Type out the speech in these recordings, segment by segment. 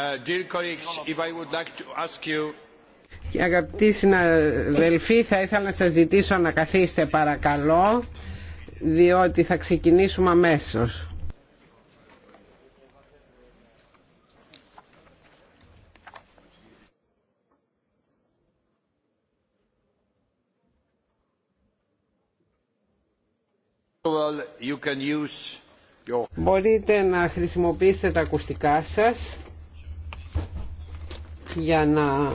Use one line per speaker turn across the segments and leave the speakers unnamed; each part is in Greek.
Uh,
αγαπητοί συναδελφοί, θα ήθελα να σας ζητήσω να καθίσετε παρακαλώ, διότι θα ξεκινήσουμε αμέσως. Μπορείτε να χρησιμοποιήσετε τα ακουστικά σας για να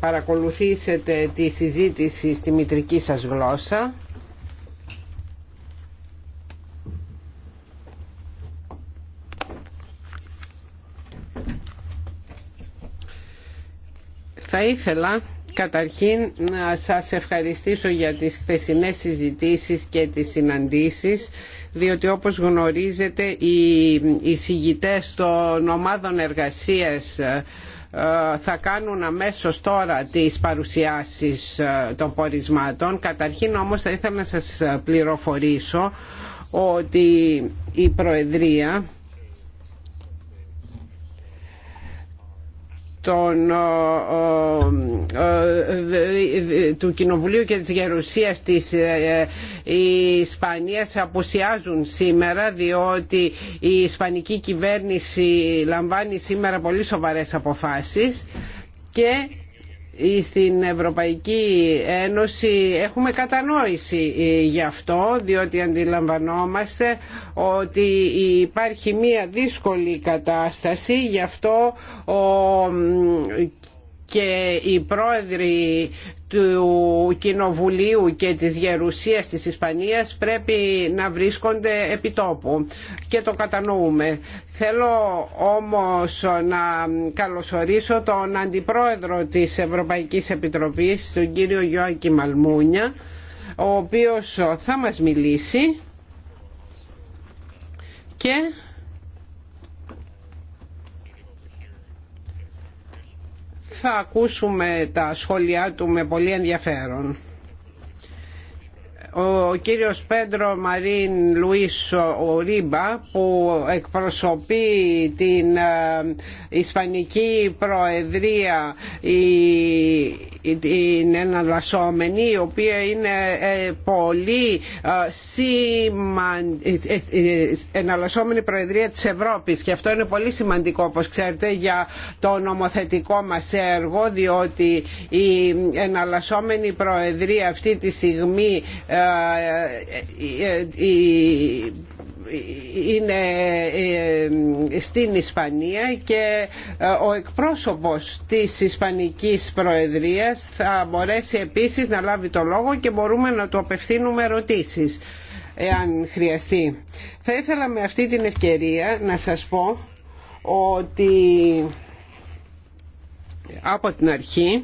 παρακολουθήσετε τη συζήτηση στη μητρική σας γλώσσα. Θα ήθελα καταρχήν να σας ευχαριστήσω για τις χθεσινές συζητήσεις και τις συναντήσεις διότι όπως γνωρίζετε οι εισηγητές των ομάδων εργασίας ε, θα κάνουν αμέσως τώρα τις παρουσιάσεις ε, των πορισμάτων. Καταρχήν όμως θα ήθελα να σας ε, πληροφορήσω ότι η Προεδρία των, του Κοινοβουλίου και της Γερουσίας της ε, Ισπανίας αποσιάζουν σήμερα διότι η Ισπανική κυβέρνηση λαμβάνει σήμερα πολύ σοβαρές αποφάσεις και στην Ευρωπαϊκή Ένωση έχουμε κατανόηση ε, γι' αυτό διότι αντιλαμβανόμαστε ότι υπάρχει μία δύσκολη κατάσταση γι' αυτό ο και οι πρόεδροι του Κοινοβουλίου και της Γερουσίας της Ισπανίας πρέπει να βρίσκονται επί τόπου και το κατανοούμε. Θέλω όμως να καλωσορίσω τον Αντιπρόεδρο της Ευρωπαϊκής Επιτροπής, τον κύριο Γιώργη Μαλμούνια, ο οποίος θα μας μιλήσει και θα ακούσουμε τα σχόλιά του με πολύ ενδιαφέρον ο κύριος Πέντρο Μαρίν Λουίς Ορίμπα που εκπροσωπεί την ε, Ισπανική Προεδρία την εναλλασσόμενη η οποία είναι ε, πολύ ε, σημαν... εναλλασσόμενη Προεδρία της Ευρώπης και αυτό είναι πολύ σημαντικό όπως ξέρετε για το νομοθετικό μας έργο διότι η εναλλασσόμενη Προεδρία αυτή τη στιγμή είναι ε, στην Ισπανία και ε, ο εκπρόσωπος της Ισπανικής Προεδρίας θα μπορέσει επίσης να λάβει το λόγο και μπορούμε να του απευθύνουμε ερωτήσεις εάν χρειαστεί. Θα ήθελα με αυτή την ευκαιρία να σας πω ότι από την αρχή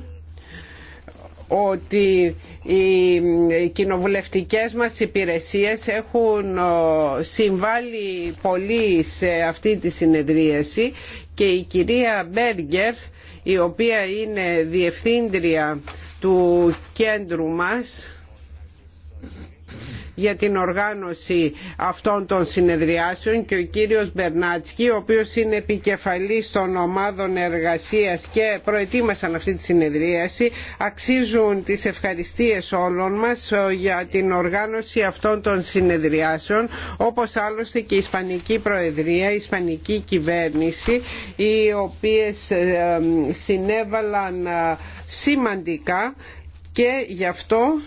ότι οι κοινοβουλευτικές μας υπηρεσίες έχουν ε, συμβάλει πολύ σε αυτή τη συνεδρίαση και η κυρία Μπέργκερ η οποία είναι διευθύντρια του κέντρου μας για την οργάνωση αυτών των συνεδριάσεων και ο κύριος Μπερνάτσκι ο οποίος είναι επικεφαλής των ομάδων εργασίας και προετοίμασαν αυτή τη συνεδρίαση αξίζουν τις ευχαριστίες όλων μας ε, για την οργάνωση αυτών των συνεδριάσεων όπως άλλωστε και η Ισπανική Προεδρία, η Ισπανική Κυβέρνηση οι οποίες ε, συνέβαλαν ε, σημαντικά και γι' αυτό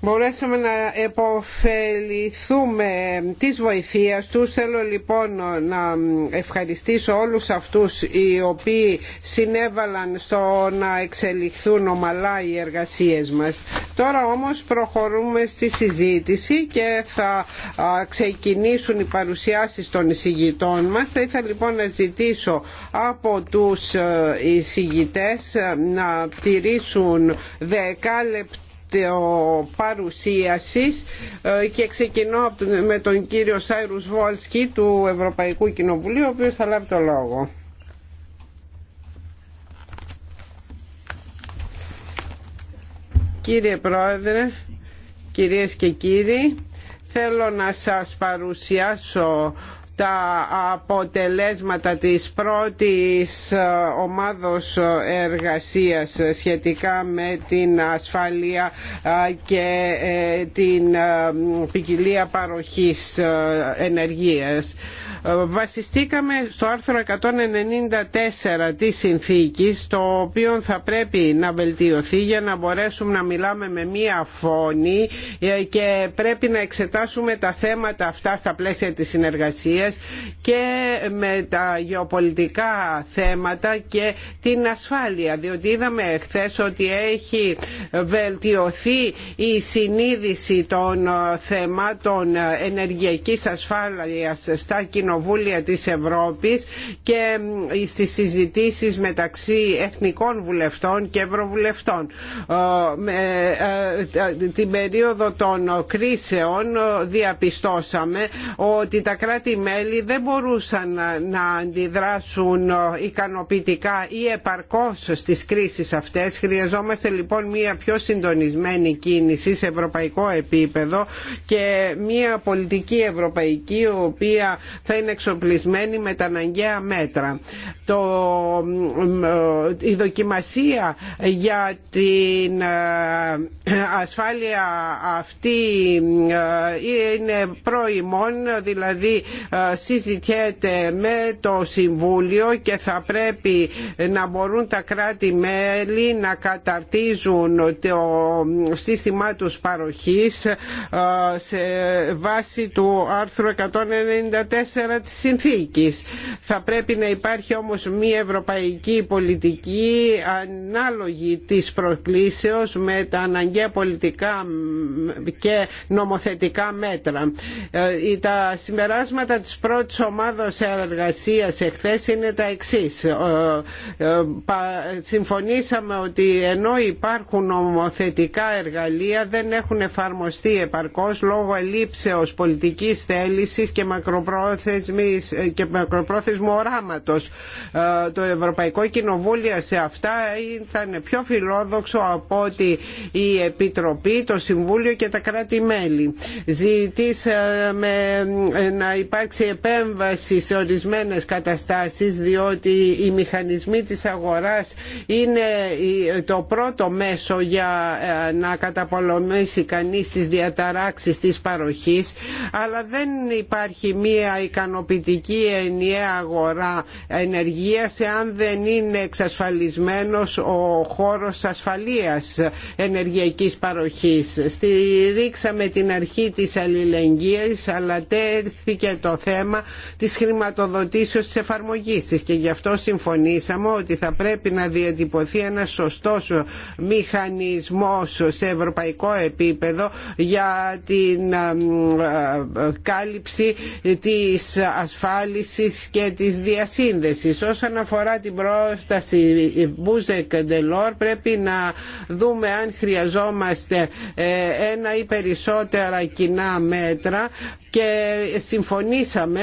μπορέσαμε να επωφεληθούμε της βοηθείας τους. Θέλω λοιπόν να ευχαριστήσω όλους αυτούς οι οποίοι συνέβαλαν στο να εξελιχθούν ομαλά οι εργασίες μας. Τώρα όμως προχωρούμε στη συζήτηση και θα ξεκινήσουν οι παρουσιάσεις των εισηγητών μας. Θα ήθελα λοιπόν να ζητήσω από τους ε, εισηγητές ε, να τηρήσουν δεκάλεπτα το παρουσίασης ε, και ξεκινώ με τον κύριο Σάιρους Βόλσκι του Ευρωπαϊκού Κοινοβουλίου ο οποίος θα λάβει το λόγο. Κύριε Πρόεδρε, κυρίες και κύριοι, θέλω να σας παρουσιάσω τα αποτελέσματα της πρώτης ε, ομάδος ε, εργασίας σχετικά με την ασφάλεια ε, και την ποικιλία παροχής ενεργείας. Ε, βασιστήκαμε στο άρθρο 194 της συνθήκης το οποίο θα πρέπει να βελτιωθεί για να μπορέσουμε να μιλάμε με μία φωνή ε, και πρέπει να εξετάσουμε τα θέματα αυτά στα πλαίσια της συνεργασίας και με τα γεωπολιτικά θέματα και την ασφάλεια διότι είδαμε χθε ότι έχει βελτιωθεί η συνείδηση των ε, θεμάτων ενεργειακής ασφάλειας στα κοινοβούλια κοινοβούλια της Ευρώπης και ε, στις συζητήσεις μεταξύ εθνικών βουλευτών και ευρωβουλευτών. Ε, ε, την περίοδο των κρίσεων διαπιστώσαμε ότι τα κράτη-μέλη δεν μπορούσαν να αντιδράσουν ικανοποιητικά ή επαρκώς στις κρίσεις αυτές. Χρειαζόμαστε λοιπόν μια πιο συντονισμένη κίνηση σε ευρωπαϊκό επίπεδο και μια πολιτική ευρωπαϊκή η οποία θα είναι εξοπλισμένοι με τα αναγκαία μέτρα. Το, η δοκιμασία για την ε, ασφάλεια αυτή ε, είναι προημών, δηλαδή ε, συζητιέται με το Συμβούλιο και θα πρέπει να μπορούν τα κράτη-μέλη να καταρτίζουν το σύστημά τους παροχής σε βάση του άρθρου 194 της Θα πρέπει να υπάρχει όμως μια ευρωπαϊκή πολιτική ανάλογη της προκλήσεως με τα αναγκαία πολιτικά και νομοθετικά μέτρα. Ε, τα συμπεράσματα της πρώτης ομάδος εργασίας εχθές είναι τα εξής. Ε, ε, συμφωνήσαμε ότι ενώ υπάρχουν νομοθετικά εργαλεία δεν έχουν εφαρμοστεί επαρκώς λόγω ελήψεως πολιτικής θέλησης και μακροπρόθεσης και ε, και μακροπρόθεσμου οράματο ε, Το Ευρωπαϊκό Κοινοβούλιο σε αυτά ήταν πιο φιλόδοξο από ότι η Επιτροπή, το Συμβούλιο και τα κράτη-μέλη. Ζητήσαμε ε, να υπάρξει επέμβαση σε ορισμένες καταστάσεις διότι οι μηχανισμοί της αγοράς είναι το πρώτο μέσο για να καταπολεμήσει κανείς τις διαταράξεις της παροχής αλλά δεν υπάρχει μία ικανότητα ικανοποιητική ενιαία αγορά ενεργείας εάν δεν είναι εξασφαλισμένος ο χώρος ασφαλείας ενεργειακής παροχής. Στηρίξαμε την αρχή της αλληλεγγύης αλλά τέθηκε το θέμα της χρηματοδοτήσεως της εφαρμογής της και γι' αυτό συμφωνήσαμε ότι θα πρέπει να διατυπωθεί ένα σωστός μηχανισμός σε ευρωπαϊκό επίπεδο για την ε, ε, κάλυψη της ασφάλισης και της διασύνδεσης. Όσον αφορά την πρόσταση Μπούζεκ Ντελόρ πρέπει να δούμε αν χρειαζόμαστε ε, ένα ή περισσότερα κοινά μέτρα και συμφωνήσαμε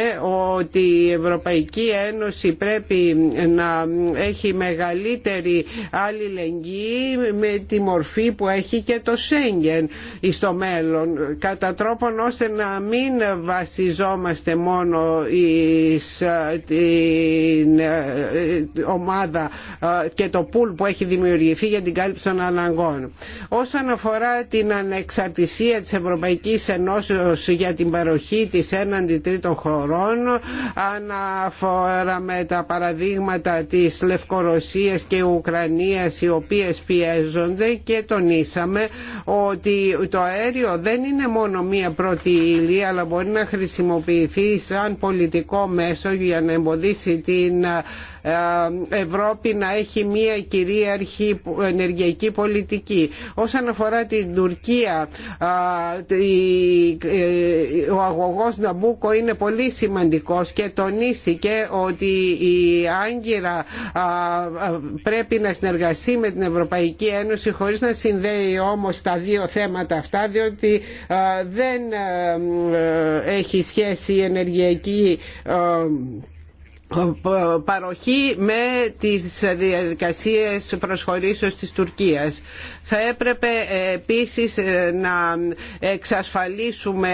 ότι η Ευρωπαϊκή Ένωση πρέπει να έχει μεγαλύτερη αλληλεγγύη με τη μορφή που έχει και το Σέγγεν στο μέλλον κατά τρόπον ώστε να μην βασιζόμαστε μόνο στην ε, ομάδα ε, και το πουλ που έχει δημιουργηθεί για την κάλυψη των αναγκών. Όσον αφορά την ανεξαρτησία της Ευρωπαϊκής Ένωσης για την παροχή Τη της έναντι τρίτων χωρών αναφορά με τα παραδείγματα της Λευκορωσίας και Ουκρανίας οι οποίες πιέζονται και τονίσαμε ότι το αέριο δεν είναι μόνο μία πρώτη ύλη αλλά μπορεί να χρησιμοποιηθεί σαν πολιτικό μέσο για να εμποδίσει την ε, Ευρώπη να έχει μία κυρίαρχη ενεργειακή πολιτική. Όσον αφορά την Τουρκία, ε, αγωγός Ναμπούκο είναι πολύ σημαντικός και τονίστηκε ότι η Άγκυρα πρέπει να συνεργαστεί με την Ευρωπαϊκή Ένωση χωρίς να συνδέει όμως τα δύο θέματα αυτά διότι δεν ε, έχει σχέση η ενεργειακή παροχή με τις διαδικασίες προσχωρήσεως της Τουρκίας. Θα έπρεπε ε, επίσης ε, να εξασφαλίσουμε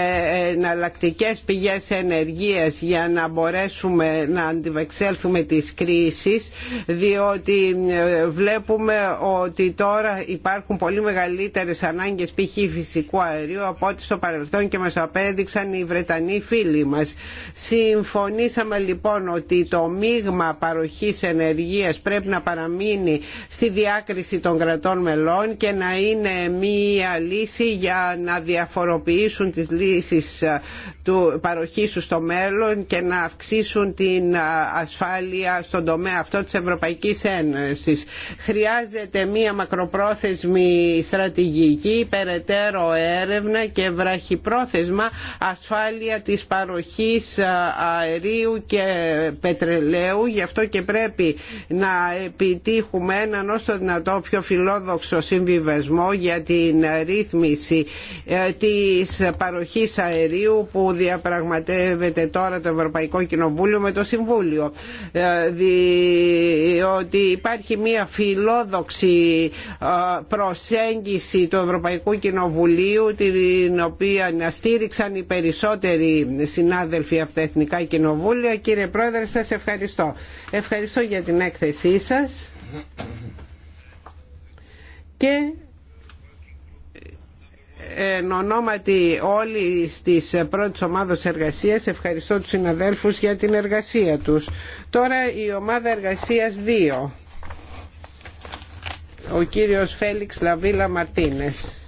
εναλλακτικέ πηγές ενεργείας για να μπορέσουμε να αντιβεξέλθουμε τις κρίσεις διότι ε, βλέπουμε ότι τώρα υπάρχουν πολύ μεγαλύτερες ανάγκες π.χ. φυσικού αερίου από ό,τι στο παρελθόν και μας απέδειξαν οι Βρετανοί φίλοι μας. Συμφωνήσαμε λοιπόν ότι το μείγμα παροχής ενεργείας πρέπει να παραμείνει στη διάκριση των κρατών μελών και να είναι μία λύση για να διαφοροποιήσουν τις λύσεις ε, του παροχής στο μέλλον και να αυξήσουν την ε, ασφάλεια στον τομέα αυτό της Ευρωπαϊκής Ένωσης. Χρειάζεται μία μακροπρόθεσμη στρατηγική, περαιτέρω έρευνα και βραχυπρόθεσμα ασφάλεια της παροχής ε, αερίου και πετρελαίου πετρελαίου γι' αυτό και πρέπει να επιτύχουμε έναν όσο δυνατό πιο φιλόδοξο συμβιβασμό για την ρύθμιση ε, της παροχής αερίου που διαπραγματεύεται τώρα το Ευρωπαϊκό Κοινοβούλιο με το Συμβούλιο ε, διότι υπάρχει μια φιλόδοξη ε, προσέγγιση του Ευρωπαϊκού Κοινοβουλίου την οποία στήριξαν οι περισσότεροι συνάδελφοι από τα Εθνικά Κοινοβούλια. Κύριε Πρόεδρε, σας ευχαριστώ. Ευχαριστώ για την έκθεσή σας. Και εν ονόματι όλη της πρώτες ομάδες εργασίας ευχαριστώ τους συναδέλφους για την εργασία τους. Τώρα η ομάδα εργασίας 2. Ο κύριος Φέλιξ Λαβίλα Μαρτίνες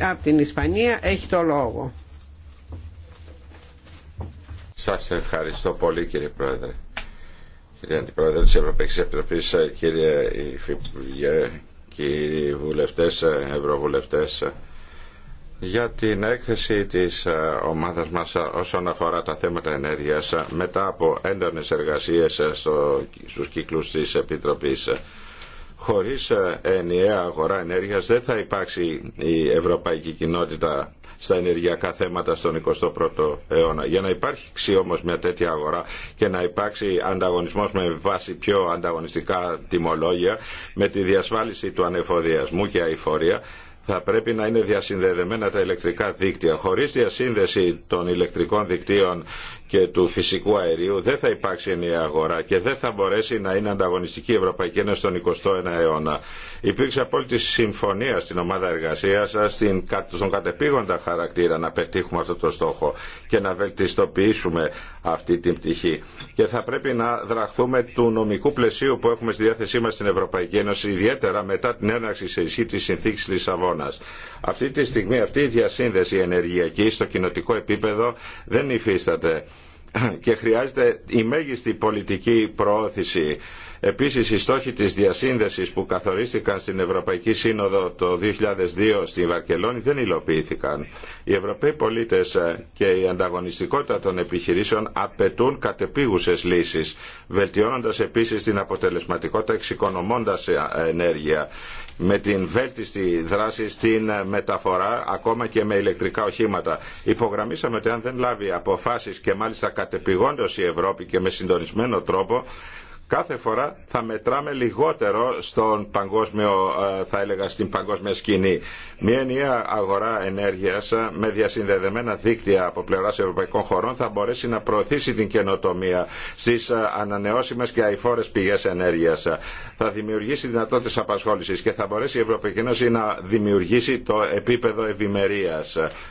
από την Ισπανία έχει το λόγο.
Σας ευχαριστώ πολύ κύριε Πρόεδρε. Κύριε Αντιπρόεδρε της Ευρωπαϊκής Επιτροπής, ε, κύριε Υφυπουργέ, κύριοι βουλευτές, ε, ευρωβουλευτές, ε, για την έκθεση της ομάδας μας όσον αφορά τα θέματα ενέργειας μετά από έντονες εργασίες στο, στους κύκλους της Επιτροπής. Χωρίς ενιαία αγορά ενέργειας δεν θα υπάρξει η Ευρωπαϊκή Κοινότητα στα ενεργειακά θέματα στον 21ο αιώνα. Για να υπάρξει όμω μια τέτοια αγορά και να υπάρξει ανταγωνισμό με βάση πιο ανταγωνιστικά τιμολόγια, με τη διασφάλιση του ανεφοδιασμού και αηφορία, θα πρέπει να είναι διασυνδεδεμένα τα ηλεκτρικά δίκτυα. Χωρί διασύνδεση των ηλεκτρικών δικτύων και του φυσικού αερίου δεν θα υπάρξει ενιαία αγορά και δεν θα μπορέσει να είναι ανταγωνιστική η Ευρωπαϊκή Ένωση στον 21ο αιώνα. Υπήρξε απόλυτη συμφωνία στην ομάδα εργασία στον κατεπήγοντα χαρακτήρα να πετύχουμε αυτό το στόχο και να βελτιστοποιήσουμε αυτή την πτυχή. Και θα πρέπει να δραχθούμε του νομικού πλαισίου που έχουμε στη διάθεσή μα στην Ευρωπαϊκή Ένωση, ιδιαίτερα μετά την έναρξη σε ισχύ τη συνθήκη Λισαβόνα. Αυτή τη στιγμή αυτή η διασύνδεση ενεργειακή στο κοινοτικό επίπεδο δεν υφίσταται και χρειάζεται η μέγιστη πολιτική προώθηση Επίσης, οι στόχοι της διασύνδεσης που καθορίστηκαν στην Ευρωπαϊκή Σύνοδο το 2002 στη Βαρκελόνη δεν υλοποιήθηκαν. Οι Ευρωπαίοι πολίτες ε, και η ανταγωνιστικότητα των επιχειρήσεων απαιτούν κατεπίγουσες λύσεις, βελτιώνοντας επίσης την αποτελεσματικότητα εξοικονομώντας ε, ενέργεια με την βέλτιστη δράση στην ε, μεταφορά ακόμα και με ηλεκτρικά οχήματα. Υπογραμμίσαμε ότι αν δεν λάβει αποφάσεις και μάλιστα κατεπηγόντως η Ευρώπη και με συντονισμένο τρόπο κάθε φορά θα μετράμε λιγότερο στον παγκόσμιο, ε, θα έλεγα, στην παγκόσμια σκηνή. Μια ενιαία αγορά ενέργειας ε, με διασυνδεδεμένα δίκτυα από πλευράς ευρωπαϊκών χωρών θα μπορέσει να προωθήσει την καινοτομία στις ε, ανανεώσιμες και αηφόρες πηγές ενέργειας. Θα δημιουργήσει δυνατότητες απασχόλησης και θα μπορέσει η Ευρωπαϊκή Ένωση να δημιουργήσει το επίπεδο ευημερία.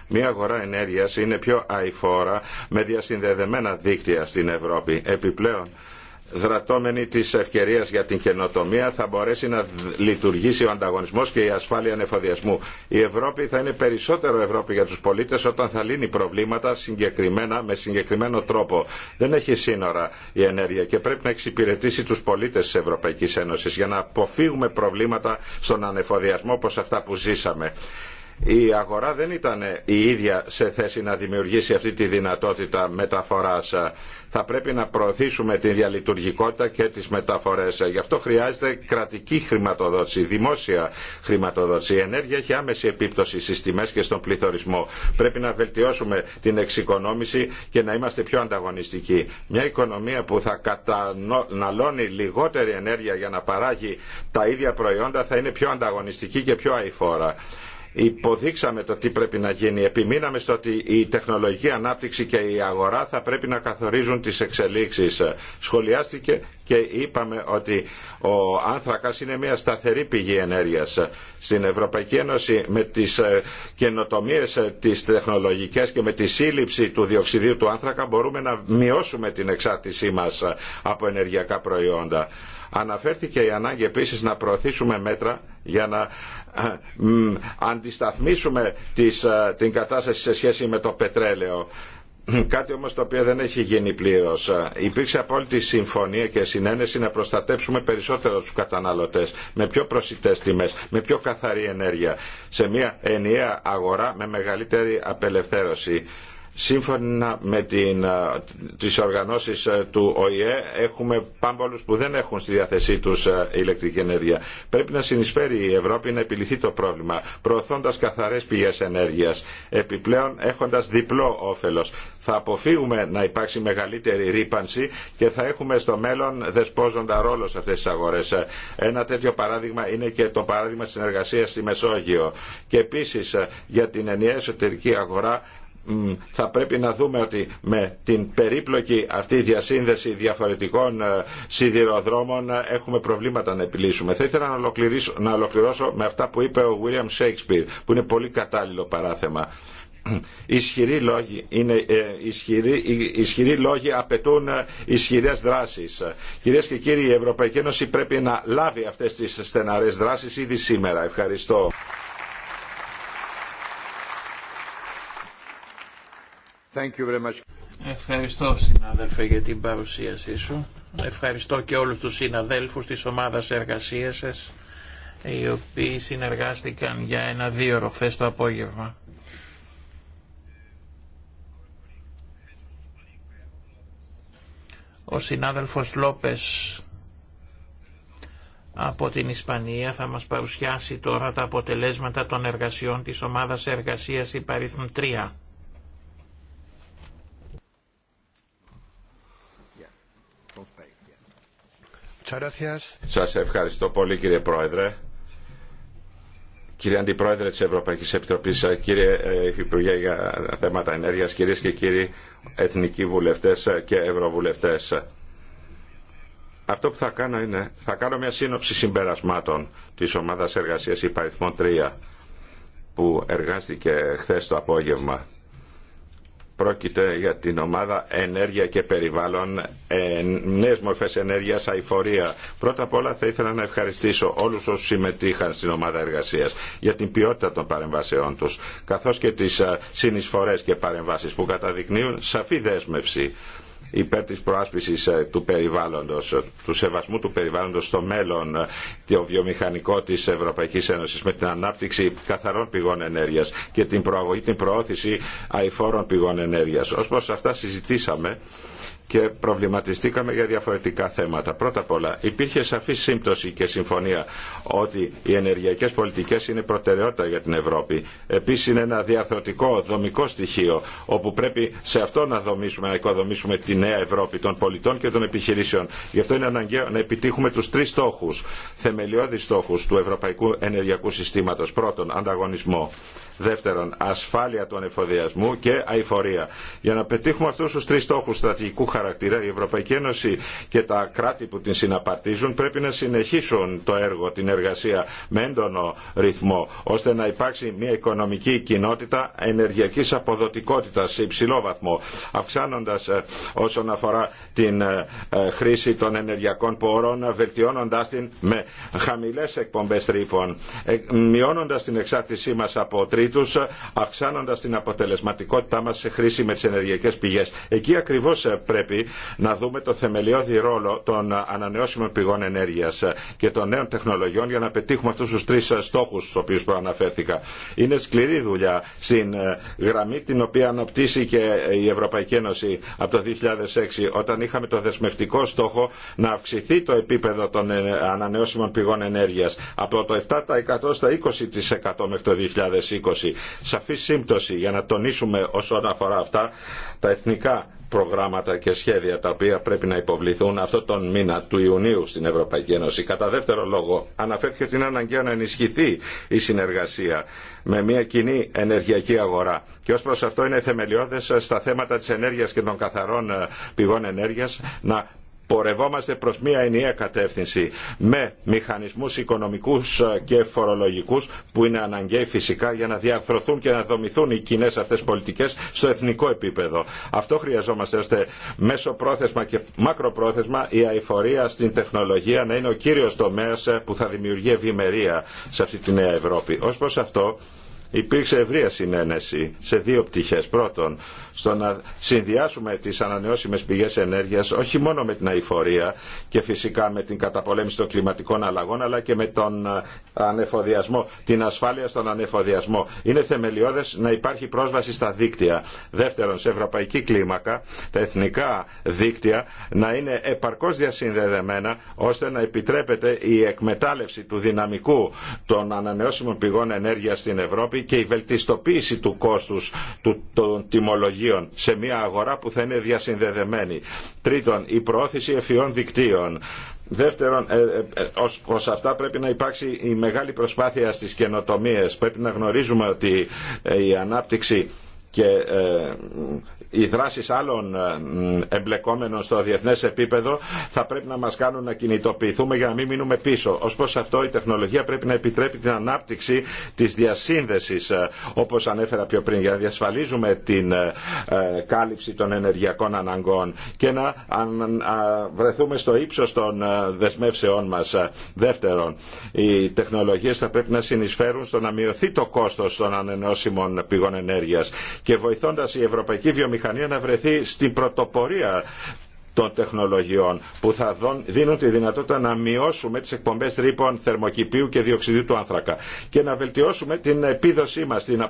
Μια αγορά ενέργειας είναι πιο αηφόρα με διασυνδεδεμένα δίκτυα στην Ευρώπη. Επιπλέον, δρατώμενη της ευκαιρίας για την καινοτομία θα μπορέσει να λειτουργήσει ο ανταγωνισμός και η ασφάλεια ανεφοδιασμού. Η Ευρώπη θα είναι περισσότερο Ευρώπη για τους πολίτες όταν θα λύνει προβλήματα συγκεκριμένα, με συγκεκριμένο τρόπο. Δεν έχει σύνορα η ενέργεια και πρέπει να εξυπηρετήσει τους πολίτες της Ευρωπαϊκής Ένωσης για να αποφύγουμε προβλήματα στον ανεφοδιασμό όπως αυτά που ζήσαμε η αγορά δεν ήταν η ίδια σε θέση να δημιουργήσει αυτή τη δυνατότητα μεταφοράς. Θα πρέπει να προωθήσουμε τη διαλειτουργικότητα και τις μεταφορές. Γι' αυτό χρειάζεται κρατική χρηματοδότηση, δημόσια χρηματοδότηση. Η ενέργεια έχει άμεση επίπτωση στις τιμές και στον πληθωρισμό. Πρέπει να βελτιώσουμε την εξοικονόμηση και να είμαστε πιο ανταγωνιστικοί. Μια οικονομία που θα καταναλώνει λιγότερη ενέργεια για να παράγει τα ίδια προϊόντα θα είναι πιο ανταγωνιστική και πιο αηφόρα υποδείξαμε το τι πρέπει να γίνει. Επιμείναμε στο ότι η τεχνολογική ανάπτυξη και η αγορά θα πρέπει να καθορίζουν τις εξελίξεις. Σχολιάστηκε και είπαμε ότι ο άνθρακας είναι μια σταθερή πηγή ενέργειας. Στην Ευρωπαϊκή Ένωση με τις ε, καινοτομίες ε, τις τεχνολογικές και με τη σύλληψη του διοξιδίου του άνθρακα μπορούμε να μειώσουμε την εξάρτησή μας ε, από ενεργειακά προϊόντα. Αναφέρθηκε η ανάγκη επίσης να προωθήσουμε μέτρα για να ε, αντισταθμίσουμε ε, την κατάσταση σε σχέση με το πετρέλαιο. Κάτι όμως το οποίο δεν έχει γίνει πλήρως. Υπήρξε απόλυτη συμφωνία και συνένεση να προστατέψουμε περισσότερο τους καταναλωτές, με πιο προσιτές τιμές, με πιο καθαρή ενέργεια, σε μια ενιαία αγορά με μεγαλύτερη απελευθέρωση. Σύμφωνα με την, τις οργανώσεις του ΟΗΕ έχουμε πάμπολους που δεν έχουν στη διάθεσή τους ηλεκτρική ενέργεια. Πρέπει να συνεισφέρει η Ευρώπη να επιληθεί το πρόβλημα, προωθώντας καθαρές πηγές ενέργειας, επιπλέον έχοντας διπλό όφελος. Θα αποφύγουμε να υπάρξει μεγαλύτερη ρήπανση και θα έχουμε στο μέλλον δεσπόζοντα ρόλο σε αυτές τις αγορές. Ε, ένα τέτοιο παράδειγμα είναι και το παράδειγμα συνεργασίας στη Μεσόγειο. Και επίσης ε, για την ενιαία εσωτερική αγορά θα πρέπει να δούμε ότι με την περίπλοκη αυτή διασύνδεση διαφορετικών ε, σιδηροδρόμων ε, έχουμε προβλήματα να επιλύσουμε. Θα ήθελα να ολοκληρώσω, να με αυτά που είπε ο William Shakespeare, που είναι πολύ κατάλληλο παράθεμα. Ισχυροί λόγοι, είναι, ε, ισχυροί, ε, ισχυροί λόγοι απαιτούν ισχυρέ δράσει. Κυρίε και κύριοι, η Ευρωπαϊκή Ένωση πρέπει να λάβει αυτέ τι στεναρέ δράσει ήδη σήμερα. Ευχαριστώ.
Ευχαριστώ συνάδελφε για την παρουσίασή σου. Ευχαριστώ και όλους τους συναδέλφους της ομάδας εργασίας σας οι οποίοι συνεργάστηκαν για ένα δύο χθε το απόγευμα. Ο συνάδελφος Λόπες από την Ισπανία θα μας παρουσιάσει τώρα τα αποτελέσματα των εργασιών της ομάδας εργασίας υπαρίθμου 3.
Σας ευχαριστώ πολύ κύριε Πρόεδρε. Κύριε Αντιπρόεδρε της Ευρωπαϊκής Επιτροπής, κύριε ε, Υπουργέ για θέματα ενέργειας, κυρίες και κύριοι εθνικοί βουλευτές και ευρωβουλευτές. Αυτό που θα κάνω είναι, θα κάνω μια σύνοψη συμπερασμάτων της ομάδας εργασίας υπαριθμών 3 που εργάστηκε χθες το απόγευμα Πρόκειται για την ομάδα ενέργεια και περιβάλλον, ε, νέες μορφές ενέργειας, αηφορία. Πρώτα απ' όλα θα ήθελα να ευχαριστήσω όλους όσους συμμετείχαν στην ομάδα εργασίας για την ποιότητα των παρεμβάσεών τους, καθώς και τις ε, συνεισφορές και παρεμβάσεις που καταδεικνύουν σαφή δέσμευση υπέρ της προάσπισης ε, του περιβάλλοντος, ε, του σεβασμού του περιβάλλοντος στο μέλλον ε, το βιομηχανικό της Ευρωπαϊκής Ένωσης με την ανάπτυξη καθαρών πηγών ενέργειας και την προαγωγή, την προώθηση αηφόρων πηγών ενέργειας. Ως προς αυτά συζητήσαμε και προβληματιστήκαμε για διαφορετικά θέματα. Πρώτα απ' όλα, υπήρχε σαφή σύμπτωση και συμφωνία ότι οι ενεργειακές πολιτικές είναι προτεραιότητα για την Ευρώπη. Επίσης είναι ένα διαρθρωτικό δομικό στοιχείο, όπου πρέπει σε αυτό να δομήσουμε, να οικοδομήσουμε τη νέα Ευρώπη των πολιτών και των επιχειρήσεων. Γι' αυτό είναι αναγκαίο να επιτύχουμε τους τρεις στόχους, θεμελιώδεις στόχους του Ευρωπαϊκού Ενεργειακού Συστήματος. Πρώτον, ανταγωνισμό. Δεύτερον, ασφάλεια του εφοδιασμού και αηφορία. Για να πετύχουμε αυτούς τους τρεις στόχους στρατηγικού χαρακτήρα, η Ευρωπαϊκή Ένωση και τα κράτη που την συναπαρτίζουν πρέπει να συνεχίσουν το έργο, την εργασία με έντονο ρυθμό, ώστε να υπάρξει μια οικονομική κοινότητα ενεργειακή αποδοτικότητα σε υψηλό βαθμό, αυξάνοντας ε, όσον αφορά την ε, ε, χρήση των ενεργειακών πόρων, βελτιώνοντα την με χαμηλές εκπομπές τρύπων, μειώνοντας την εξάρτησή μα από τρίτους, αυξάνοντα την αποτελεσματικότητά μας σε χρήση με τι ενεργειακέ πηγέ. Εκεί ακριβώ πρέπει να δούμε το θεμελιώδη ρόλο των ανανεώσιμων πηγών ενέργεια και των νέων τεχνολογιών για να πετύχουμε αυτού του τρει στόχου στου οποίου προαναφέρθηκα. Είναι σκληρή δουλειά στην ε, γραμμή την οποία αναπτύσσει και η Ευρωπαϊκή Ένωση από το 2006 όταν είχαμε το δεσμευτικό στόχο να αυξηθεί το επίπεδο των ε, ανανεώσιμων πηγών ενέργεια από το 7% στα 20% μέχρι το 2020. Σαφή σύμπτωση για να τονίσουμε όσον αφορά αυτά τα εθνικά προγράμματα και σχέδια τα οποία πρέπει να υποβληθούν αυτό τον μήνα του Ιουνίου στην Ευρωπαϊκή Ένωση. Κατά δεύτερο λόγο, αναφέρθηκε ότι είναι αναγκαίο να ενισχυθεί η συνεργασία με μια κοινή ενεργειακή αγορά. Και ω προ αυτό είναι θεμελιώδε στα θέματα τη ενέργεια και των καθαρών ε, πηγών ενέργεια να πορευόμαστε προς μια ενιαία κατεύθυνση με μηχανισμούς οικονομικούς και φορολογικούς που είναι αναγκαίοι φυσικά για να διαρθρωθούν και να δομηθούν οι κοινέ αυτές πολιτικές στο εθνικό επίπεδο. Αυτό χρειαζόμαστε ώστε μέσω πρόθεσμα και μακροπρόθεσμα η αηφορία στην τεχνολογία να είναι ο κύριος τομέας που θα δημιουργεί ευημερία σε αυτή τη νέα Ευρώπη. Ω προ αυτό υπήρξε ευρεία συνένεση σε δύο πτυχές. Πρώτον, στο να συνδυάσουμε τις ανανεώσιμες πηγές ενέργειας όχι μόνο με την αηφορία και φυσικά με την καταπολέμηση των κλιματικών αλλαγών αλλά και με τον ε, ανεφοδιασμό, την ασφάλεια στον ανεφοδιασμό. Είναι θεμελιώδες να υπάρχει πρόσβαση στα δίκτυα. Δεύτερον, σε ευρωπαϊκή κλίμακα τα εθνικά δίκτυα να είναι επαρκώς διασυνδεδεμένα ώστε να επιτρέπεται η εκμετάλλευση του δυναμικού των ανανεώσιμων πηγών ενέργειας στην Ευρώπη και η βελτιστοποίηση του κόστους των τιμολογίων σε μια αγορά που θα είναι διασυνδεδεμένη. Τρίτον, η προώθηση ευφυών δικτύων. Δεύτερον, ε, ε, ε, ως, ως αυτά πρέπει να υπάρξει η μεγάλη προσπάθεια στις καινοτομίες. Πρέπει να γνωρίζουμε ότι η ανάπτυξη και οι δράσεις άλλων ε, εμπλεκόμενων στο διεθνές επίπεδο θα πρέπει να μας κάνουν να κινητοποιηθούμε για να μην μείνουμε πίσω. Ως προς αυτό η τεχνολογία πρέπει να επιτρέπει την ανάπτυξη της διασύνδεσης ε, όπως ανέφερα πιο πριν για να διασφαλίζουμε την ε, κάλυψη των ενεργειακών αναγκών και να βρεθούμε στο ύψος των δεσμεύσεών μας. Δεύτερον, οι τεχνολογίες θα πρέπει να συνεισφέρουν στο να μειωθεί το κόστος των ανενώσιμων πηγών ενέργειας και βοηθώντας η Ευρωπαϊκή Βιομηχανία βιομηχανία να βρεθεί στην πρωτοπορία των τεχνολογιών που θα δίνουν τη δυνατότητα να μειώσουμε τις εκπομπές ρήπων θερμοκηπίου και διοξιδίου του άνθρακα και να βελτιώσουμε την επίδοσή μας, την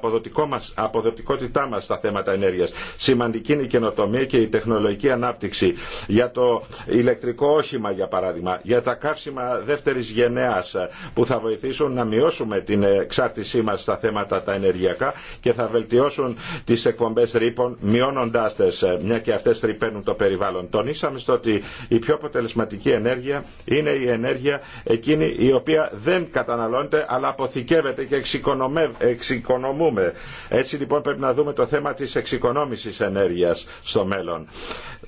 μας, αποδοτικότητά μας στα θέματα ενέργειας. Σημαντική είναι η καινοτομία και η τεχνολογική ανάπτυξη για το ηλεκτρικό όχημα για παράδειγμα, για τα καύσιμα δεύτερης γενναίας ε, που θα βοηθήσουν να μειώσουμε την εξάρτησή μας στα θέματα τα ενεργειακά και θα βελτιώσουν τις εκπομπές ρήπων μειώνοντάς τες, ε, μια και αυτές ρηπαίνουν το περιβάλλον καταλήξαμε στο ότι η πιο αποτελεσματική ενέργεια είναι η ενέργεια εκείνη η οποία δεν καταναλώνεται αλλά αποθηκεύεται και εξοικονομούμε. Έτσι λοιπόν πρέπει να δούμε το θέμα της εξοικονόμησης ενέργειας στο μέλλον.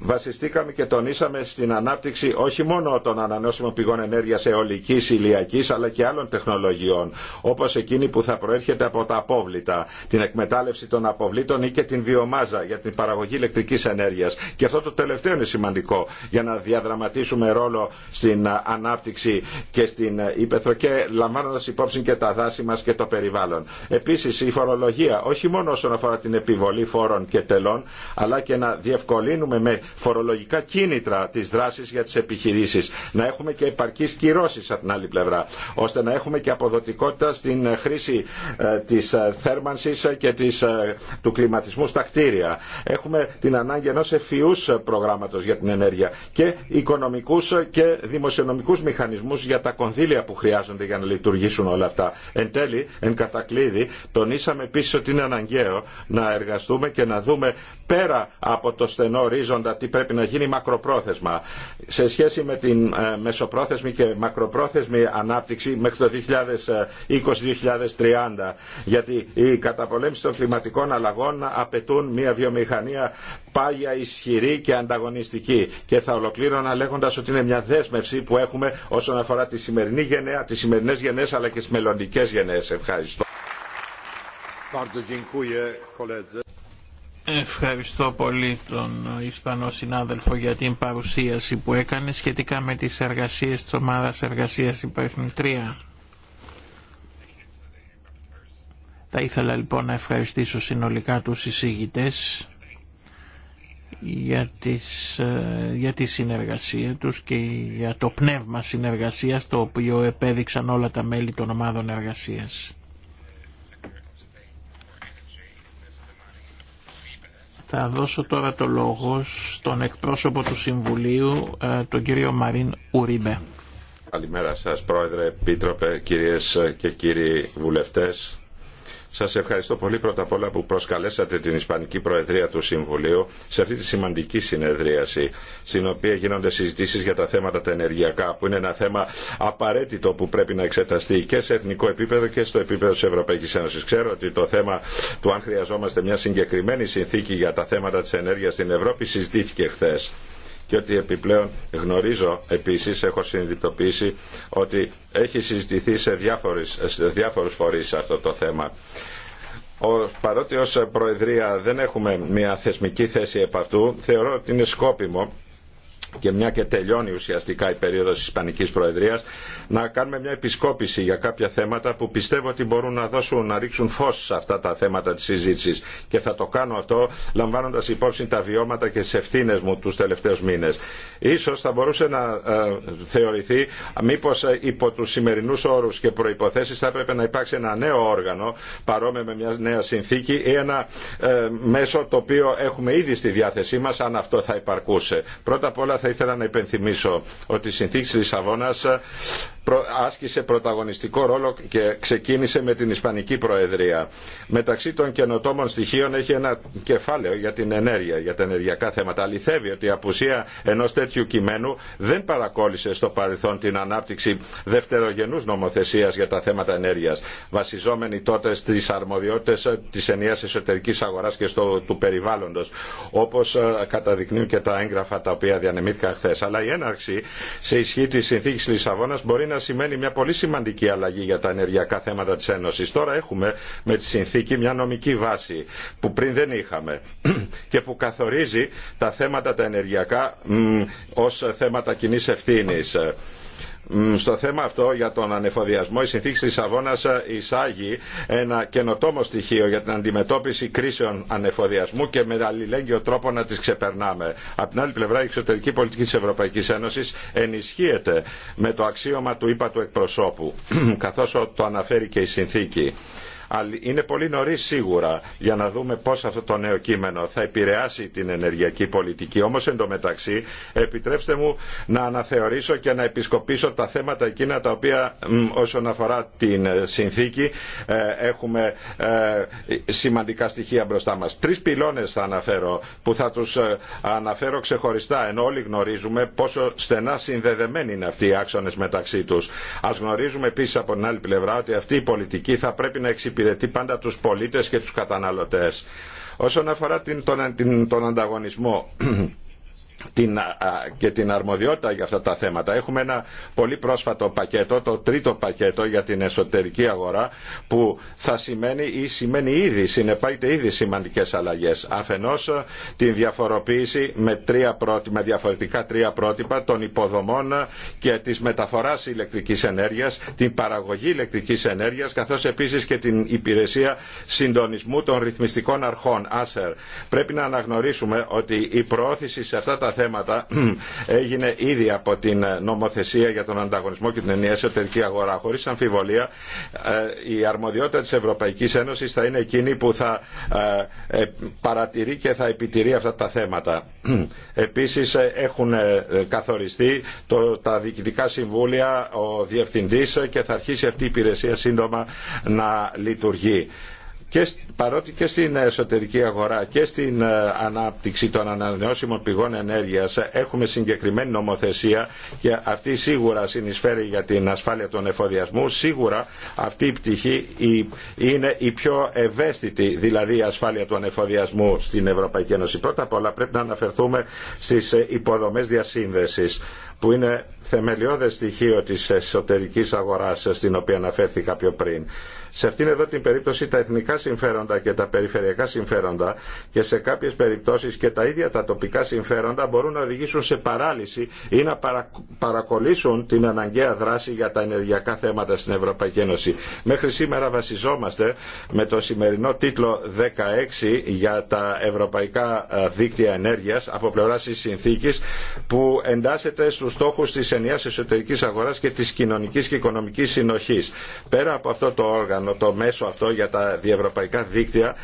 Βασιστήκαμε και τονίσαμε στην ανάπτυξη όχι μόνο των ανανεώσιμων πηγών ενέργειας αιωλικής, ηλιακής αλλά και άλλων τεχνολογιών όπως εκείνη που θα προέρχεται από τα απόβλητα, την εκμετάλλευση των αποβλήτων ή και την βιομάζα για την παραγωγή ηλεκτρικής ενέργειας. Και αυτό το τελευταίο είναι σημαντικό σημαντικό για να διαδραματίσουμε ρόλο στην ε, ανάπτυξη και στην ύπεθρο ε, και λαμβάνοντας υπόψη και τα δάση μας και το περιβάλλον. Επίσης η φορολογία όχι μόνο όσον αφορά την επιβολή φόρων και τελών αλλά και να διευκολύνουμε με φορολογικά κίνητρα τις δράσεις για τις επιχειρήσεις. Να έχουμε και επαρκείς κυρώσεις από την άλλη πλευρά ώστε να έχουμε και αποδοτικότητα στην ε, χρήση της θέρμανσης και της, του κλιματισμού στα κτίρια. Έχουμε την ανάγκη ενός ευφυούς προγράμματος για την ενέργεια και οικονομικούς και δημοσιονομικούς μηχανισμούς για τα κονδύλια που χρειάζονται για να λειτουργήσουν όλα αυτά. Εν τέλει, εν κατακλείδη, τονίσαμε επίσης ότι είναι αναγκαίο να εργαστούμε και να δούμε πέρα από το στενό ορίζοντα τι πρέπει να γίνει μακροπρόθεσμα. Σε σχέση με την ε, μεσοπρόθεσμη και μακροπρόθεσμη ανάπτυξη μέχρι το 2020-2030. Γιατί η καταπολέμηση των κλιματικών αλλαγών απαιτούν μια βιομηχανία πάγια, ισχυρή και ανταγωνιστική. Και θα ολοκλήρωνα λέγοντας ότι είναι μια δέσμευση που έχουμε όσον αφορά τη σημερινή γενναία, τι σημερινέ γενναίες αλλά και τις μελλοντικές γενναίες. Ευχαριστώ.
Ευχαριστώ πολύ τον Ισπανό συνάδελφο για την παρουσίαση που έκανε σχετικά με τις εργασίες της ομάδας εργασίας Υπερθυντρία. Θα ήθελα λοιπόν να ευχαριστήσω συνολικά τους εισηγητές για, ε, για τη συνεργασία τους και για το πνεύμα συνεργασίας το οποίο επέδειξαν όλα τα μέλη των ομάδων εργασίας. Θα δώσω τώρα το λόγο στον εκπρόσωπο του Συμβουλίου, ε, τον κύριο Μαρίν Ουρίμπε.
Καλημέρα σας Πρόεδρε, Επίτροπε, κυρίες και κύριοι βουλευτές. Σας ευχαριστώ πολύ πρώτα απ' όλα που προσκαλέσατε την Ισπανική Προεδρία του Συμβουλίου σε αυτή τη σημαντική συνεδρίαση στην οποία γίνονται συζητήσεις για τα θέματα τα ενεργειακά που είναι ένα θέμα απαραίτητο που πρέπει να εξεταστεί και σε εθνικό επίπεδο και στο επίπεδο τη Ευρωπαϊκής Ένωσης. Ξέρω ότι το θέμα του αν χρειαζόμαστε μια συγκεκριμένη συνθήκη για τα θέματα τη ενέργεια στην Ευρώπη συζητήθηκε χθε και ότι επιπλέον γνωρίζω επίσης, έχω συνειδητοποιήσει ότι έχει συζητηθεί σε, διάφορες, σε διάφορους φορείς αυτό το θέμα. Ο, παρότι ως Προεδρία δεν έχουμε μια θεσμική θέση επ' αυτού, θεωρώ ότι είναι σκόπιμο και μια και τελειώνει ουσιαστικά η περίοδος της Ισπανικής Προεδρίας, να κάνουμε μια επισκόπηση για κάποια θέματα που πιστεύω ότι μπορούν να δώσουν, να ρίξουν φως σε αυτά τα θέματα της συζήτησης. Και θα το κάνω αυτό λαμβάνοντας υπόψη τα βιώματα και τις ευθύνε μου τους τελευταίους μήνες. Ίσως θα μπορούσε να ε, θεωρηθεί μήπως ε, υπό τους σημερινούς όρους και προϋποθέσεις θα έπρεπε να υπάρξει ένα νέο όργανο παρόμοιο με μια νέα συνθήκη ή ένα ε, μέσο το οποίο έχουμε ήδη στη διάθεσή μας αν αυτό θα υπαρκούσε. Πρώτα απ' όλα θα ήθελα να υπενθυμίσω ότι η συνθήκη Λισαβόνα ε, άσκησε πρωταγωνιστικό ρόλο και ξεκίνησε με την Ισπανική Προεδρία. Μεταξύ των καινοτόμων στοιχείων έχει ένα κεφάλαιο για την ενέργεια, για τα ενεργειακά θέματα. Αληθεύει ότι η απουσία ενό τέτοιου κειμένου δεν παρακόλλησε στο παρελθόν την ανάπτυξη δευτερογενού νομοθεσία για τα θέματα ενέργεια, βασιζόμενη τότε στι αρμοδιότητε ε, τη ενία εσωτερική αγορά και στο, του περιβάλλοντο, όπω ε, καταδεικνύουν και τα έγγραφα τα οποία διανεμεί θυμήθηκα Αλλά η έναρξη σε ισχύ τη συνθήκη Λισαβόνα μπορεί να σημαίνει μια πολύ σημαντική αλλαγή για τα ενεργειακά θέματα τη Ένωση. Τώρα έχουμε με τη συνθήκη μια νομική βάση που πριν δεν είχαμε και που καθορίζει τα θέματα τα ενεργειακά ω θέματα κοινή ευθύνη στο θέμα αυτό για τον ανεφοδιασμό η συνθήκη της Σαββόνας ε, εισάγει ένα καινοτόμο στοιχείο για την αντιμετώπιση κρίσεων ανεφοδιασμού και με αλληλέγγυο τρόπο να τις ξεπερνάμε. Απ' την άλλη πλευρά η εξωτερική πολιτική της Ευρωπαϊκής Ένωσης ενισχύεται με το αξίωμα του του εκπροσώπου καθώς το αναφέρει και η συνθήκη είναι πολύ νωρί σίγουρα για να δούμε πώ αυτό το νέο κείμενο θα επηρεάσει την ενεργειακή πολιτική. Όμω εντωμεταξύ επιτρέψτε μου να αναθεωρήσω και να επισκοπήσω τα θέματα εκείνα τα οποία όσον αφορά την ε, συνθήκη ε, έχουμε ε, σημαντικά στοιχεία μπροστά μα. Τρει πυλώνε θα αναφέρω που θα του αναφέρω ξεχωριστά ενώ όλοι γνωρίζουμε πόσο στενά συνδεδεμένοι είναι αυτοί οι άξονε μεταξύ του. Α γνωρίζουμε επίση από την άλλη πλευρά ότι αυτή η πολιτική θα πρέπει να εξυπηρετεί εξυπηρετεί πάντα τους πολίτες και τους καταναλωτές. Όσον αφορά την, τον, τον ανταγωνισμό, και την αρμοδιότητα για αυτά τα θέματα. Έχουμε ένα πολύ πρόσφατο πακέτο, το τρίτο πακέτο για την εσωτερική αγορά που θα σημαίνει ή σημαίνει ήδη, συνεπάγεται ήδη σημαντικές αλλαγές. Αφενός την διαφοροποίηση με, τρία πρότυπα, με διαφορετικά τρία πρότυπα των υποδομών και της μεταφοράς ηλεκτρικής ενέργειας, την παραγωγή ηλεκτρικής ενέργειας καθώς επίσης και την υπηρεσία συντονισμού των ρυθμιστικών αρχών, ASER. Πρέπει να αναγνωρίσουμε ότι η προώθηση σε αυτά τα άλλα θέματα έγινε ήδη από την νομοθεσία για τον ανταγωνισμό και την ενιαία εσωτερική αγορά. Χωρίς αμφιβολία ε, η αρμοδιότητα της Ευρωπαϊκής Ένωσης θα είναι εκείνη που θα ε, ε, παρατηρεί και θα επιτηρεί αυτά τα θέματα. Επίσης έχουν καθοριστεί τα διοικητικά συμβούλια, ο διευθυντής και θα αρχίσει αυτή η υπηρεσία σύντομα να λειτουργεί και παρότι και στην εσωτερική αγορά και στην ε, ανάπτυξη των ανανεώσιμων πηγών ενέργειας έχουμε συγκεκριμένη νομοθεσία και αυτή σίγουρα συνεισφέρει για την ασφάλεια των εφοδιασμού, σίγουρα αυτή η πτυχή είναι η πιο ευαίσθητη, δηλαδή η ασφάλεια των εφοδιασμού στην Ευρωπαϊκή Ένωση. Πρώτα απ' όλα πρέπει να αναφερθούμε στις ε, υποδομές διασύνδεσης που είναι Θεμελιώδε στοιχείο τη εσωτερική αγορά στην οποία αναφέρθηκα πιο πριν. Σε αυτήν εδώ την περίπτωση τα εθνικά συμφέροντα και τα περιφερειακά συμφέροντα και σε κάποιε περιπτώσει και τα ίδια τα τοπικά συμφέροντα μπορούν να οδηγήσουν σε παράλυση ή να παρακολύσουν την αναγκαία δράση για τα ενεργειακά θέματα στην Ευρωπαϊκή Ένωση. Μέχρι σήμερα βασιζόμαστε με το σημερινό τίτλο 16 για τα ευρωπαϊκά ε, δίκτυα ενέργεια, από πλευρά τη συνθήκη που εντάσσεται στους στόχους ενιαίας εσωτερική αγορά και τη κοινωνική και οικονομική συνοχή. Πέρα από αυτό το όργανο, το μέσο αυτό για τα διευρωπαϊκά δίκτυα,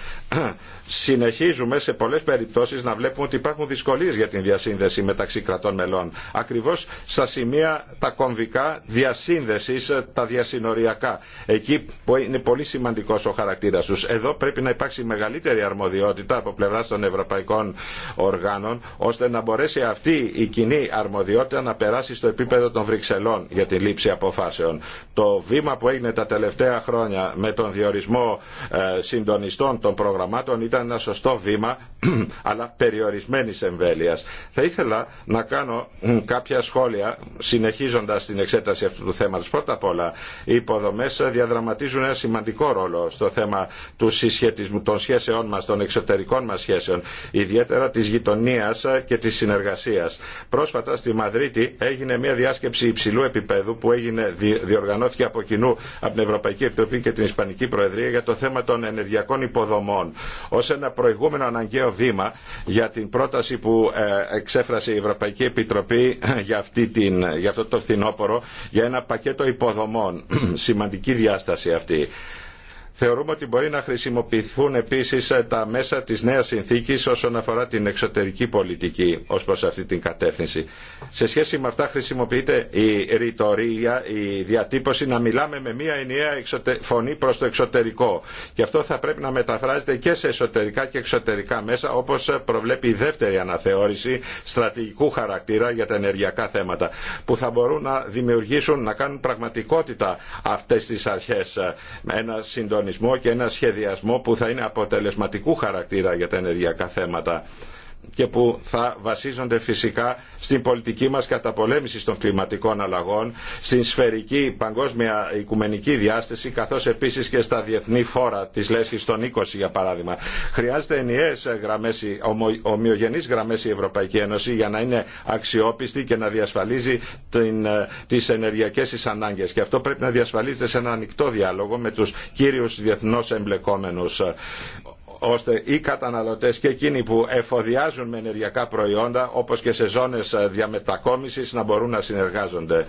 συνεχίζουμε σε πολλέ περιπτώσει να βλέπουμε ότι υπάρχουν δυσκολίε για την διασύνδεση μεταξύ κρατών μελών. Ακριβώ στα σημεία τα κομβικά διασύνδεση, τα διασυνοριακά. Εκεί που είναι πολύ σημαντικό ο χαρακτήρα του. Εδώ πρέπει να υπάρξει μεγαλύτερη αρμοδιότητα από πλευρά των ευρωπαϊκών οργάνων, ώστε να μπορέσει αυτή η κοινή αρμοδιότητα να περάσει στο επίπεδο επίπεδο των Βρυξελών για τη λήψη αποφάσεων. Το βήμα που έγινε τα τελευταία χρόνια με τον διορισμό ε, συντονιστών των προγραμμάτων ήταν ένα σωστό βήμα, αλλά περιορισμένη εμβέλεια. Θα ήθελα να κάνω κάποια σχόλια, συνεχίζοντα την εξέταση αυτού του θέματο. Πρώτα απ' όλα, οι υποδομέ διαδραματίζουν ένα σημαντικό ρόλο στο θέμα του συσχετισμού των σχέσεών μα, των εξωτερικών μα σχέσεων, ιδιαίτερα τη γειτονία και τη συνεργασία. Πρόσφατα στη Μαδρίτη έγινε μια διάσκεψη υψηλού επίπεδου που έγινε, διοργανώθηκε από κοινού από την Ευρωπαϊκή Επιτροπή και την Ισπανική Προεδρία για το θέμα των ενεργειακών υποδομών ως ένα προηγούμενο αναγκαίο βήμα για την πρόταση που ε, εξέφρασε η Ευρωπαϊκή Επιτροπή ε, για, αυτή την, για αυτό το φθινόπωρο για ένα πακέτο υποδομών. Σημαντική διάσταση αυτή. Θεωρούμε ότι μπορεί να χρησιμοποιηθούν επίσης ε, τα μέσα της νέας συνθήκης όσον αφορά την εξωτερική πολιτική ως προς αυτή την κατεύθυνση. Σε σχέση με αυτά χρησιμοποιείται η ρητορία, η διατύπωση να μιλάμε με μία ενιαία φωνή προς το εξωτερικό. Και αυτό θα πρέπει να μεταφράζεται και σε εσωτερικά και εξωτερικά μέσα όπως ε, προβλέπει η δεύτερη αναθεώρηση στρατηγικού χαρακτήρα για τα ενεργειακά θέματα που θα μπορούν να δημιουργήσουν, να κάνουν πραγματικότητα αυτές τις αρχές ε, με ένα συντονισμό και ένα σχεδιασμό που θα είναι αποτελεσματικού χαρακτήρα για τα ενεργειακά θέματα και που θα βασίζονται φυσικά στην πολιτική μας καταπολέμηση των κλιματικών αλλαγών, στην σφαιρική παγκόσμια οικουμενική διάσταση, καθώς επίσης και στα διεθνή φόρα της λέσχης των 20 για παράδειγμα. Χρειάζεται ενιαίες γραμμές, ομοιογενείς γραμμές η Ευρωπαϊκή Ένωση για να είναι αξιόπιστη και να διασφαλίζει την, ε, τις ενεργειακές της ανάγκες. Και αυτό πρέπει να διασφαλίζεται σε ένα ανοιχτό διάλογο με τους κύριους διεθνώς εμπλεκόμενους ώστε οι καταναλωτές και εκείνοι που εφοδιάζουν με ενεργειακά προϊόντα όπως και σε ζώνες διαμετακόμισης να μπορούν να συνεργάζονται.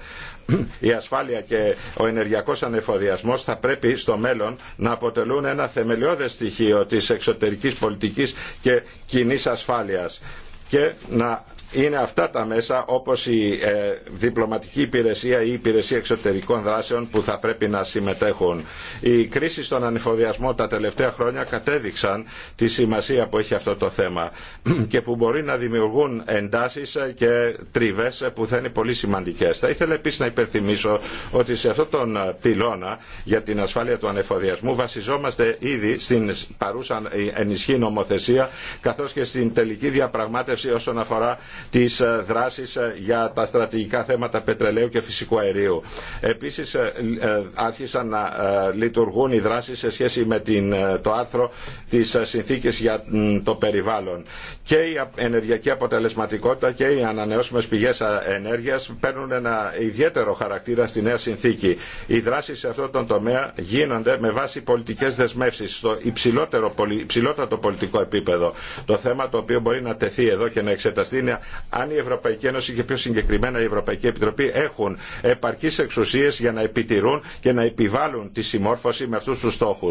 Η ασφάλεια και ο ενεργειακός ανεφοδιασμός θα πρέπει στο μέλλον να αποτελούν ένα θεμελιώδες στοιχείο της εξωτερικής πολιτικής και κοινή ασφάλειας και να είναι αυτά τα μέσα όπως η ε, διπλωματική υπηρεσία ή η υπηρεσία εξωτερικών δράσεων που θα πρέπει να συμμετέχουν. Οι κρίση στον ανεφοδιασμό τα τελευταία χρόνια κατέδειξαν τη σημασία που έχει αυτό το θέμα και που μπορεί να δημιουργούν εντάσεις και τριβές που θα είναι πολύ σημαντικές. Θα ήθελα επίσης να υπενθυμίσω ότι σε αυτόν τον πυλώνα για την ασφάλεια του ανεφοδιασμού βασιζόμαστε ήδη στην παρούσα ενισχύ νομοθεσία καθώς και στην τελική διαπραγμάτευση όσον αφορά τι ε, δράση ε, για τα στρατηγικά θέματα πετρελαίου και φυσικού αερίου. Επίση, ε, άρχισαν να λειτουργούν οι δράσει σε σχέση με την, το άρθρο τη συνθήκης για το περιβάλλον. Και η ενεργειακή αποτελεσματικότητα και οι ανανεώσιμε πηγέ ενέργεια παίρνουν ένα ιδιαίτερο χαρακτήρα στη νέα συνθήκη. Οι δράσει σε αυτόν τον τομέα γίνονται με βάση πολιτικέ δεσμεύσει στο υψηλότερο, πολιτικό επίπεδο. Το θέμα το οποίο μπορεί να τεθεί εδώ και να εξεταστεί αν η Ευρωπαϊκή Ένωση και πιο συγκεκριμένα η Ευρωπαϊκή Επιτροπή έχουν επαρκείς εξουσίες για να επιτηρούν και να επιβάλλουν τη συμμόρφωση με αυτού του στόχου.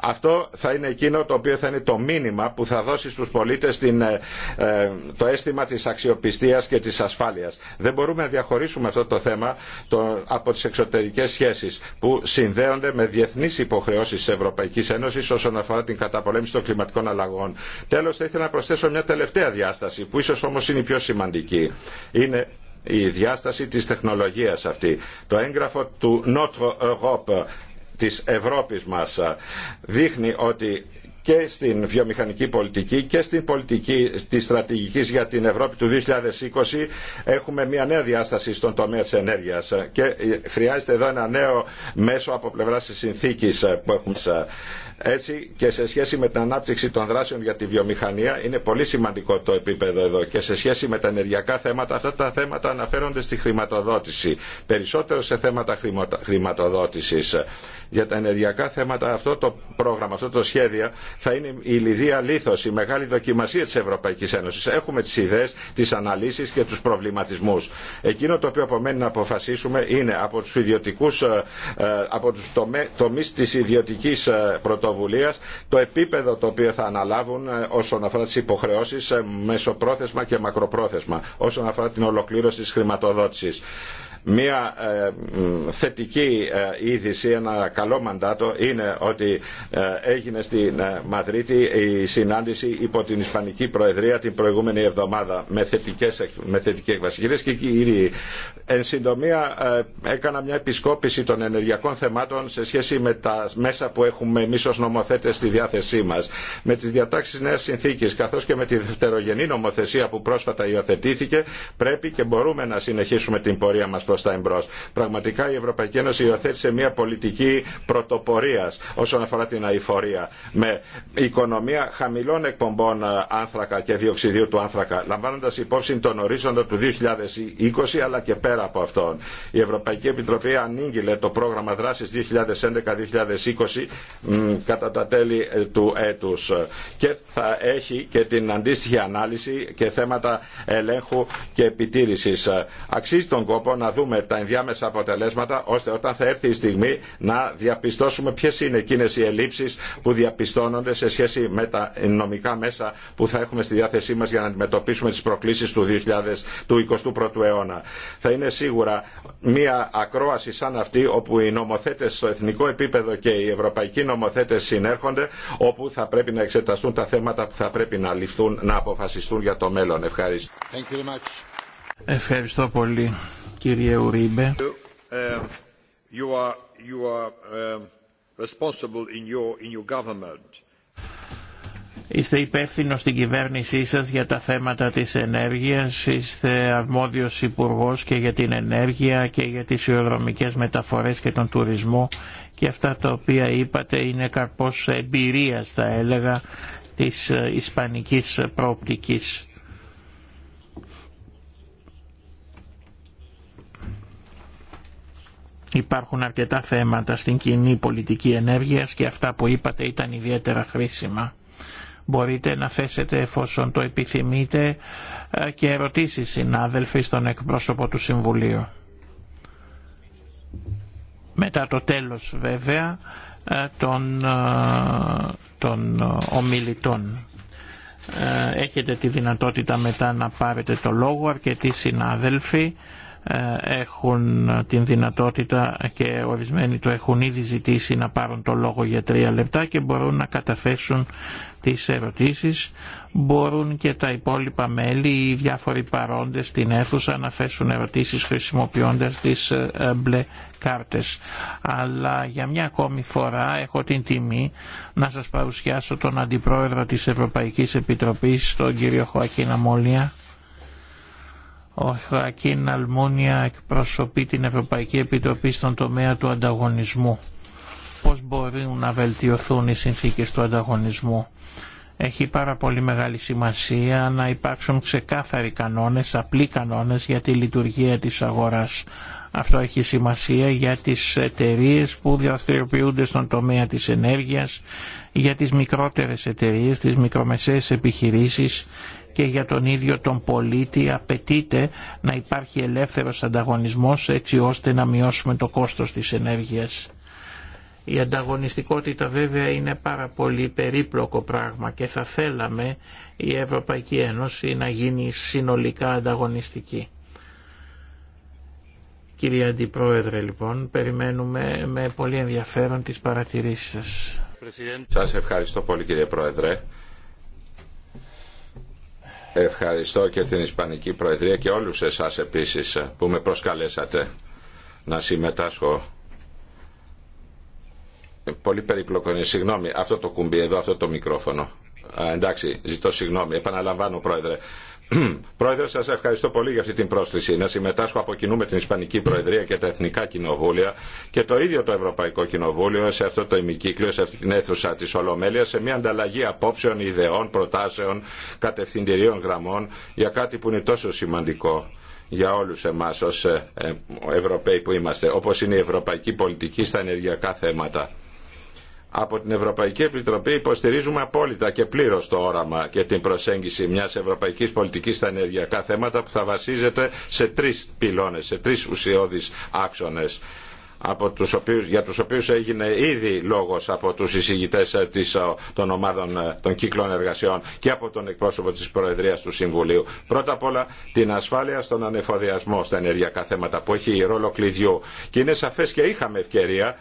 Αυτό θα είναι εκείνο το οποίο θα είναι το μήνυμα που θα δώσει στου πολίτε ε, ε, το αίσθημα τη αξιοπιστία και τη ασφάλεια. Δεν μπορούμε να διαχωρίσουμε αυτό το θέμα από τι εξωτερικέ σχέσει που συνδέονται με διεθνεί υποχρεώσει τη Ευρωπαϊκή Ένωση όσον αφορά την καταπολέμηση των κλιματικών αλλαγών. Τέλο θα ήθελα να προσθέσω μια τελευταία διάσταση που ίσω όμω είναι πιο σημαντική είναι η διάσταση της τεχνολογίας αυτή. Το έγγραφο του Notre Europe της Ευρώπης μας δείχνει ότι και στην βιομηχανική πολιτική και στην πολιτική τη στρατηγική για την Ευρώπη του 2020 έχουμε μια νέα διάσταση στον τομέα τη ενέργεια. Και ε, χρειάζεται εδώ ένα νέο μέσο από πλευρά τη συνθήκη ε, που έχουμε. Έτσι και σε σχέση με την ανάπτυξη των δράσεων για τη βιομηχανία είναι πολύ σημαντικό το επίπεδο εδώ και σε σχέση με τα ενεργειακά θέματα αυτά τα θέματα αναφέρονται στη χρηματοδότηση περισσότερο σε θέματα χρηματοδότησης. Για τα ενεργειακά θέματα αυτό το πρόγραμμα, αυτό το σχέδιο θα είναι η λιδία λίθο, η μεγάλη δοκιμασία της Ευρωπαϊκής Ένωση. Έχουμε τις ιδέες, τις αναλύσεις και τους προβληματισμούς. Εκείνο το οποίο απομένει να αποφασίσουμε είναι από τους, τομεί ε, από τους τομείς της ιδιωτικής ε, το επίπεδο το οποίο θα αναλάβουν ε, όσον αφορά τις υποχρεώσεις μεσοπρόθεσμα και μακροπρόθεσμα, όσον αφορά την ολοκλήρωση τη χρηματοδότηση. Μία ε, θετική ε, είδηση, ένα καλό μαντάτο είναι ότι ε, έγινε στην Μαδρίτη η συνάντηση υπό την Ισπανική Προεδρία την προηγούμενη εβδομάδα με, θετικές, με θετική έκβαση. Κυρίε και κύριοι, εν συντομία έκανα μια επισκόπηση των ενεργειακών θεμάτων σε σχέση με τα μέσα που έχουμε εμεί ω νομοθέτε στη διάθεσή μα. Με τι διατάξει νέα συνθήκη καθώ και με τη δευτερογενή νομοθεσία που πρόσφατα υιοθετήθηκε, πρέπει και μπορούμε να συνεχίσουμε την πορεία μα στα Πραγματικά η Ευρωπαϊκή Ένωση υιοθέτησε μια πολιτική πρωτοπορία όσον αφορά την αηφορία με οικονομία χαμηλών εκπομπών ε, άνθρακα και διοξιδίου του άνθρακα λαμβάνοντα υπόψη τον ορίζοντα του 2020 αλλά και πέρα από αυτόν. Η Ευρωπαϊκή Επιτροπή ανήγγειλε το προγραμμα δραση δράσης 2011-2020 κατά τα τέλη ε, του έτου. και θα έχει και την αντίστοιχη ανάλυση και θέματα ελέγχου και επιτήρηση Αξίζει τον κόπο να δούμε με τα ενδιάμεσα αποτελέσματα ώστε όταν θα έρθει η στιγμή να διαπιστώσουμε ποιε είναι εκείνε οι ελλείψει που διαπιστώνονται σε σχέση με τα νομικά μέσα που θα έχουμε στη διάθεσή μας για να αντιμετωπίσουμε τις προκλήσεις του, του 21ου αιώνα. Θα είναι σίγουρα μια ακρόαση σαν αυτή όπου οι νομοθέτε στο εθνικό επίπεδο και οι ευρωπαϊκοί νομοθέτε συνέρχονται όπου θα πρέπει να εξεταστούν τα θέματα που θα πρέπει να ληφθούν, να αποφασιστούν για το μέλλον. Ευχαριστώ.
Ευχαριστώ πολύ κύριε Ουρίμπε. Είστε υπεύθυνο στην κυβέρνησή σας για τα θέματα της ενέργειας, είστε αρμόδιος υπουργός και για την ενέργεια και για τις ιεροδρομικές μεταφορές και τον τουρισμό και αυτά τα οποία είπατε είναι καρπός εμπειρίας θα έλεγα της ε, ισπανικής προοπτικής. Υπάρχουν αρκετά θέματα στην κοινή πολιτική ενέργειας και αυτά που είπατε ήταν ιδιαίτερα χρήσιμα. Μπορείτε να θέσετε εφόσον το επιθυμείτε ε, και ερωτήσεις συνάδελφοι στον εκπρόσωπο του Συμβουλίου. Μετά το τέλος βέβαια ε, των, ε, των ομιλητών. Έχετε τη δυνατότητα μετά να πάρετε το λόγο αρκετοί συνάδελφοι ε, έχουν την δυνατότητα και ορισμένοι το έχουν ήδη ζητήσει να πάρουν το λόγο για τρία λεπτά και μπορούν να καταθέσουν τις ερωτήσεις. Μπορούν και τα υπόλοιπα μέλη ή διάφοροι παρόντες στην αίθουσα να θέσουν ερωτήσεις χρησιμοποιώντας τις ε, ε, μπλε κάρτες. Αλλά για μια ακόμη φορά έχω την τιμή να σας παρουσιάσω τον Αντιπρόεδρο της Ευρωπαϊκής Επιτροπής, τον κύριο Χωακίνα Μόλια ο Χακίν Αλμούνια εκπροσωπεί την Ευρωπαϊκή Επιτροπή στον τομέα του ανταγωνισμού. Πώς μπορούν να βελτιωθούν οι συνθήκες του ανταγωνισμού. Έχει πάρα πολύ μεγάλη σημασία να υπάρξουν ξεκάθαροι κανόνες, απλοί κανόνες για τη λειτουργία της αγοράς. Αυτό έχει σημασία για τις εταιρείε που δραστηριοποιούνται στον τομέα της ενέργειας, για τις μικρότερες εταιρείε, τις μικρομεσαίες επιχειρήσεις και για τον ίδιο τον πολίτη απαιτείται να υπάρχει ελεύθερος ανταγωνισμός έτσι ώστε να μειώσουμε το κόστος της ενέργειας. Η ανταγωνιστικότητα βέβαια είναι πάρα πολύ περίπλοκο πράγμα και θα θέλαμε η Ευρωπαϊκή Ένωση να γίνει συνολικά ανταγωνιστική. Κύριε Αντιπρόεδρε λοιπόν, περιμένουμε με πολύ ενδιαφέρον τις παρατηρήσεις σας.
Σας ευχαριστώ πολύ κύριε Πρόεδρε. Ευχαριστώ και την Ισπανική Προεδρία και όλους εσάς επίσης που με προσκαλέσατε να συμμετάσχω. Πολύ περίπλοκο είναι. Συγγνώμη, αυτό το κουμπί εδώ, αυτό το μικρόφωνο. εντάξει, ζητώ συγγνώμη. Επαναλαμβάνω, Πρόεδρε. Πρόεδρε, σα ευχαριστώ πολύ για αυτή την πρόσκληση να συμμετάσχω από κοινού με την Ισπανική Προεδρία και τα Εθνικά Κοινοβούλια και το ίδιο το Ευρωπαϊκό Κοινοβούλιο σε αυτό το ημικύκλιο, σε αυτή την αίθουσα τη Ολομέλεια, σε μια ανταλλαγή απόψεων, ιδεών, προτάσεων, κατευθυντηρίων γραμμών για κάτι που είναι τόσο σημαντικό για όλου εμά ω ε, ε, Ευρωπαίοι που είμαστε, όπω είναι η ευρωπαϊκή πολιτική στα ενεργειακά θέματα από την Ευρωπαϊκή Επιτροπή υποστηρίζουμε απόλυτα και πλήρω το όραμα και την προσέγγιση μια ευρωπαϊκή πολιτική στα ενεργειακά θέματα που θα βασίζεται σε τρει πυλώνε, σε τρει ουσιώδει άξονε για τους οποίους έγινε ήδη λόγος από τους εισηγητές ε, ε, των ομάδων ε, των κύκλων εργασιών και από τον εκπρόσωπο της Προεδρίας του Συμβουλίου. Πρώτα απ' όλα την ασφάλεια στον ανεφοδιασμό στα ενεργειακά θέματα που έχει ρόλο κλειδιού. Και είναι σαφέ και είχαμε ευκαιρία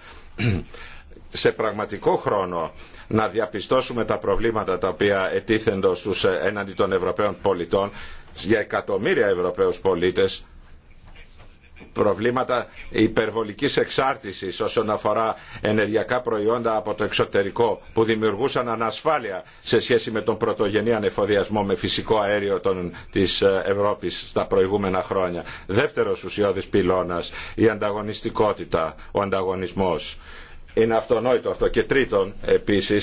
σε πραγματικό χρόνο να διαπιστώσουμε τα προβλήματα τα οποία ετίθενται στους ε, έναντι των Ευρωπαίων πολιτών για εκατομμύρια Ευρωπαίους πολίτες προβλήματα υπερβολικής εξάρτησης όσον αφορά ενεργειακά προϊόντα από το εξωτερικό που δημιουργούσαν ανασφάλεια σε σχέση με τον πρωτογενή ανεφοδιασμό με φυσικό αέριο τη της ε, Ευρώπης στα προηγούμενα χρόνια. Δεύτερος ουσιώδης πυλώνας, η ανταγωνιστικότητα, ο ανταγωνισμός. Είναι αυτονόητο αυτό. Και τρίτον, επίση,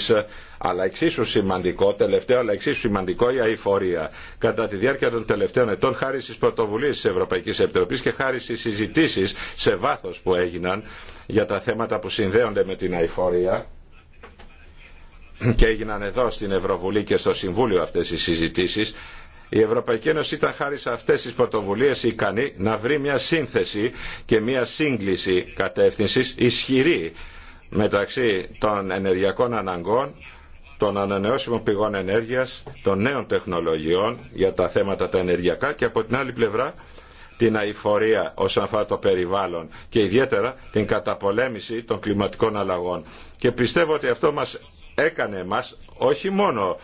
αλλά εξίσου σημαντικό, τελευταίο, αλλά εξίσου σημαντικό η αηφορία. Κατά τη διάρκεια των τελευταίων ετών, χάρη στι πρωτοβουλίε τη Ευρωπαϊκή Επιτροπή και χάρη στι συζητήσει σε βάθο που έγιναν για τα θέματα που συνδέονται με την αηφορία, και έγιναν εδώ στην Ευρωβουλή και στο Συμβούλιο αυτέ οι συζητήσει, η Ευρωπαϊκή Ένωση ήταν χάρη σε αυτές τις πρωτοβουλίε ικανή να βρει μια σύνθεση και μια σύγκληση κατεύθυνσης ισχυρή μεταξύ των ενεργειακών αναγκών των ανανεώσιμων πηγών ενέργειας, των νέων τεχνολογιών για τα θέματα τα ενεργειακά και από την άλλη πλευρά την αηφορία όσον αφορά το περιβάλλον και ιδιαίτερα την καταπολέμηση των κλιματικών αλλαγών. Και πιστεύω ότι αυτό μας έκανε εμάς όχι μόνο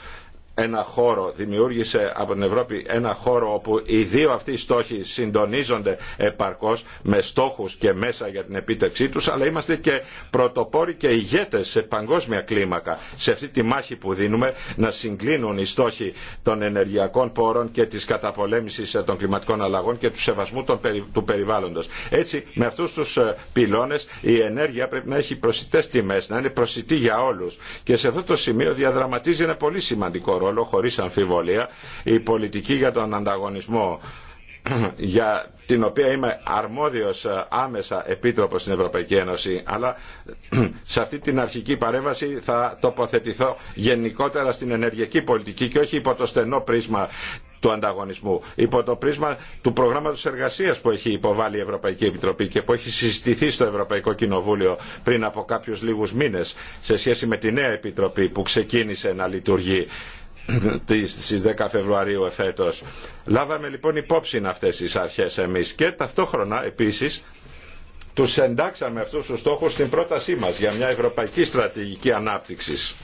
ένα χώρο, δημιούργησε από την Ευρώπη ένα χώρο όπου οι δύο αυτοί οι στόχοι συντονίζονται επαρκώς με στόχους και μέσα για την επίτευξή τους, αλλά είμαστε και πρωτοπόροι και ηγέτες σε παγκόσμια κλίμακα. Σε αυτή τη μάχη που δίνουμε να συγκλίνουν οι στόχοι των ενεργειακών πόρων και της καταπολέμησης των κλιματικών αλλαγών και του σεβασμού του περιβάλλοντος. Έτσι, με αυτούς τους ε, πυλώνες η ενέργεια πρέπει να έχει προσιτές τιμές, να είναι προσιτή για όλους. Και σε αυτό το σημείο διαδραματίζει ένα πολύ σημαντικό ρόλο χωρίς αμφιβολία η πολιτική για τον ανταγωνισμό για την οποία είμαι αρμόδιος ε, άμεσα επίτροπος στην Ευρωπαϊκή Ένωση αλλά σε αυτή την αρχική παρέμβαση θα τοποθετηθώ γενικότερα στην ενεργειακή πολιτική και όχι υπό το στενό πρίσμα του ανταγωνισμού υπό το πρίσμα του προγράμματος εργασίας που έχει υποβάλει η Ευρωπαϊκή Επιτροπή και που έχει συζητηθεί στο Ευρωπαϊκό Κοινοβούλιο πριν από κάποιους λίγους μήνες σε σχέση με τη νέα Επιτροπή που ξεκίνησε να λειτουργεί στις 10 Φεβρουαρίου εφέτος. Λάβαμε λοιπόν υπόψη αυτές τις αρχές εμείς και ταυτόχρονα επίσης τους εντάξαμε αυτούς τους στόχους στην πρότασή μας για μια ευρωπαϊκή στρατηγική ανάπτυξης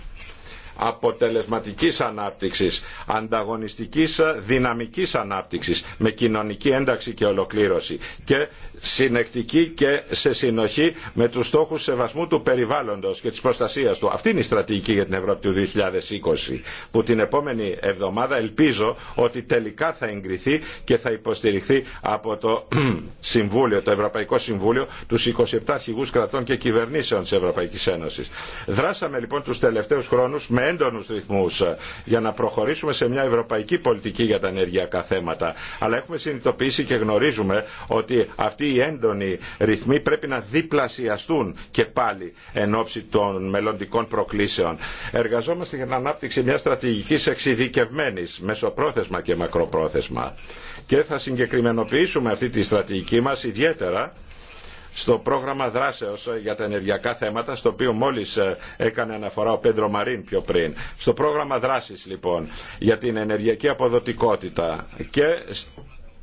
αποτελεσματικής ανάπτυξης, ανταγωνιστικής δυναμικής ανάπτυξης με κοινωνική ένταξη και ολοκλήρωση και συνεκτική και σε συνοχή με τους στόχους σεβασμού του περιβάλλοντος και της προστασίας του. Αυτή είναι η στρατηγική για την Ευρώπη του 2020 που την επόμενη εβδομάδα ελπίζω ότι τελικά θα εγκριθεί και θα υποστηριχθεί από το Συμβούλιο, το Ευρωπαϊκό Συμβούλιο τους 27 αρχηγούς κρατών και κυβερνήσεων της Ευρωπαϊκής Ένωσης. Δράσαμε λοιπόν τους τελευταίους χρόνους με έντονους ρυθμούς ε, για να προχωρήσουμε σε μια ευρωπαϊκή πολιτική για τα ενεργειακά θέματα. Αλλά έχουμε συνειδητοποιήσει και γνωρίζουμε ότι αυτή οι έντονοι ρυθμοί πρέπει να διπλασιαστούν και πάλι εν ώψη των μελλοντικών προκλήσεων. Εργαζόμαστε για την ανάπτυξη μια στρατηγική εξειδικευμένη, μεσοπρόθεσμα και μακροπρόθεσμα. Και θα συγκεκριμενοποιήσουμε αυτή τη στρατηγική μα ιδιαίτερα στο πρόγραμμα δράσεω για τα ενεργειακά θέματα, στο οποίο μόλι ε, έκανε αναφορά ο Πέντρο Μαρίν πιο πριν. Στο πρόγραμμα δράση λοιπόν για την ενεργειακή αποδοτικότητα και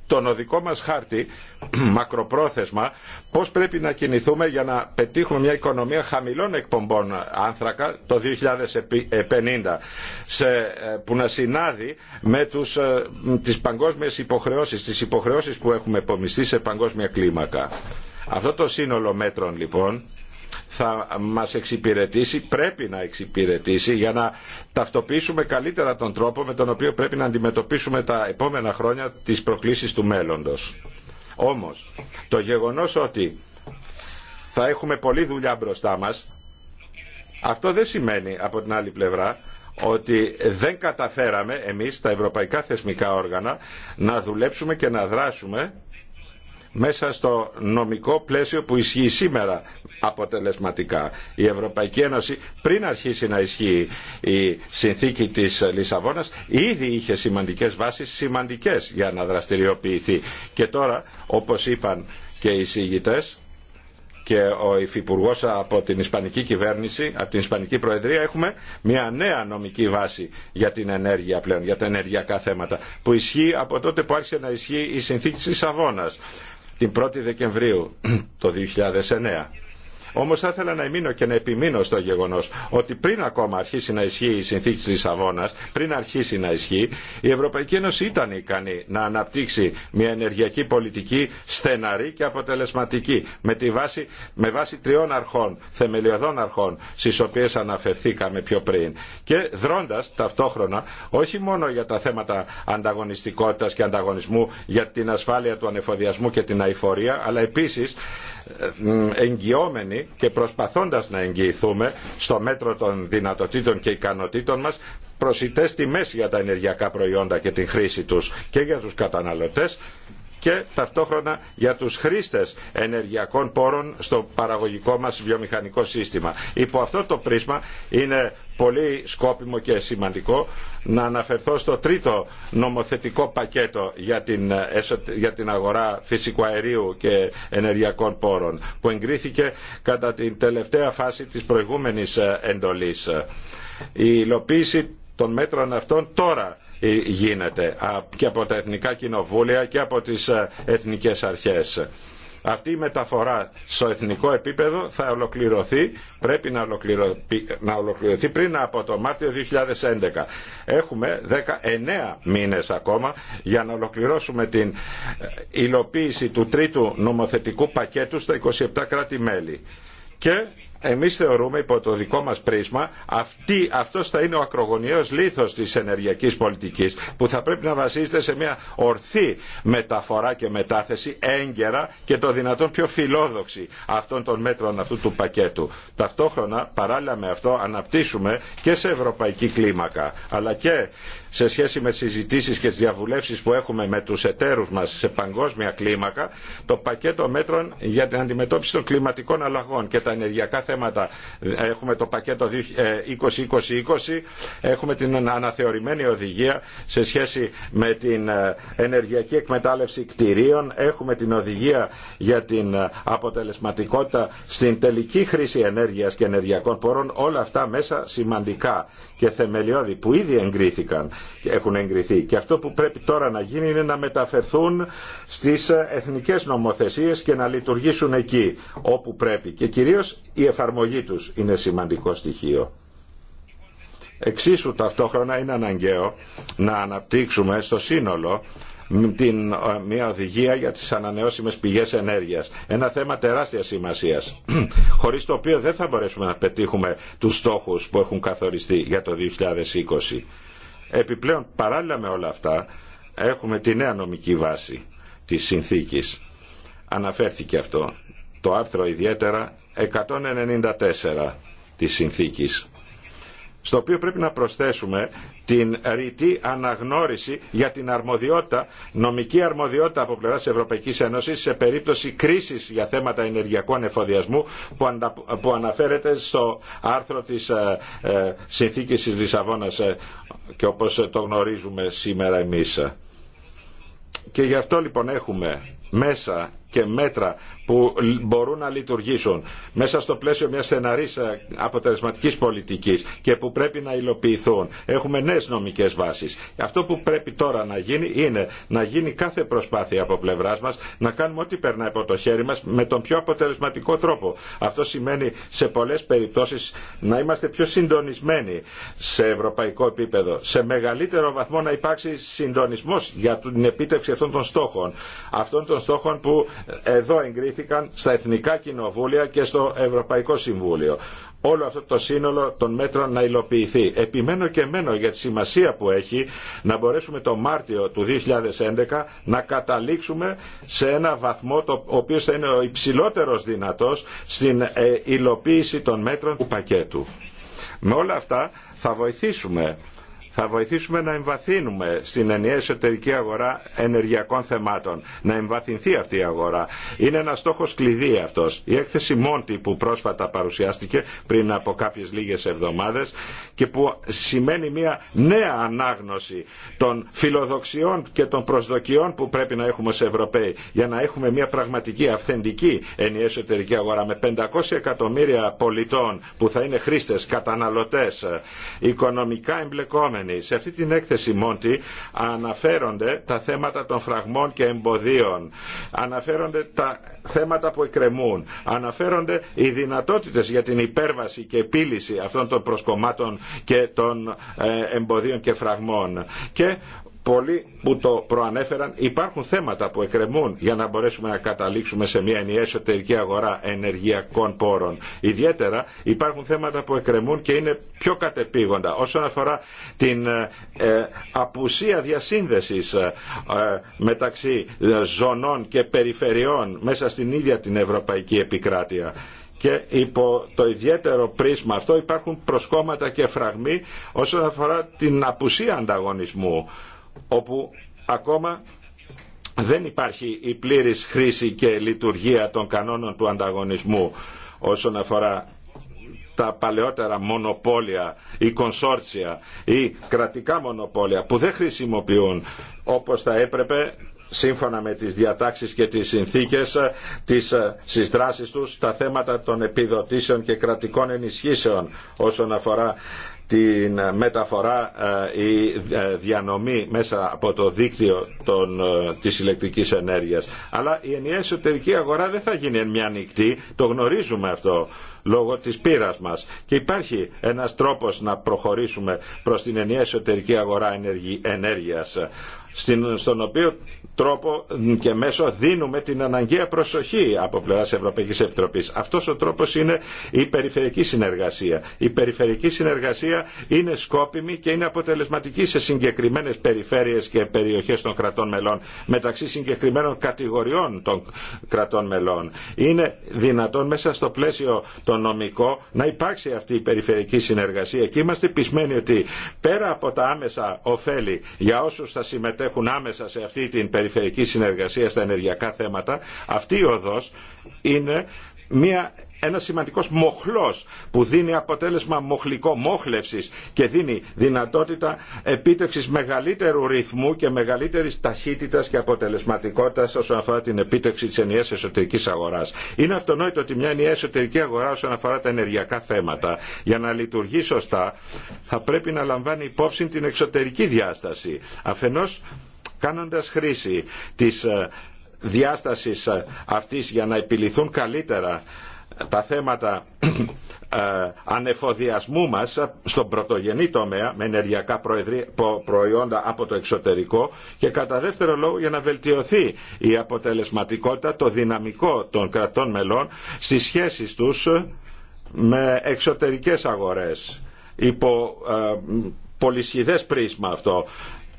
τον οδικό μας χάρτη μακροπρόθεσμα πώς πρέπει να κινηθούμε για να πετύχουμε μια οικονομία χαμηλών εκπομπών άνθρακα το 2050 σε, ε, που να συνάδει με τους, ε, τις παγκόσμιες υποχρεώσεις, τις υποχρεώσεις που έχουμε επομιστεί σε παγκόσμια κλίμακα. Αυτό το σύνολο μέτρων λοιπόν θα μας εξυπηρετήσει, πρέπει να εξυπηρετήσει για να ταυτοποιήσουμε καλύτερα τον τρόπο με τον οποίο πρέπει να αντιμετωπίσουμε τα επόμενα χρόνια τις προκλήσεις του μέλλοντος. Όμως, το γεγονός ότι θα έχουμε πολλή δουλειά μπροστά μας, αυτό δεν σημαίνει από την άλλη πλευρά ότι δεν καταφέραμε εμείς τα ευρωπαϊκά θεσμικά όργανα να δουλέψουμε και να δράσουμε μέσα στο νομικό πλαίσιο που ισχύει σήμερα αποτελεσματικά. Η Ευρωπαϊκή Ένωση πριν αρχίσει να ισχύει η συνθήκη της Λισαβόνας ήδη είχε σημαντικές βάσεις, σημαντικές για να δραστηριοποιηθεί. Και τώρα, όπως είπαν και οι συγητές, και ο Υφυπουργό από την Ισπανική κυβέρνηση, από την Ισπανική Προεδρία, έχουμε μια νέα νομική βάση για την ενέργεια πλέον, για τα ενεργειακά θέματα, που ισχύει από τότε που άρχισε να ισχύει η συνθήκη της Λισαβόνα, την 1η Δεκεμβρίου το 2009. Όμω θα ήθελα να εμείνω και να επιμείνω στο γεγονό ότι πριν ακόμα αρχίσει να ισχύει η συνθήκη τη Λισαβόνα, πριν αρχίσει να ισχύει, η Ευρωπαϊκή Ένωση ήταν ικανή να αναπτύξει μια ενεργειακή πολιτική στεναρή και αποτελεσματική με, τη βάση, με βάση τριών αρχών, θεμελιωδών αρχών, στι οποίε αναφερθήκαμε πιο πριν. Και δρώντα ταυτόχρονα όχι μόνο για τα θέματα ανταγωνιστικότητα και ανταγωνισμού, για την ασφάλεια του ανεφοδιασμού και την αηφορία, αλλά επίση ε, εγγυόμενοι και προσπαθώντας να εγγυηθούμε στο μέτρο των δυνατοτήτων και ικανοτήτων μας προσιτές τιμές για τα ενεργειακά προϊόντα και την χρήση τους και για τους καταναλωτές και ταυτόχρονα για τους χρήστες ενεργειακών πόρων στο παραγωγικό μας βιομηχανικό σύστημα. Υπό αυτό το πρίσμα είναι πολύ σκόπιμο και σημαντικό να αναφερθώ στο τρίτο νομοθετικό πακέτο για την, για αγορά φυσικού αερίου και ενεργειακών πόρων που εγκρίθηκε κατά την τελευταία φάση της προηγούμενης ε, εντολής. Η υλοποίηση των μέτρων αυτών τώρα ε, γίνεται και από τα εθνικά κοινοβούλια και από τις ε, εθνικές αρχές. Αυτή η μεταφορά στο εθνικό επίπεδο θα ολοκληρωθεί, πρέπει να, ολοκληρωθεί πριν από το Μάρτιο 2011. Έχουμε 19 μήνες ακόμα για να ολοκληρώσουμε την ε, υλοποίηση του τρίτου νομοθετικού πακέτου στα 27 κράτη-μέλη. Και εμείς θεωρούμε υπό το δικό μας πρίσμα αυτή, αυτός θα είναι ο ακρογωνιαίος λίθος της ενεργειακής πολιτικής που θα πρέπει να βασίζεται σε μια ορθή μεταφορά και μετάθεση έγκαιρα και το δυνατόν πιο φιλόδοξη αυτών των μέτρων αυτού του πακέτου. Ταυτόχρονα παράλληλα με αυτό αναπτύσσουμε και σε ευρωπαϊκή κλίμακα αλλά και σε σχέση με συζητήσεις και τις διαβουλεύσεις που έχουμε με του εταίρους μα σε παγκόσμια κλίμακα το πακέτο μέτρων για την αντιμετώπιση των κλιματικών αλλαγών και τα ενεργειακά θέματα. Έχουμε το πακέτο 2020-2020, ε, έχουμε την αναθεωρημένη οδηγία σε σχέση με την ε, ενεργειακή εκμετάλλευση κτηρίων, έχουμε την οδηγία για την ε, αποτελεσματικότητα στην τελική χρήση ενέργειας και ενεργειακών πόρων, όλα αυτά μέσα σημαντικά και θεμελιώδη που ήδη εγκρίθηκαν και έχουν εγκριθεί. Και αυτό που πρέπει τώρα να γίνει είναι να μεταφερθούν στις εθνικές νομοθεσίες και να λειτουργήσουν εκεί όπου πρέπει. Και κυρίως η εφαρμογή τους είναι σημαντικό στοιχείο. Εξίσου ταυτόχρονα είναι αναγκαίο να αναπτύξουμε στο σύνολο την, ε, μια οδηγία για τις ανανεώσιμες πηγές ενέργειας. Ένα θέμα τεράστιας σημασίας, χωρίς το οποίο δεν θα μπορέσουμε να πετύχουμε τους στόχους που έχουν καθοριστεί για το 2020. Επιπλέον, παράλληλα με όλα αυτά, έχουμε τη νέα νομική βάση της συνθήκης. Αναφέρθηκε αυτό. Το άρθρο ιδιαίτερα 194 της συνθήκης στο οποίο πρέπει να προσθέσουμε την ρητή αναγνώριση για την αρμοδιότητα, νομική αρμοδιότητα από πλευράς Ευρωπαϊκής Ένωσης σε περίπτωση κρίσης για θέματα ενεργειακών ανεφόδιασμού που, αναφέρεται στο άρθρο της ε, ε, συνθήκης της Λισαβόνας ε, και όπως το γνωρίζουμε σήμερα εμείς. Και γι' αυτό λοιπόν έχουμε μέσα και μέτρα που μπορούν να λειτουργήσουν μέσα στο πλαίσιο μιας στεναρής ε, αποτελεσματικής πολιτικής και που πρέπει να υλοποιηθούν. Έχουμε νέες νομικές βάσεις. Αυτό που πρέπει τώρα να γίνει είναι να γίνει κάθε προσπάθεια από πλευρά μας να κάνουμε ό,τι περνάει από το χέρι μας με τον πιο αποτελεσματικό τρόπο. Αυτό σημαίνει σε πολλές περιπτώσεις να είμαστε πιο συντονισμένοι σε ευρωπαϊκό επίπεδο. Σε μεγαλύτερο βαθμό να υπάρξει συντονισμό για την επίτευξη αυτών των στόχων. Αυτών των στόχων που εδώ εγκρίθηκαν στα εθνικά κοινοβούλια και στο Ευρωπαϊκό Συμβούλιο όλο αυτό το σύνολο των μέτρων να υλοποιηθεί. Επιμένω και μένω για τη σημασία που έχει να μπορέσουμε το Μάρτιο του 2011 να καταλήξουμε σε ένα βαθμό το οποίο θα είναι ο υψηλότερος δυνατός στην ε, υλοποίηση των μέτρων του πακέτου. Με όλα αυτά θα βοηθήσουμε θα βοηθήσουμε να εμβαθύνουμε στην ενιαία εσωτερική αγορά ενεργειακών θεμάτων. Να εμβαθυνθεί αυτή η αγορά. Είναι ένα στόχο κλειδί αυτό. Η έκθεση Μόντι που πρόσφατα παρουσιάστηκε πριν από κάποιε λίγε εβδομάδε και που σημαίνει μια νέα ανάγνωση των φιλοδοξιών και των προσδοκιών που πρέπει να έχουμε ως Ευρωπαίοι για να έχουμε μια πραγματική αυθεντική ενιαία εσωτερική αγορά με 500 εκατομμύρια πολιτών που θα είναι χρήστες, καταναλωτές, οικονομικά εμπλεκόμενοι σε αυτή την έκθεση Μόντι αναφέρονται τα θέματα των φραγμών και εμποδίων. Αναφέρονται τα θέματα που εκκρεμούν. Αναφέρονται οι δυνατότητες για την υπέρβαση και επίλυση αυτών των προσκομμάτων και των ε, εμποδίων και φραγμών. Και πολλοί που το προανέφεραν υπάρχουν θέματα που εκκρεμούν για να μπορέσουμε να καταλήξουμε σε μια ενιαία εσωτερική αγορά ενεργειακών πόρων. Ιδιαίτερα υπάρχουν θέματα που εκκρεμούν και είναι πιο κατεπίγοντα όσον αφορά την ε, ε, απουσία διασύνδεσης ε, μεταξύ ζωνών και περιφερειών μέσα στην ίδια την ευρωπαϊκή επικράτεια και υπό το ιδιαίτερο πρίσμα αυτό υπάρχουν προσκόμματα και φραγμοί όσον αφορά την απουσία ανταγωνισμού όπου ακόμα δεν υπάρχει η πλήρης χρήση και λειτουργία των κανόνων του ανταγωνισμού όσον αφορά τα παλαιότερα μονοπόλια ή κονσόρτσια ή κρατικά μονοπόλια που δεν χρησιμοποιούν όπως θα έπρεπε σύμφωνα με τις διατάξεις και τις συνθήκες της ε, συστράσεις τους τα θέματα των επιδοτήσεων και κρατικών ενισχύσεων όσον αφορά την μεταφορά ή ε, ε, διανομή μέσα από το δίκτυο των, ε, της ηλεκτρικής ενέργειας. Αλλά η ενιαία εσωτερική αγορά δεν θα γίνει εν μια νυχτή, το γνωρίζουμε αυτό λόγω της πείρας μας. Και υπάρχει ένας τρόπος να προχωρήσουμε προς την ενιαία εσωτερική αγορά ενέργειας, στον οποίο τρόπο και μέσω δίνουμε την αναγκαία προσοχή από πλευρά Ευρωπαϊκή Επιτροπή. Αυτό ο τρόπο είναι η περιφερειακή συνεργασία. Η περιφερειακή συνεργασία είναι σκόπιμη και είναι αποτελεσματική σε συγκεκριμένε περιφέρειε και περιοχέ των κρατών μελών μεταξύ συγκεκριμένων κατηγοριών των κρατών μελών. Είναι δυνατόν μέσα στο πλαίσιο των να υπάρξει αυτή η περιφερειακή συνεργασία και είμαστε πεισμένοι ότι πέρα από τα άμεσα ωφέλη για όσους θα συμμετέχουν άμεσα σε αυτή την περιφερειακή συνεργασία στα ενεργειακά θέματα αυτή η οδός είναι μια ένα σημαντικός μοχλός που δίνει αποτέλεσμα μοχλικό μόχλευσης και δίνει δυνατότητα επίτευξης μεγαλύτερου ρυθμού και μεγαλύτερης ταχύτητας και αποτελεσματικότητας όσον αφορά την επίτευξη της ενιαίας εσωτερικής αγοράς. Είναι αυτονόητο ότι μια ενιαία εσωτερική αγορά όσον αφορά τα ενεργειακά θέματα για να λειτουργεί σωστά θα πρέπει να λαμβάνει υπόψη την εξωτερική διάσταση. Αφενός κάνοντα χρήση τη ε, διάσταση ε, αυτή για να επιληθούν καλύτερα τα θέματα ε, ανεφοδιασμού μας στον πρωτογενή τομέα με ενεργειακά προϊόντα από το εξωτερικό και κατά δεύτερο λόγο για να βελτιωθεί η αποτελεσματικότητα, το δυναμικό των κρατών μελών στις σχέσεις τους με εξωτερικές αγορές υπό ε, πολυσχηδές πρίσμα αυτό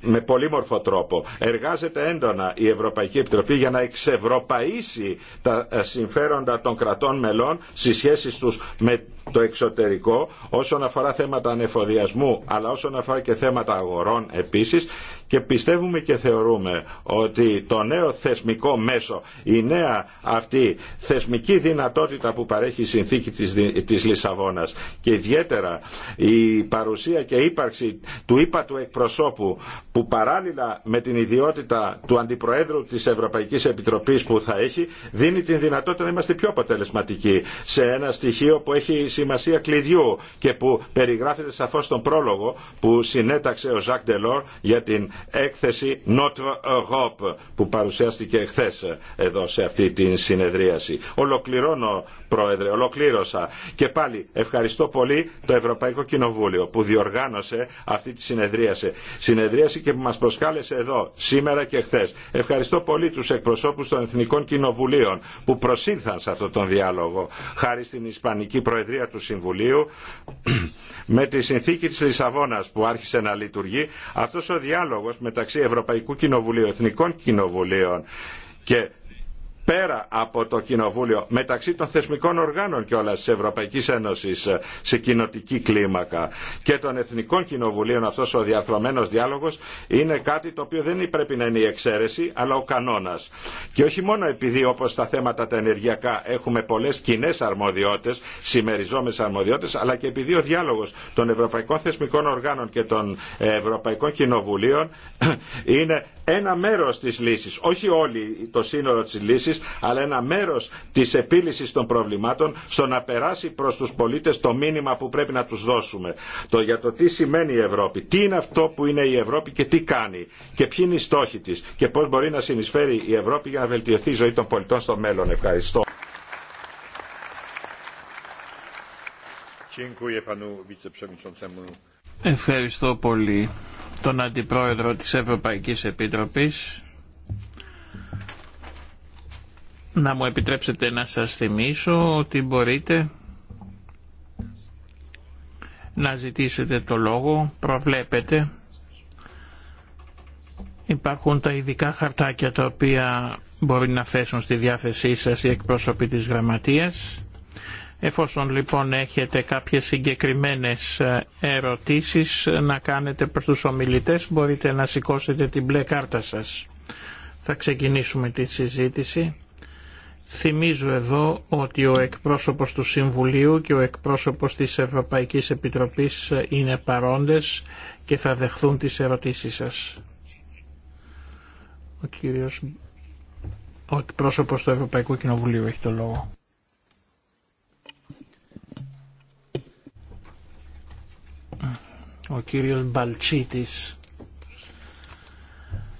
με πολύμορφο τρόπο. Εργάζεται έντονα η Ευρωπαϊκή Επιτροπή για να εξευρωπαίσει τα συμφέροντα των κρατών μελών στις σχέσεις τους με το εξωτερικό όσον αφορά θέματα ανεφοδιασμού αλλά όσον αφορά και θέματα αγορών επίσης και πιστεύουμε και θεωρούμε ότι το νέο θεσμικό μέσο, η νέα αυτή θεσμική δυνατότητα που παρέχει η συνθήκη της, της Λισαβόνας και ιδιαίτερα η παρουσία και ύπαρξη του ύπα του εκπροσώπου που παράλληλα με την ιδιότητα του Αντιπροέδρου της Ευρωπαϊκής Επιτροπής που θα έχει δίνει την δυνατότητα να είμαστε πιο αποτελεσματικοί σε ένα στοιχείο που έχει σημασία κλειδιού και που περιγράφεται σαφώς στον πρόλογο που συνέταξε ο Ζακ Ντελόρ για την έκθεση Notre Europe που παρουσιάστηκε χθε εδώ σε αυτή την συνεδρίαση. Ολοκληρώνω Πρόεδρε. Ολοκλήρωσα. Και πάλι ευχαριστώ πολύ το Ευρωπαϊκό Κοινοβούλιο που διοργάνωσε αυτή τη συνεδρίαση. Συνεδρίαση και που μα προσκάλεσε εδώ σήμερα και χθε. Ευχαριστώ πολύ του εκπροσώπου των Εθνικών Κοινοβουλίων που προσήλθαν σε αυτόν τον διάλογο χάρη στην Ισπανική Προεδρία του Συμβουλίου με τη συνθήκη τη Λισαβόνα που άρχισε να λειτουργεί αυτό ο διάλογο μεταξύ Ευρωπαϊκού Κοινοβουλίου, Εθνικών Κοινοβουλίων και πέρα από το Κοινοβούλιο, μεταξύ των θεσμικών οργάνων κιόλα τη Ευρωπαϊκή Ένωση ε, σε κοινοτική κλίμακα και των εθνικών κοινοβουλίων αυτό ο διαρθρωμένο διάλογο είναι κάτι το οποίο δεν πρέπει να είναι η εξαίρεση αλλά ο κανόνα. Και όχι μόνο επειδή όπω στα θέματα τα ενεργειακά έχουμε πολλέ κοινέ αρμοδιότητε, συμμεριζόμενε αρμοδιότητε, αλλά και επειδή ο διάλογο των Ευρωπαϊκών Θεσμικών Οργάνων και των ε, Ευρωπαϊκών Κοινοβουλίων ε, είναι ένα μέρο τη λύση, όχι όλη το σύνολο τη λύση, αλλά ένα μέρο τη επίλυση των προβλημάτων στο να περάσει προ του πολίτε το μήνυμα που πρέπει να του δώσουμε. Το για το τι σημαίνει η Ευρώπη, τι είναι αυτό που είναι η Ευρώπη και τι κάνει και ποιοι είναι οι στόχοι τη και πώ μπορεί να συνεισφέρει η Ευρώπη για να βελτιωθεί η ζωή των πολιτών στο μέλλον. Ευχαριστώ.
Ευχαριστώ πολύ τον Αντιπρόεδρο της Ευρωπαϊκής Επιτροπής να μου επιτρέψετε να σας θυμίσω ότι μπορείτε να ζητήσετε το λόγο, προβλέπετε. Υπάρχουν τα ειδικά χαρτάκια τα οποία μπορεί να θέσουν στη διάθεσή σας οι εκπρόσωποι της γραμματείας. Εφόσον λοιπόν έχετε κάποιες συγκεκριμένες ε, ερωτήσεις να κάνετε προς τους ομιλητές, μπορείτε να σηκώσετε την μπλε κάρτα σας. Θα ξεκινήσουμε τη συζήτηση. Θυμίζω εδώ ότι ο εκπρόσωπος του Συμβουλίου και ο εκπρόσωπος της Ευρωπαϊκής Επιτροπής είναι παρόντες και θα δεχθούν τις ερωτήσεις σας. Ο κύριος, ο εκπρόσωπος του Ευρωπαϊκού Κοινοβουλίου έχει το λόγο. Ο κύριος Μπαλτσίτης.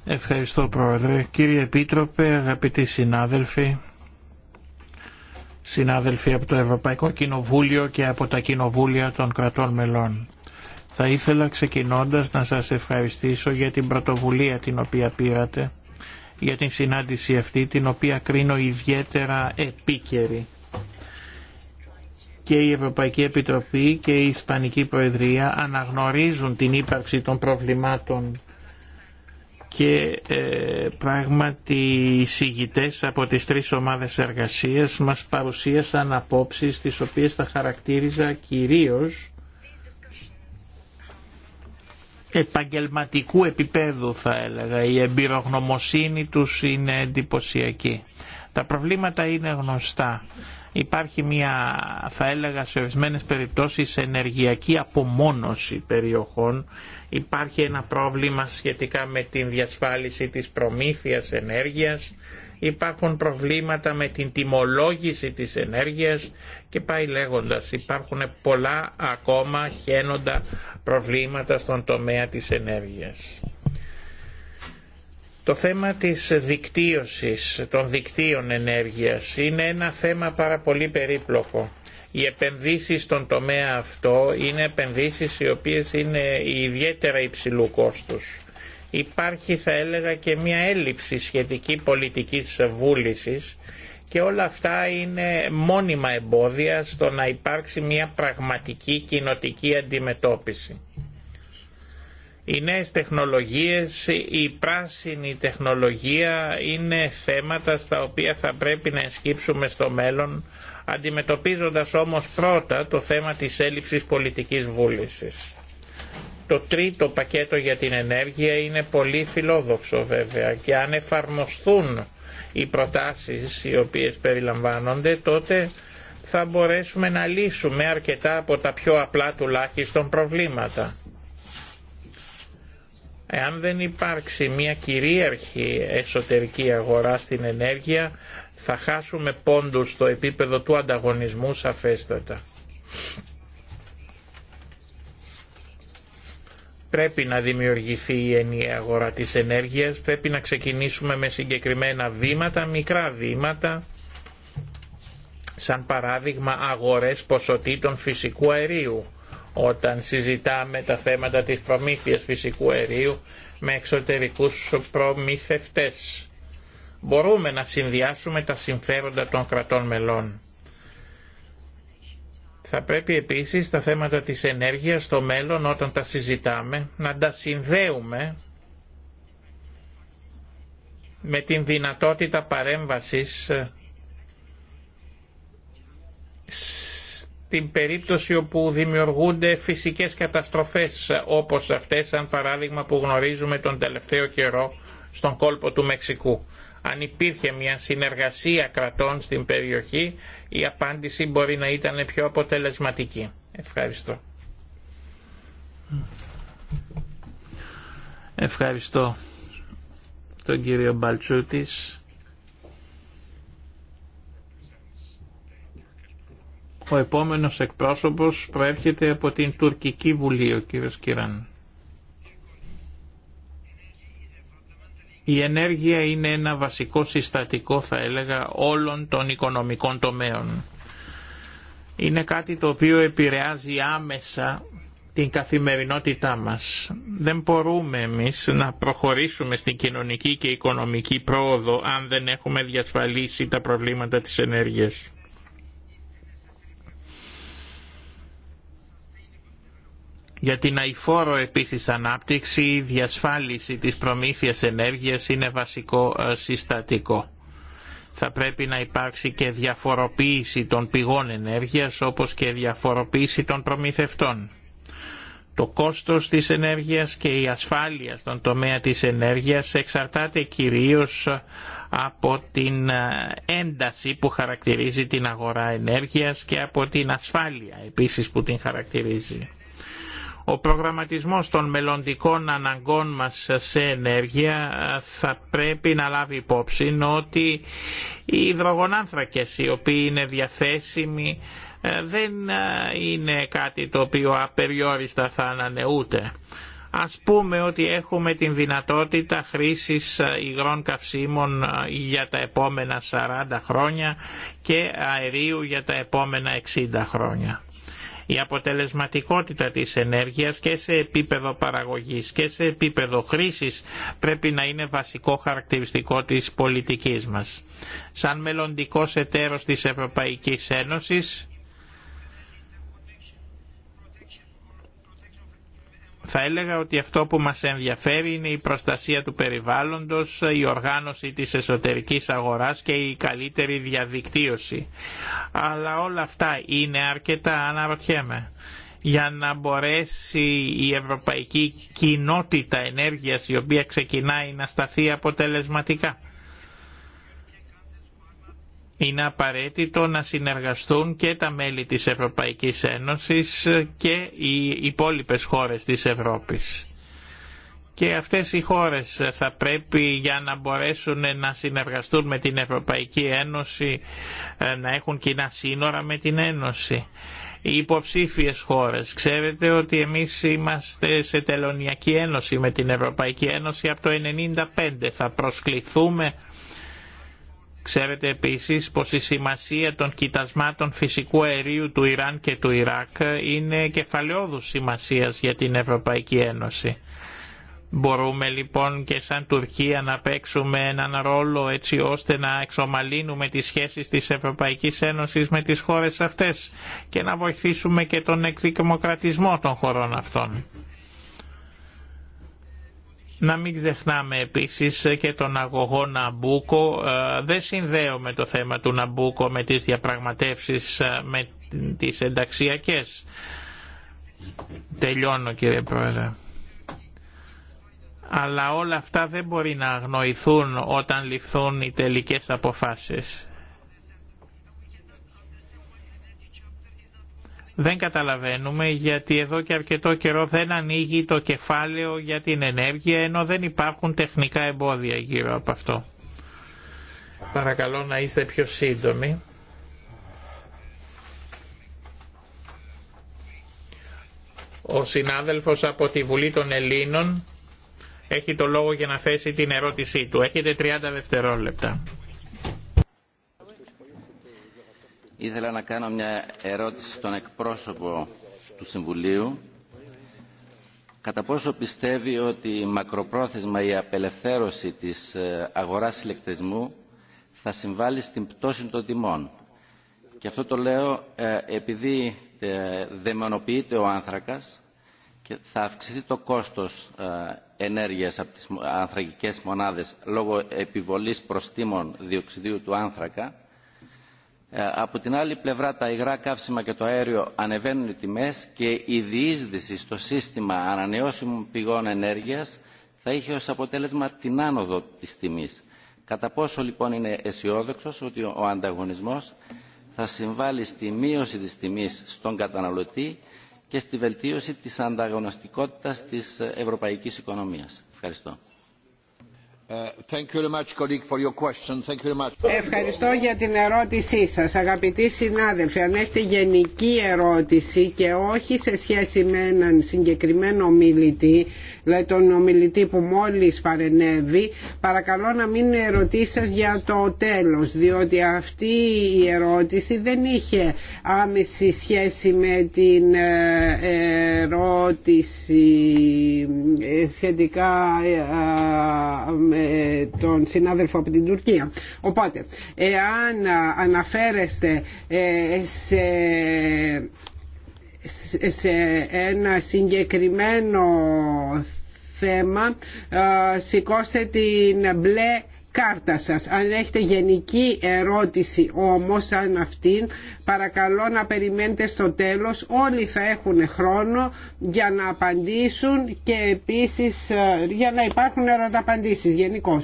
Ευχαριστώ Πρόεδρε. Κύριε Επίτροπε, αγαπητοί συνάδελφοι, συνάδελφοι από το Ευρωπαϊκό Κοινοβούλιο και από τα Κοινοβούλια των κρατών μελών. Θα ήθελα ξεκινώντας να σας ευχαριστήσω για την πρωτοβουλία την οποία πήρατε, για την συνάντηση αυτή την οποία κρίνω ιδιαίτερα επίκαιρη. Και η Ευρωπαϊκή Επιτροπή και η Ισπανική Προεδρία αναγνωρίζουν την ύπαρξη των προβλημάτων και ε, πράγματι οι συγητές από τις τρεις ομάδες εργασίας μας παρουσίασαν απόψεις τις οποίες θα χαρακτήριζα κυρίως επαγγελματικού επίπεδου θα έλεγα. Η εμπειρογνωμοσύνη τους είναι εντυπωσιακή. Τα προβλήματα είναι γνωστά. Υπάρχει μια, θα έλεγα σε ορισμένες περιπτώσεις, ενεργειακή απομόνωση περιοχών. Υπάρχει ένα πρόβλημα σχετικά με την διασφάλιση της προμήθειας ενέργειας. Υπάρχουν προβλήματα με την τιμολόγηση της ενέργειας και πάει λέγοντας. Υπάρχουν πολλά ακόμα χαίνοντα προβλήματα στον τομέα της ενέργειας. Το θέμα της δικτύωσης των δικτύων ενέργειας είναι ένα θέμα πάρα πολύ περίπλοκο. Οι επενδύσεις στον τομέα αυτό είναι επενδύσεις οι οποίες είναι ιδιαίτερα υψηλού κόστους. Υπάρχει θα έλεγα και μια έλλειψη σχετική πολιτικής βούλησης και όλα αυτά είναι μόνιμα εμπόδια στο να υπάρξει μια πραγματική κοινοτική αντιμετώπιση. Οι νέες τεχνολογίες, η πράσινη τεχνολογία είναι θέματα στα οποία θα πρέπει να ενσκύψουμε στο μέλλον, αντιμετωπίζοντας όμως πρώτα το θέμα της έλλειψης πολιτικής βούλησης. Το τρίτο πακέτο για την ενέργεια είναι πολύ φιλόδοξο βέβαια και αν εφαρμοστούν οι προτάσεις οι οποίες περιλαμβάνονται τότε θα μπορέσουμε να λύσουμε αρκετά από τα πιο απλά τουλάχιστον προβλήματα. Εάν δεν υπάρξει μια κυρίαρχη εσωτερική αγορά στην ενέργεια, θα χάσουμε πόντους στο επίπεδο του ανταγωνισμού σαφέστατα. Πρέπει να δημιουργηθεί η ενιαία αγορά της ενέργειας, πρέπει να ξεκινήσουμε με συγκεκριμένα βήματα, μικρά βήματα, σαν παράδειγμα αγορές ποσοτήτων φυσικού αερίου όταν συζητάμε τα θέματα της προμήθειας φυσικού αερίου με εξωτερικούς προμηθευτές. Μπορούμε να συνδυάσουμε τα συμφέροντα των κρατών μελών. Θα πρέπει επίσης τα θέματα της ενέργειας στο μέλλον όταν τα συζητάμε να τα συνδέουμε με την δυνατότητα παρέμβασης την περίπτωση όπου δημιουργούνται φυσικές καταστροφές όπως αυτές, σαν παράδειγμα που γνωρίζουμε τον τελευταίο καιρό στον κόλπο του Μεξικού. Αν υπήρχε μια συνεργασία κρατών στην περιοχή, η απάντηση μπορεί να ήταν πιο αποτελεσματική. Ευχαριστώ. Ευχαριστώ τον κύριο Μπαλτσούτης. Ο επόμενος εκπρόσωπος προέρχεται από την Τουρκική Βουλή, ο κύριος Κυράν. Η ενέργεια είναι ένα βασικό συστατικό, θα έλεγα, όλων των οικονομικών τομέων. Είναι κάτι το οποίο επηρεάζει άμεσα την καθημερινότητά μας. Δεν μπορούμε εμείς να προχωρήσουμε στην κοινωνική και οικονομική πρόοδο αν δεν έχουμε διασφαλίσει τα προβλήματα της ενέργειας. Για την αηφόρο επίσης ανάπτυξη η διασφάλιση της προμήθειας ενέργειας είναι βασικό ε, συστατικό. Θα πρέπει να υπάρξει και διαφοροποίηση των πηγών ενέργειας όπως και διαφοροποίηση των προμηθευτών. Το κόστος της ενέργειας και η ασφάλεια στον τομέα της ενέργειας εξαρτάται κυρίως ε, από την ε, ένταση που χαρακτηρίζει την αγορά ενέργειας και από την ασφάλεια επίσης που την χαρακτηρίζει. Ο προγραμματισμός των μελλοντικών αναγκών μας σε ενέργεια ε, θα πρέπει να λάβει υπόψη ότι οι υδρογονάνθρακες οι οποίοι είναι διαθέσιμοι ε, δεν ε, είναι κάτι το οποίο απεριόριστα θα ανανεούται. Ας πούμε ότι έχουμε την δυνατότητα χρήσης υγρών καυσίμων για τα επόμενα 40 χρόνια και αερίου για τα επόμενα 60 χρόνια. Η αποτελεσματικότητα της ενέργειας και σε επίπεδο παραγωγής και σε επίπεδο χρήσης πρέπει να είναι βασικό χαρακτηριστικό της πολιτικής μας. Σαν μελλοντικός εταίρος της Ευρωπαϊκής Ένωσης Θα έλεγα ότι αυτό που μας ενδιαφέρει είναι η προστασία του περιβάλλοντος, η οργάνωση της εσωτερικής αγοράς και η καλύτερη διαδικτύωση. Αλλά όλα αυτά είναι αρκετά, αναρωτιέμαι για να μπορέσει η ευρωπαϊκή κοινότητα ενέργειας η οποία ξεκινάει να σταθεί αποτελεσματικά. Είναι απαραίτητο να συνεργαστούν και τα μέλη της Ευρωπαϊκής Ένωσης και οι υπόλοιπες χώρες της Ευρώπης. Και αυτές οι χώρες θα πρέπει για να μπορέσουν να συνεργαστούν με την Ευρωπαϊκή Ένωση ε, να έχουν κοινά σύνορα με την Ένωση. Οι υποψήφιες χώρες. Ξέρετε ότι εμείς είμαστε σε τελωνιακή ένωση με την Ευρωπαϊκή Ένωση από το 1995. Θα προσκληθούμε Ξέρετε επίσης πως η σημασία των κοιτασμάτων φυσικού αερίου του Ιράν και του Ιράκ είναι κεφαλαιόδους σημασίας για την Ευρωπαϊκή Ένωση. Μπορούμε λοιπόν και σαν Τουρκία να παίξουμε έναν ρόλο έτσι ώστε να εξομαλύνουμε τις σχέσεις της Ευρωπαϊκής Ένωσης με τις χώρες αυτές και να βοηθήσουμε και τον εκδημοκρατισμό των χωρών αυτών. Να μην ξεχνάμε επίσης και τον αγωγό Ναμπούκο. Ε, δεν συνδέω με το θέμα του Ναμπούκο με τις διαπραγματεύσεις ε, με τις ενταξιακές. Τελειώνω κύριε Πρόεδρε. Αλλά όλα αυτά δεν μπορεί να αγνοηθούν όταν ληφθούν οι τελικές αποφάσεις. δεν καταλαβαίνουμε γιατί εδώ και αρκετό καιρό δεν ανοίγει το κεφάλαιο για την ενέργεια ενώ δεν υπάρχουν τεχνικά εμπόδια γύρω από αυτό. Παρακαλώ να είστε πιο σύντομοι. Ο συνάδελφος από τη Βουλή των Ελλήνων έχει το λόγο για να θέσει την ερώτησή του. Έχετε 30 δευτερόλεπτα.
Ήθελα να κάνω μια ερώτηση στον εκπρόσωπο του Συμβουλίου. Κατά πόσο πιστεύει ότι η μακροπρόθεσμα η απελευθέρωση της ε, αγοράς ηλεκτρισμού θα συμβάλλει στην πτώση των τιμών. Και αυτό το λέω ε, επειδή ε, δαιμονοποιείται ο άνθρακας και θα αυξηθεί το κόστος ενέργειας από τις ανθρακικές μονάδες λόγω επιβολής προστήμων διοξιδίου του άνθρακα ε, από την άλλη πλευρά τα υγρά καύσιμα και το αέριο ανεβαίνουν οι τιμές και η διείσδυση στο σύστημα ανανεώσιμων πηγών ενέργειας θα είχε ως αποτέλεσμα την άνοδο της τιμής. Κατά πόσο λοιπόν είναι αισιόδοξο ότι ο ανταγωνισμός θα συμβάλλει στη μείωση της τιμής στον καταναλωτή και στη βελτίωση της ανταγωνιστικότητας της ευρωπαϊκής οικονομίας. Ευχαριστώ.
Ευχαριστώ
για την ερώτησή σας αγαπητοί συνάδελφοι αν έχετε γενική ερώτηση και όχι σε σχέση με έναν συγκεκριμένο ομιλητή δηλαδή τον ομιλητή που μόλις παρενέβη παρακαλώ να μην είναι ερωτήσεις για το τέλος διότι αυτή η ερώτηση δεν είχε άμεση σχέση με την ε, ερώτηση σχετικά ε, με ε, τον συνάδελφο από την Τουρκία. Οπότε, εάν αναφέρεστε ε, σε σε ένα συγκεκριμένο θέμα ε, σηκώστε την μπλε κάρτα σας. Αν έχετε γενική ερώτηση όμως σαν αυτήν, παρακαλώ να περιμένετε στο τέλος. Όλοι θα έχουν χρόνο για να απαντήσουν και επίσης ε, για να υπάρχουν ερωταπαντήσεις γενικώ.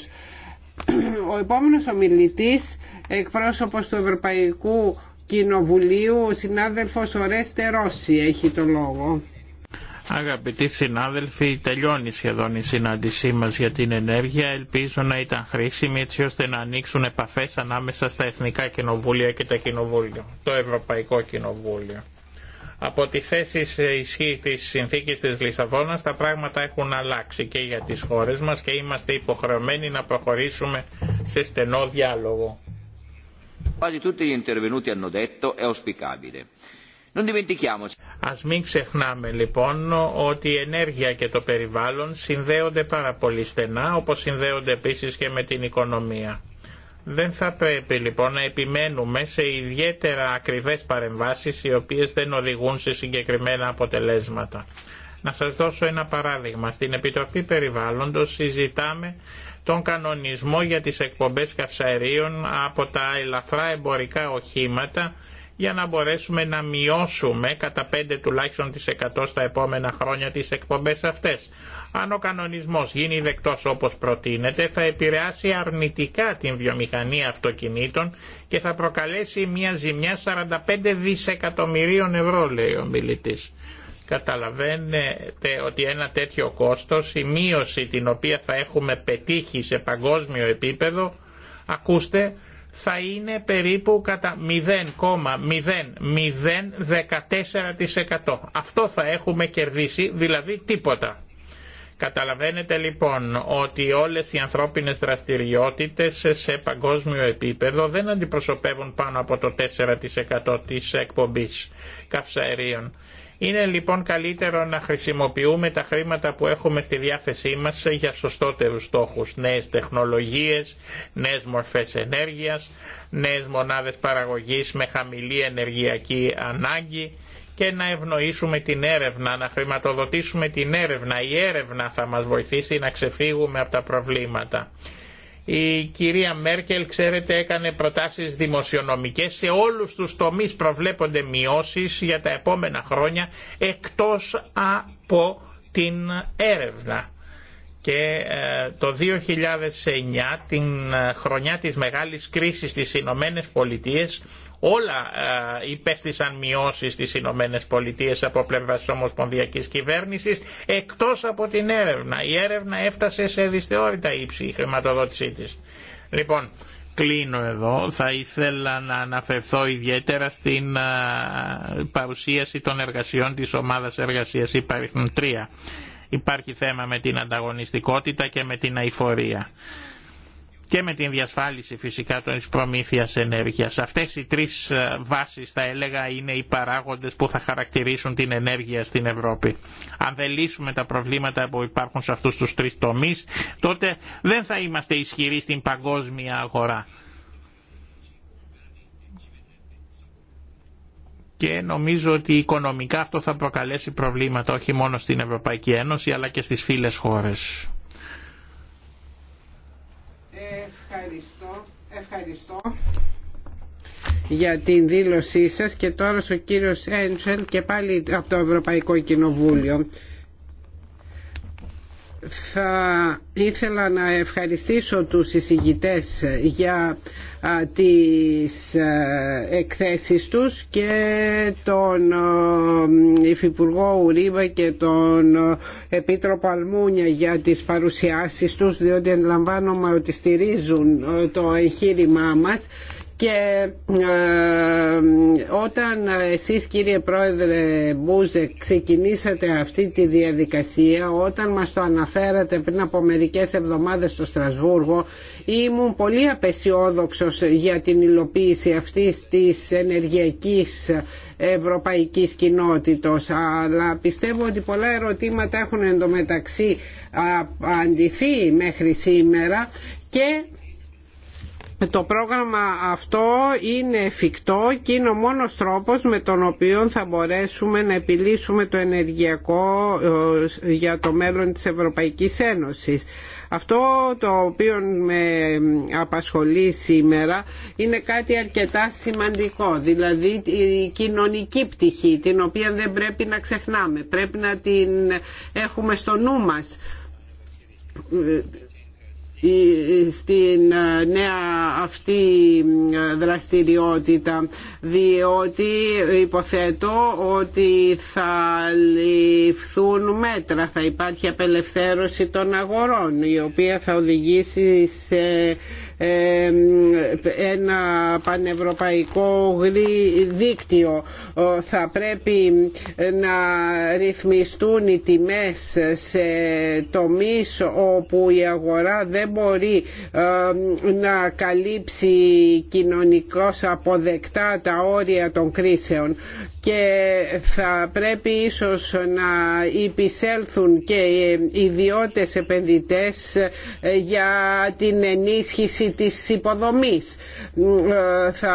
Ο επόμενος ομιλητής, εκπρόσωπος του Ευρωπαϊκού Κοινοβουλίου, συνάδελφος Ορέστε Ρώση, έχει το λόγο.
Αγαπητοί συνάδελφοι, τελειώνει σχεδόν η συνάντησή μας για την ενέργεια. Ελπίζω να ήταν χρήσιμη έτσι ώστε να ανοίξουν επαφές ανάμεσα στα Εθνικά Κοινοβούλια και τα Κοινοβούλια, το Ευρωπαϊκό Κοινοβούλιο. Από τη θέση ισχύ της συνθήκης της Λισαβόνας τα πράγματα έχουν αλλάξει και για τις χώρες μας και είμαστε υποχρεωμένοι να προχωρήσουμε σε στενό διάλογο. Non Ας μην ξεχνάμε λοιπόν ότι η ενέργεια και το περιβάλλον συνδέονται πάρα πολύ στενά, όπως συνδέονται επίσης και με την οικονομία. Δεν θα πρέπει λοιπόν να επιμένουμε σε ιδιαίτερα ακριβές παρεμβάσεις οι οποίες δεν οδηγούν σε συγκεκριμένα αποτελέσματα. Να σας δώσω ένα παράδειγμα. Στην Επιτροπή Περιβάλλοντος συζητάμε τον κανονισμό για τις εκπομπές καυσαερίων από τα ελαφρά εμπορικά οχήματα για να μπορέσουμε να μειώσουμε κατά 5 τουλάχιστον τις 100 στα επόμενα χρόνια τις εκπομπές αυτές. Αν ο κανονισμός γίνει δεκτός όπως προτείνεται θα επηρεάσει αρνητικά την βιομηχανία αυτοκινήτων και θα προκαλέσει μια ζημιά 45 δισεκατομμυρίων ευρώ λέει ο μιλητής. Καταλαβαίνετε ότι ένα τέτοιο κόστος, η μείωση την οποία θα έχουμε πετύχει σε παγκόσμιο επίπεδο, ακούστε, θα είναι περίπου κατά 0,0014%. Αυτό θα έχουμε κερδίσει, δηλαδή τίποτα. Καταλαβαίνετε λοιπόν ότι όλες οι ανθρώπινες δραστηριότητες σε παγκόσμιο επίπεδο δεν αντιπροσωπεύουν πάνω από το 4% της εκπομπής καυσαερίων. Είναι λοιπόν καλύτερο να χρησιμοποιούμε τα χρήματα που έχουμε στη διάθεσή μας για σωστότερους στόχους, νέες τεχνολογίες, νέες μορφές ενέργειας, νέες μονάδες παραγωγής με χαμηλή ενεργειακή ανάγκη και να ευνοήσουμε την έρευνα, να χρηματοδοτήσουμε την έρευνα. Η έρευνα θα μας βοηθήσει να ξεφύγουμε από τα προβλήματα. Η κυρία Μέρκελ, ξέρετε, έκανε προτάσεις δημοσιονομικές. Σε όλους τους τομείς προβλέπονται μειώσεις για τα επόμενα χρόνια, εκτός από την έρευνα. Και ε, το 2009, την ε, χρονιά της μεγάλης κρίσης στις Ηνωμένε Πολιτείες, Όλα ε, υπέστησαν μειώσεις στις Ηνωμένε Πολιτείε από πλευρά της Ομοσπονδιακής Κυβέρνησης, εκτός από την έρευνα. Η έρευνα έφτασε σε δυσθεώρητα ύψη η χρηματοδότησή της. Λοιπόν, κλείνω εδώ. Θα ήθελα να αναφερθώ ιδιαίτερα στην ε, παρουσίαση των εργασιών της Ομάδας Εργασίας Υπαριθμού 3. Υπάρχει θέμα με την ανταγωνιστικότητα και με την αηφορία και με την διασφάλιση φυσικά των προμήθειας ενέργειας. Αυτές οι τρεις ε, βάσεις θα έλεγα είναι οι παράγοντες που θα χαρακτηρίσουν την ενέργεια στην Ευρώπη. Αν δεν λύσουμε τα προβλήματα που υπάρχουν σε αυτούς τους τρεις τομείς τότε δεν θα είμαστε ισχυροί στην παγκόσμια αγορά. και νομίζω ότι οικονομικά αυτό θα προκαλέσει προβλήματα όχι μόνο στην Ευρωπαϊκή Ένωση αλλά και στις φίλες χώρες.
Ευχαριστώ. Ευχαριστώ για την δήλωσή σας και τώρα ο κύριος Έντσελ και πάλι από το Ευρωπαϊκό Κοινοβούλιο. Θα ήθελα να ευχαριστήσω τους εισηγητές για τις εκθέσεις τους και τον Υφυπουργό Ουρίβα και τον Επίτροπο Αλμούνια για τις παρουσιάσεις τους διότι αντιλαμβάνομαι ότι στηρίζουν το εγχείρημά μας και ε, όταν εσείς κύριε πρόεδρε Μπούζε ξεκινήσατε αυτή τη διαδικασία όταν μας το αναφέρατε πριν από μερικές εβδομάδες στο Στρασβούργο ήμουν πολύ απεσιόδοξος για την υλοποίηση αυτής της ενεργειακής ευρωπαϊκής κοινότητος αλλά πιστεύω ότι πολλά ερωτήματα έχουν εντωμεταξύ απαντηθεί μέχρι σήμερα και το πρόγραμμα αυτό είναι εφικτό και είναι ο μόνος τρόπος με τον οποίο θα μπορέσουμε να επιλύσουμε το ενεργειακό ε, για το μέλλον της Ευρωπαϊκής Ένωσης. Αυτό το οποίο με απασχολεί σήμερα είναι κάτι αρκετά σημαντικό, δηλαδή η κοινωνική πτυχή την οποία δεν πρέπει να ξεχνάμε, πρέπει να την έχουμε στο νου μας στην ε, νέα αυτή ε, δραστηριότητα διότι υποθέτω ότι θα ληφθούν μέτρα, θα υπάρχει απελευθέρωση των αγορών η οποία θα οδηγήσει σε ένα πανευρωπαϊκό δίκτυο. Θα πρέπει να ρυθμιστούν οι τιμές σε τομείς όπου η αγορά δεν μπορεί να καλύψει κοινωνικώς αποδεκτά τα όρια των κρίσεων και θα πρέπει ίσως να υπησέλθουν και οι ιδιώτες επενδυτές ε, για την ενίσχυση Τη της υποδομής. Ε, θα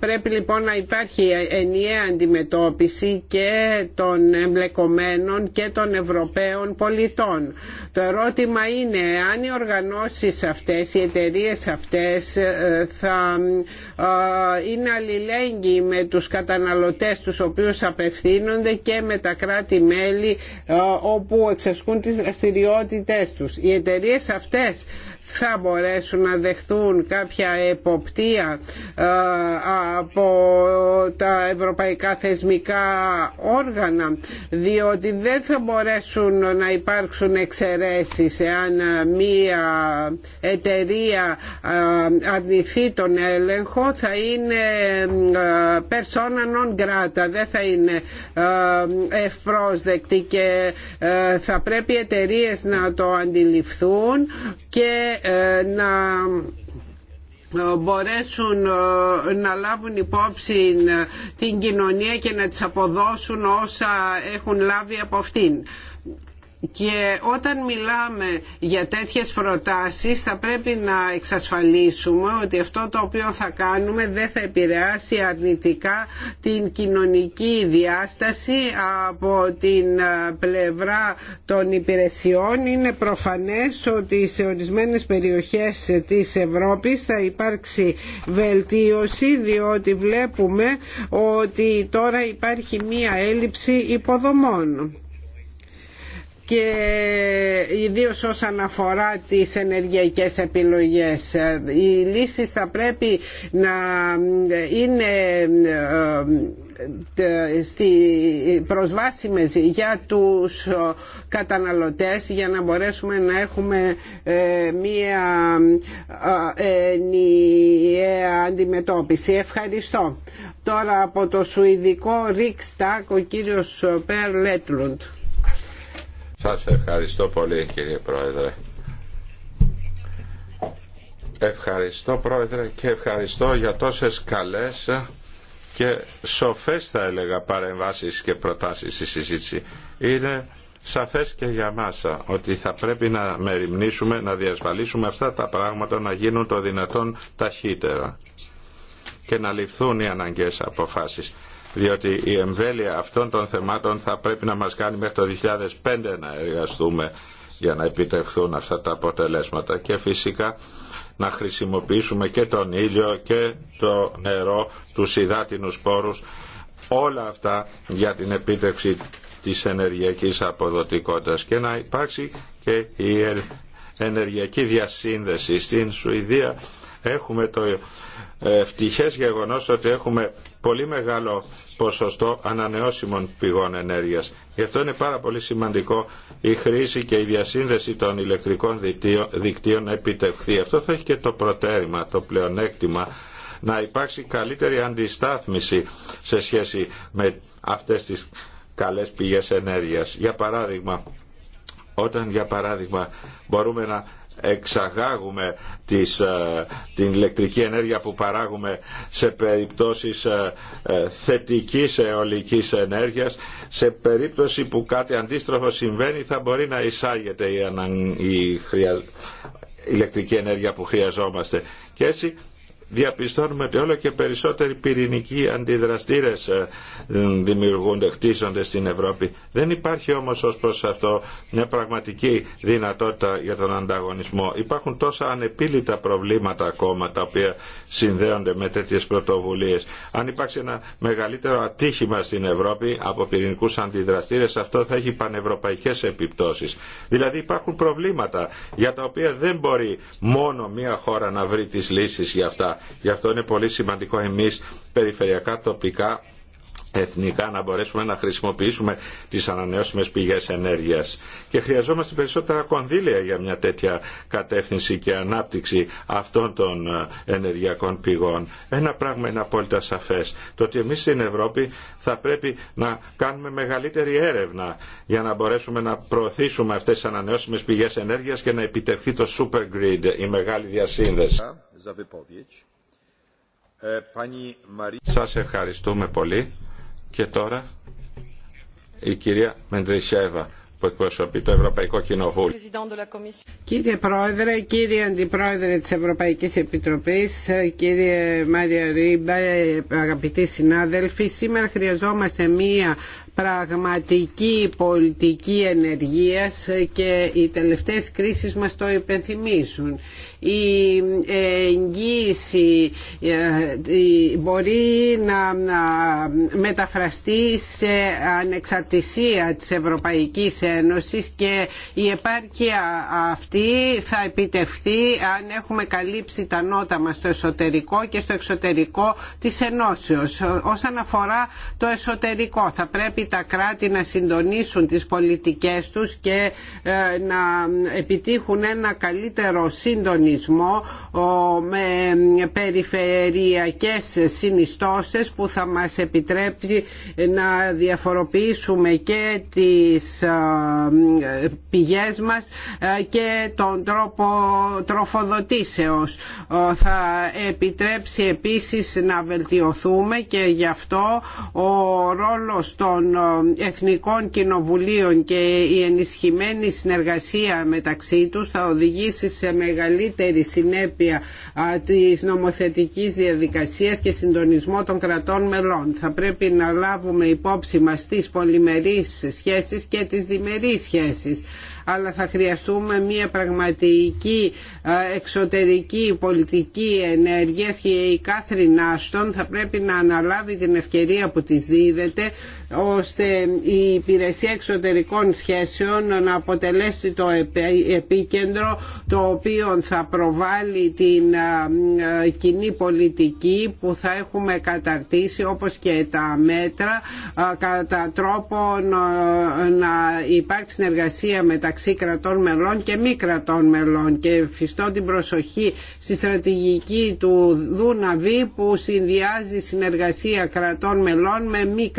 πρέπει λοιπόν να υπάρχει ενιαία αντιμετώπιση και των εμπλεκομένων και των Ευρωπαίων πολιτών. Το ερώτημα είναι αν οι οργανώσεις αυτές, οι εταιρείε αυτές ε, θα ε, είναι αλληλέγγυοι με τους καταναλωτές τους οποίους απευθύνονται και με τα κράτη-μέλη όπου εξασκούν τις δραστηριότητες τους. Οι εταιρείε αυτές θα μπορέσουν να δεχτούν κάποια εποπτεία ε, από τα ευρωπαϊκά θεσμικά όργανα διότι δεν θα μπορέσουν να υπάρξουν εξαιρέσει εάν μία εταιρεία ε, αρνηθεί τον έλεγχο θα είναι ε, persona non grata δεν θα είναι ευπρόσδεκτη και θα πρέπει οι εταιρείε να το αντιληφθούν και ε, να ε, μπορέσουν ε, να λάβουν υπόψη την κοινωνία και να τις αποδώσουν όσα έχουν λάβει από αυτήν. Και όταν μιλάμε για τέτοιες προτάσεις θα πρέπει να εξασφαλίσουμε ότι αυτό το οποίο θα κάνουμε δεν θα επηρεάσει αρνητικά την κοινωνική διάσταση από την ε, πλευρά των υπηρεσιών. Είναι προφανές ότι σε ορισμένες περιοχές της Ευρώπης θα υπάρξει βελτίωση διότι βλέπουμε ότι τώρα υπάρχει μία έλλειψη υποδομών και ιδίω όσον αφορά τις ενεργειακές επιλογές. Οι λύσεις θα πρέπει να είναι ε, ε, στη προσβάσιμες για τους καταναλωτές για να μπορέσουμε να έχουμε ε, μία ενιαία αντιμετώπιση. Ευχαριστώ. Τώρα από το Σουηδικό Ρίξτακ ο κύριος Περ Λέτλουντ.
Σας ευχαριστώ πολύ κύριε Πρόεδρε. Ευχαριστώ Πρόεδρε και ευχαριστώ για τόσες καλές και σοφές θα έλεγα παρεμβάσεις και προτάσεις στη συζήτηση. Είναι σαφές και για μας ότι θα πρέπει να μεριμνήσουμε, να διασφαλίσουμε αυτά τα πράγματα να γίνουν το δυνατόν ταχύτερα και να ληφθούν οι αναγκαίες αποφάσεις διότι η εμβέλεια αυτών των θεμάτων θα πρέπει να μας κάνει μέχρι το 2005 να εργαστούμε για να επιτευχθούν αυτά τα αποτελέσματα και φυσικά να χρησιμοποιήσουμε και τον ήλιο και το νερό, του υδάτινους πόρους, όλα αυτά για την επίτευξη της ενεργειακής αποδοτικότητας και να υπάρξει και η ενεργειακή διασύνδεση. Στην Σουηδία έχουμε το ε, ευτυχές γεγονός ότι έχουμε πολύ μεγάλο ποσοστό ανανεώσιμων πηγών ενέργειας. Γι' αυτό είναι πάρα πολύ σημαντικό η χρήση και η διασύνδεση των ηλεκτρικών δικτύων να επιτευχθεί. Αυτό θα έχει και το προτέρημα, το πλεονέκτημα να υπάρξει καλύτερη αντιστάθμιση σε σχέση με αυτές τις καλές πηγές ενέργεια Για παράδειγμα, όταν για παράδειγμα μπορούμε να εξαγάγουμε τις, ε, την ηλεκτρική ενέργεια που παράγουμε σε περιπτώσεις ε, ε, θετικής αιωλικής ενέργειας. Σε περίπτωση που κάτι αντίστροφο συμβαίνει θα μπορεί να εισάγεται η, ανα... η, ηλεκτρική ενέργεια που χρειαζόμαστε. Και έτσι διαπιστώνουμε ότι όλο και περισσότεροι πυρηνικοί αντιδραστήρες ε, δημιουργούνται, χτίζονται στην Ευρώπη. Δεν υπάρχει όμως ως προς αυτό μια πραγματική δυνατότητα για τον ανταγωνισμό. Υπάρχουν τόσα ανεπίλητα προβλήματα ακόμα τα οποία συνδέονται με τέτοιες πρωτοβουλίες. Αν υπάρξει ένα μεγαλύτερο ατύχημα στην Ευρώπη από πυρηνικούς αντιδραστήρες αυτό θα έχει πανευρωπαϊκές επιπτώσεις. Δηλαδή υπάρχουν προβλήματα για τα οποία δεν μπορεί μόνο μία χώρα να βρει τις λύσεις για αυτά Γι' αυτό είναι πολύ σημαντικό εμείς περιφερειακά τοπικά εθνικά να μπορέσουμε να χρησιμοποιήσουμε τις ανανεώσιμες πηγές ενέργειας. Και χρειαζόμαστε περισσότερα κονδύλια για μια τέτοια κατεύθυνση και ανάπτυξη αυτών των ε, ενεργειακών πηγών. Ένα πράγμα είναι απόλυτα σαφές, το ότι εμείς στην Ευρώπη θα πρέπει να κάνουμε μεγαλύτερη έρευνα για να μπορέσουμε να προωθήσουμε αυτές τις ανανεώσιμες πηγές ενέργειας και να επιτευχθεί το super grid, η μεγάλη διασύνδεση. Ε, Σας ευχαριστούμε πολύ. Και τώρα η κυρία Μεντρισέβα που εκπροσωπεί το Ευρωπαϊκό Κοινοβούλιο.
Κύριε Πρόεδρε, κύριε Αντιπρόεδρε της Ευρωπαϊκής Επιτροπής, κύριε Μάρια Ρίμπα, αγαπητοί συνάδελφοι, σήμερα χρειαζόμαστε μία πραγματική πολιτική ενεργείας και οι τελευταίες κρίσεις μας το υπενθυμίζουν η εγγύηση ε, μπορεί να μεταφραστεί σε ανεξαρτησία της Ευρωπαϊκής Ένωσης και η επάρκεια αυτή θα επιτευχθεί αν έχουμε καλύψει τα νότα μας στο εσωτερικό και στο εξωτερικό της Ενώσεως. Όσον αφορά το εσωτερικό θα πρέπει τα κράτη να συντονίσουν τις πολιτικές τους και ε, να επιτύχουν ένα καλύτερο σύντονισμό με περιφερειακές συνιστώσεις που θα μας επιτρέψει να διαφοροποιήσουμε και τις πηγές μας και τον τρόπο τροφοδοτήσεως. Θα επιτρέψει επίσης να βελτιωθούμε και γι' αυτό ο ρόλος των Εθνικών Κοινοβουλίων και η ενισχυμένη συνεργασία μεταξύ τους θα οδηγήσει σε μεγαλύτερη καλύτερη συνέπεια της νομοθετικής διαδικασίας και συντονισμό των κρατών μελών. Θα πρέπει να λάβουμε υπόψη μας τις πολυμερείς σχέσεις και τις διμερείς σχέσεις αλλά θα χρειαστούμε μια πραγματική εξωτερική πολιτική ενέργεια και η Κάθριν Άστον θα πρέπει να αναλάβει την ευκαιρία που της δίδεται ώστε η υπηρεσία εξωτερικών σχέσεων να αποτελέσει το επίκεντρο το οποίο θα προβάλλει την κοινή πολιτική που θα έχουμε καταρτήσει όπως και τα μέτρα κατά τρόπο να υπάρχει συνεργασία μεταξύ κρατών μελών και μη κρατών μελών και φυστώ την προσοχή στη στρατηγική του Δούναβη που συνδυάζει συνεργασία κρατών μελών με μη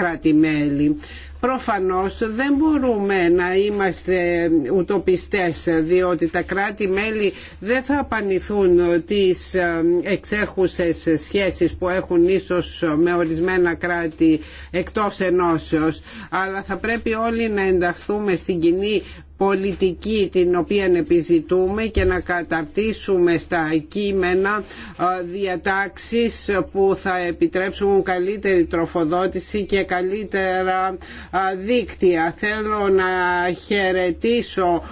Προφανώς δεν μπορούμε να είμαστε ουτοπιστές διότι τα κράτη-μέλη δεν θα απανηθούν τις ε, εξέχουσες σχέσεις που έχουν ίσως με ορισμένα κράτη εκτός ενώσεως αλλά θα πρέπει όλοι να ενταχθούμε στην κοινή πολιτική την οποία επιζητούμε και να καταρτήσουμε στα κείμενα ε, διατάξεις που θα επιτρέψουν καλύτερη τροφοδότηση και καλύτερα ε, δίκτυα. Θέλω να χαιρετήσω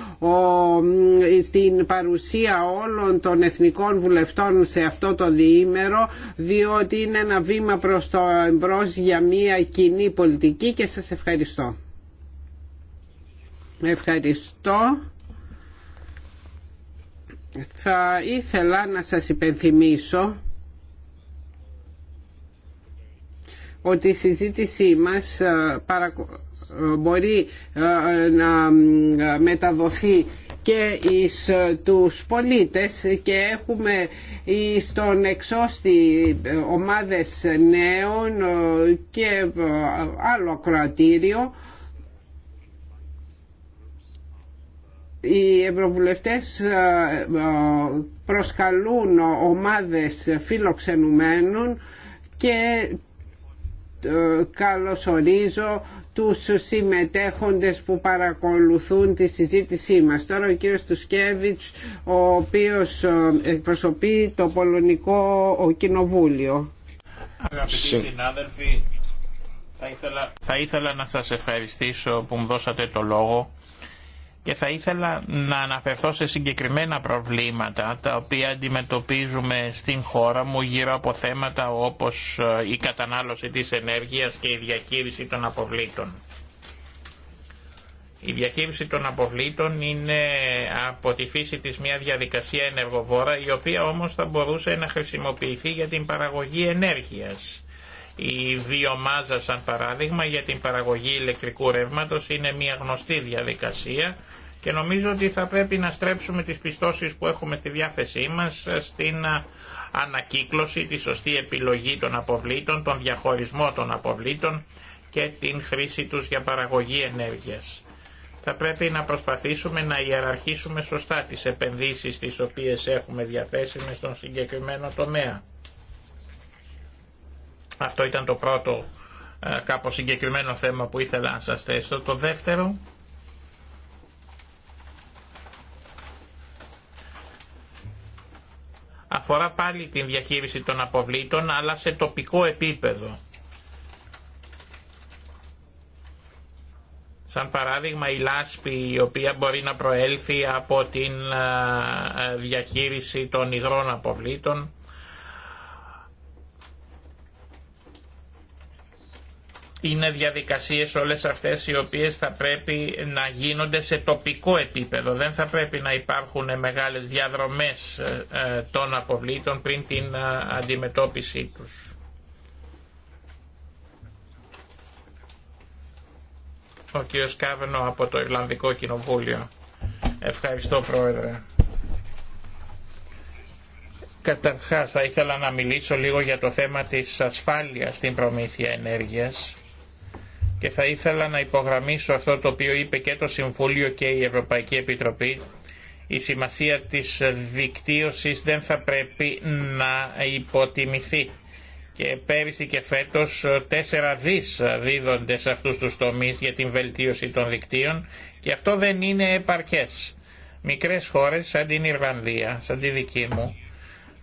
την παρουσία όλων των εθνικών βουλευτών σε αυτό το διήμερο διότι είναι ένα βήμα προς το εμπρός για μια κοινή πολιτική και σας ευχαριστώ. Ευχαριστώ. Θα ήθελα να σας υπενθυμίσω ότι η συζήτησή μας ε, ε, μπορεί ε, να μεταδοθεί και εις τους πολίτες και έχουμε στον εξώστη ομάδες νέων και άλλο κρατήριο οι ευρωβουλευτές ε, ε, προσκαλούν ομάδες φιλοξενουμένων και ε, καλωσορίζω τους συμμετέχοντες που παρακολουθούν τη συζήτησή μας. Τώρα ο κύριος Τουσκέβιτς, ο οποίος εκπροσωπεί το Πολωνικό Κοινοβούλιο.
Αγαπητοί συνάδελφοι, θα ήθελα, θα ήθελα να σας ευχαριστήσω που μου δώσατε το λόγο και θα ήθελα να αναφερθώ σε συγκεκριμένα προβλήματα τα οποία αντιμετωπίζουμε στην χώρα μου γύρω από θέματα όπως ε, η κατανάλωση της ενέργειας και η διαχείριση των αποβλήτων. Η διαχείριση των αποβλήτων είναι από τη φύση της μια διαδικασία ενεργοβόρα η οποία όμως θα μπορούσε να χρησιμοποιηθεί για την παραγωγή ενέργειας η βιομάζα σαν παράδειγμα για την παραγωγή ηλεκτρικού ρεύματος είναι μια γνωστή διαδικασία και νομίζω ότι θα πρέπει να στρέψουμε τις πιστώσεις που έχουμε στη διάθεσή μας στην ανακύκλωση, τη σωστή επιλογή των αποβλήτων, τον διαχωρισμό των αποβλήτων και την χρήση τους για παραγωγή ενέργειας. Θα πρέπει να προσπαθήσουμε να ιεραρχήσουμε σωστά τις επενδύσεις τις οποίες έχουμε διαθέσιμες στον συγκεκριμένο τομέα. Αυτό ήταν το πρώτο ε, κάπως συγκεκριμένο θέμα που ήθελα να σας θέσω. Το δεύτερο αφορά πάλι την διαχείριση των αποβλήτων αλλά σε τοπικό επίπεδο. Σαν παράδειγμα η λάσπη η οποία μπορεί να προέλθει από την ε, ε, διαχείριση των υγρών αποβλήτων είναι διαδικασίες όλες αυτές οι οποίες θα πρέπει να γίνονται σε τοπικό επίπεδο. Δεν θα πρέπει να υπάρχουν μεγάλες διαδρομές ε, ε, των αποβλήτων πριν την ε, αντιμετώπιση τους. Ο κ. Σκάβνο από το Ιρλανδικό Κοινοβούλιο. Ευχαριστώ Πρόεδρε. Καταρχάς θα ήθελα να μιλήσω λίγο για το θέμα της ασφάλειας στην προμήθεια ενέργειας και θα ήθελα να υπογραμμίσω αυτό το οποίο είπε και το Συμβούλιο και η Ευρωπαϊκή Επιτροπή. Η σημασία της δικτύωσης δεν θα πρέπει να υποτιμηθεί. Και πέρυσι και φέτος τέσσερα δις δίδονται σε αυτούς τους τομείς για την βελτίωση των δικτύων και αυτό δεν είναι επαρκές. Μικρές χώρες σαν την Ιρλανδία, σαν τη δική μου,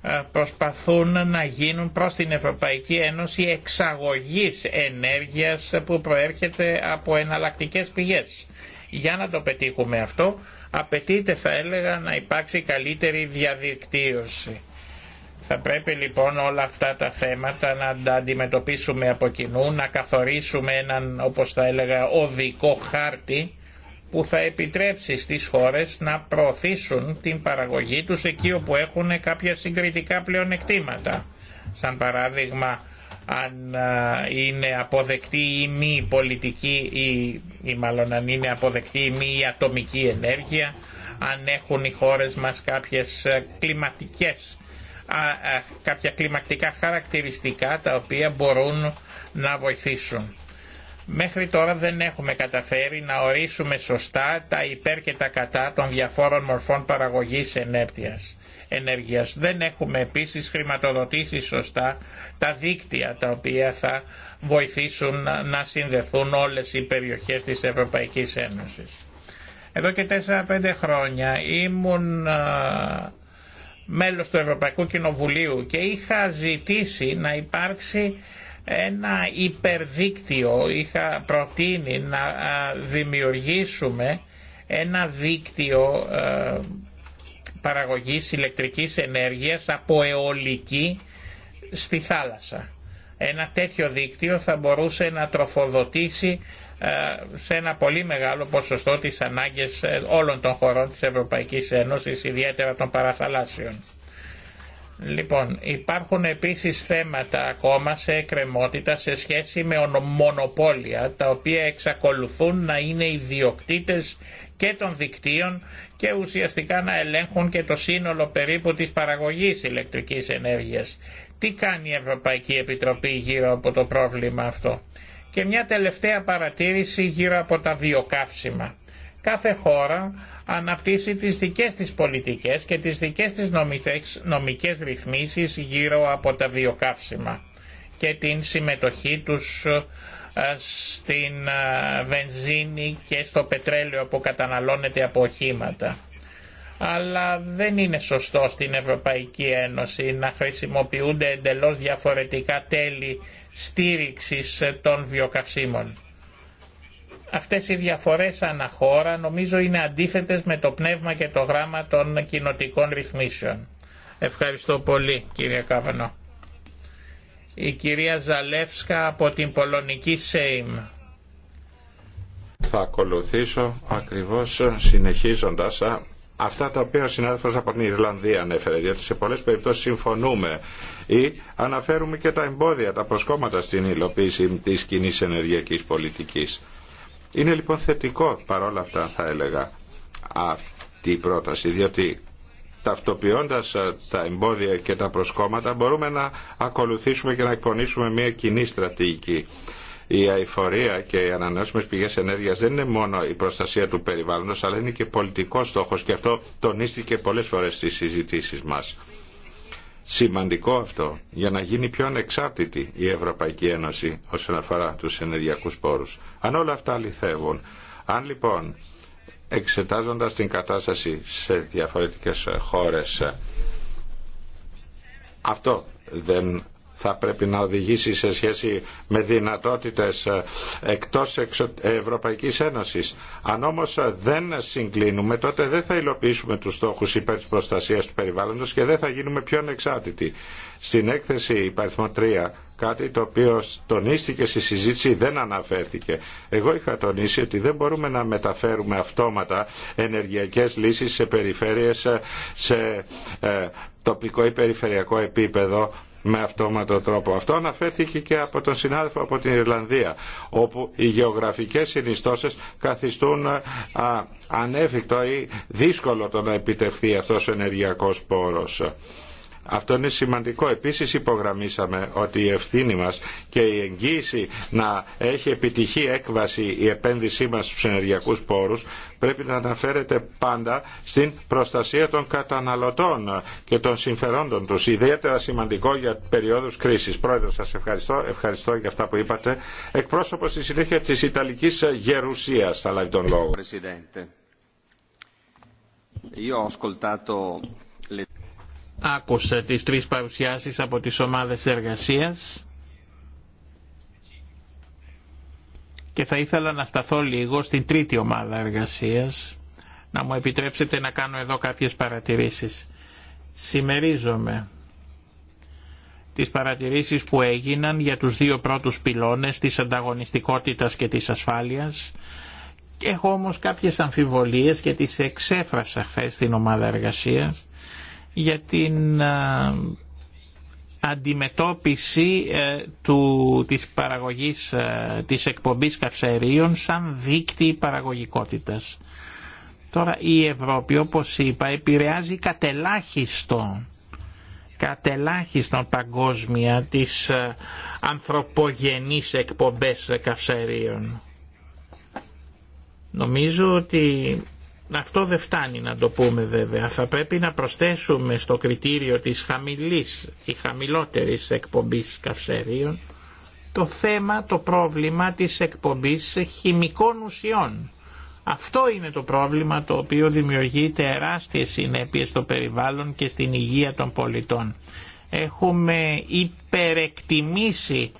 ε, προσπαθούν να γίνουν προς την Ευρωπαϊκή Ένωση εξαγωγής ενέργειας που προέρχεται από εναλλακτικές πηγές. Για να το πετύχουμε αυτό, απαιτείται θα έλεγα να υπάρξει καλύτερη διαδικτύωση. Θα πρέπει λοιπόν όλα αυτά τα θέματα να τα αντιμετωπίσουμε από κοινού, να καθορίσουμε έναν, όπως θα έλεγα, οδικό χάρτη, που θα επιτρέψει στις χώρες να προωθήσουν την παραγωγή τους εκεί όπου έχουν κάποια συγκριτικά πλεονεκτήματα. Σαν παράδειγμα αν είναι αποδεκτή ή μη πολιτική ή, ή μάλλον αν είναι αποδεκτή ή μη ατομική ενέργεια, αν έχουν οι χώρες μας κάποιες κλιματικές κάποια κλιματικά χαρακτηριστικά τα οποία μπορούν να βοηθήσουν. Μέχρι τώρα δεν έχουμε καταφέρει να ορίσουμε σωστά τα υπέρ και τα κατά των διαφόρων μορφών παραγωγής ενέργεια. Ενέργειας. Δεν έχουμε επίσης χρηματοδοτήσει σωστά τα δίκτυα τα οποία θα βοηθήσουν να συνδεθούν όλες οι περιοχές της Ευρωπαϊκής Ένωσης. Εδώ και 4-5 χρόνια ήμουν μέλος του Ευρωπαϊκού Κοινοβουλίου και είχα ζητήσει να υπάρξει ένα υπερδίκτυο είχα προτείνει να δημιουργήσουμε ένα δίκτυο παραγωγής ηλεκτρικής ενέργειας από αιωλική στη θάλασσα. Ένα τέτοιο δίκτυο θα μπορούσε να τροφοδοτήσει σε ένα πολύ μεγάλο ποσοστό τις ανάγκες ε, όλων των χωρών της Ευρωπαϊκής Ένωσης, ιδιαίτερα των παραθαλάσσιων. Λοιπόν, υπάρχουν επίσης θέματα ακόμα σε εκκρεμότητα σε σχέση με μονοπόλια, τα οποία εξακολουθούν να είναι ιδιοκτήτες και των δικτύων και ουσιαστικά να ελέγχουν και το σύνολο περίπου της παραγωγής ηλεκτρικής ενέργειας. Τι κάνει η Ευρωπαϊκή Επιτροπή γύρω από το πρόβλημα αυτό. Και μια τελευταία παρατήρηση γύρω από τα βιοκαύσιμα κάθε χώρα αναπτύσσει τις δικές της πολιτικές και τις δικές της νομικές ρυθμίσεις γύρω από τα βιοκαύσιμα και την συμμετοχή τους ε, στην ε, βενζίνη και στο πετρέλαιο που καταναλώνεται από οχήματα. Αλλά δεν είναι σωστό στην Ευρωπαϊκή Ένωση να χρησιμοποιούνται εντελώς διαφορετικά τέλη στήριξης των βιοκαυσίμων. Αυτές οι διαφορές αναχώρα νομίζω είναι αντίθετες με το πνεύμα και το γράμμα των κοινοτικών ρυθμίσεων. Ευχαριστώ πολύ κύριε Καβανό. Η κυρία Ζαλεύσκα από την Πολωνική ΣΕΙΜ.
Θα ακολουθήσω ακριβώς συνεχίζοντας αυτά τα οποία ο συνάδελφος από την Ιρλανδία ανέφερε, διότι σε πολλές περιπτώσεις συμφωνούμε ή αναφέρουμε και τα εμπόδια, τα προσκόμματα στην υλοποίηση της κοινή ενεργειακής πολιτικής. Είναι λοιπόν θετικό παρόλα αυτά θα έλεγα αυτή η πρόταση διότι ταυτοποιώντας ε, τα εμπόδια και τα προσκόμματα μπορούμε να ακολουθήσουμε και να εκπονήσουμε μια κοινή στρατηγική. Η αηφορία και οι ανανεώσιμες πηγές ενέργειας δεν είναι μόνο η προστασία του περιβάλλοντος αλλά είναι και πολιτικός στόχος και αυτό τονίστηκε πολλές φορές στις συζητήσεις μας. Σημαντικό αυτό για να γίνει πιο ανεξάρτητη η Ευρωπαϊκή Ένωση όσον αφορά τους ενεργειακούς πόρους. Αν όλα αυτά αληθεύουν. αν λοιπόν εξετάζοντας την κατάσταση σε διαφορετικές χώρες αυτό δεν θα πρέπει να οδηγήσει σε σχέση με δυνατότητες ε, εκτός Ευρωπαϊκής Ένωσης. Αν όμως δεν συγκλίνουμε τότε δεν θα υλοποιήσουμε τους στόχους υπέρ της προστασίας του περιβάλλοντος και δεν θα γίνουμε πιο ανεξάρτητοι. Στην έκθεση υπαριθμό 3 κάτι το οποίο τονίστηκε στη συζήτηση δεν αναφέρθηκε. Εγώ είχα τονίσει ότι δεν μπορούμε να μεταφέρουμε αυτόματα ενεργειακές λύσεις σε περιφέρειες σε ε, τοπικό ή περιφερειακό επίπεδο με αυτόματο τρόπο. Αυτό αναφέρθηκε και από τον συνάδελφο από την Ιρλανδία, όπου οι γεωγραφικές συνιστώσεις καθιστούν ε, ανέφικτο ή δύσκολο το να επιτευχθεί αυτός ο ενεργειακός πόρος. Αυτό είναι σημαντικό. Επίσης υπογραμμίσαμε ότι η ευθύνη μας και η εγγύηση να έχει επιτυχή έκβαση η επένδυσή μας στους ενεργειακούς πόρους πρέπει να αναφέρεται πάντα στην προστασία των καταναλωτών και των συμφερόντων τους. Ιδιαίτερα σημαντικό για περιόδους κρίσης. Πρόεδρο, σας ευχαριστώ. Ευχαριστώ για αυτά που είπατε. Εκπρόσωπος στη συνέχεια της Ιταλικής Γερουσίας θα λάβει τον λόγο.
Άκουσα τις τρεις παρουσιάσεις από τις ομάδες εργασίας και θα ήθελα να σταθώ λίγο στην τρίτη ομάδα εργασίας να μου επιτρέψετε να κάνω εδώ κάποιες παρατηρήσεις. Σημερίζομαι τις παρατηρήσεις που έγιναν για τους δύο πρώτους πυλώνες της ανταγωνιστικότητας και της ασφάλειας έχω όμως κάποιες αμφιβολίες και τις εξέφρασα χθε στην ομάδα εργασίας για την ε, αντιμετώπιση ε, του, της παραγωγής ε, της εκπομπής καυσαερίων σαν δίκτυ παραγωγικότητας. Τώρα η Ευρώπη όπως είπα επηρεάζει κατελάχιστο κατελάχιστον παγκόσμια της ανθρωπογενείς εκπομπές καυσαερίων. Νομίζω ότι αυτό δεν φτάνει να το πούμε βέβαια. Θα πρέπει να προσθέσουμε στο κριτήριο της χαμηλής ή χαμηλότερης εκπομπής καυσερίων το θέμα, το πρόβλημα της εκπομπής χημικών ουσιών. Αυτό είναι το πρόβλημα το οποίο δημιουργεί τεράστιες συνέπειες στο περιβάλλον και στην υγεία των πολιτών. Έχουμε υπερεκτιμήσει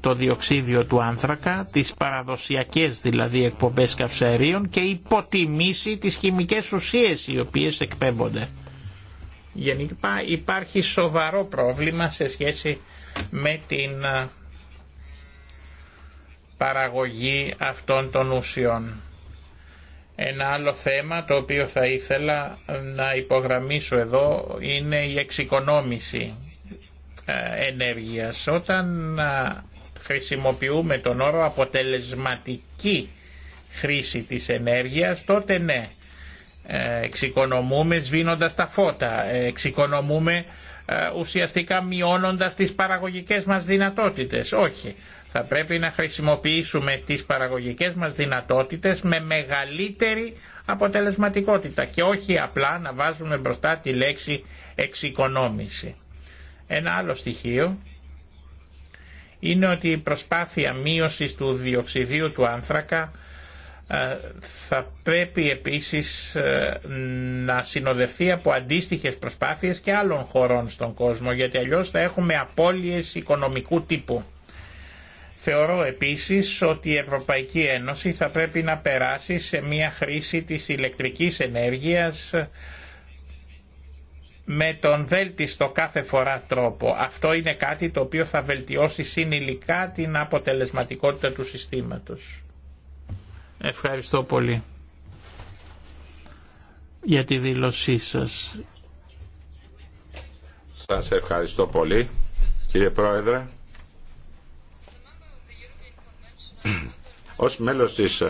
το διοξίδιο του άνθρακα, τις παραδοσιακές δηλαδή εκπομπές καυσαερίων και υποτιμήσει τις χημικές ουσίες οι οποίες εκπέμπονται. Γενικά υπάρχει σοβαρό πρόβλημα σε σχέση με την παραγωγή αυτών των ουσιών. Ένα άλλο θέμα το οποίο θα ήθελα να υπογραμμίσω εδώ είναι η εξοικονόμηση ε, ενέργειας. Όταν χρησιμοποιούμε τον όρο αποτελεσματική χρήση της ενέργειας, τότε ναι, ε, εξοικονομούμε σβήνοντας τα φώτα, ε, εξοικονομούμε ε, ουσιαστικά μειώνοντας τις παραγωγικές μας δυνατότητες. Όχι, θα πρέπει να χρησιμοποιήσουμε τις παραγωγικές μας δυνατότητες με μεγαλύτερη αποτελεσματικότητα και όχι απλά να βάζουμε μπροστά τη λέξη εξοικονόμηση. Ένα άλλο στοιχείο είναι ότι η προσπάθεια μείωσης του διοξιδίου του άνθρακα ε, θα πρέπει επίσης ε, να συνοδευτεί από αντίστοιχες προσπάθειες και άλλων χωρών στον κόσμο, γιατί αλλιώς θα έχουμε απώλειες οικονομικού τύπου. Θεωρώ επίσης ότι η Ευρωπαϊκή Ένωση θα πρέπει να περάσει σε μια χρήση της ηλεκτρικής ενέργειας με τον βέλτιστο κάθε φορά τρόπο. Αυτό είναι κάτι το οποίο θα βελτιώσει συνηλικά την αποτελεσματικότητα του συστήματος. Ευχαριστώ πολύ για τη δήλωσή σας.
Σας ευχαριστώ πολύ κύριε Πρόεδρε. Ως μέλος της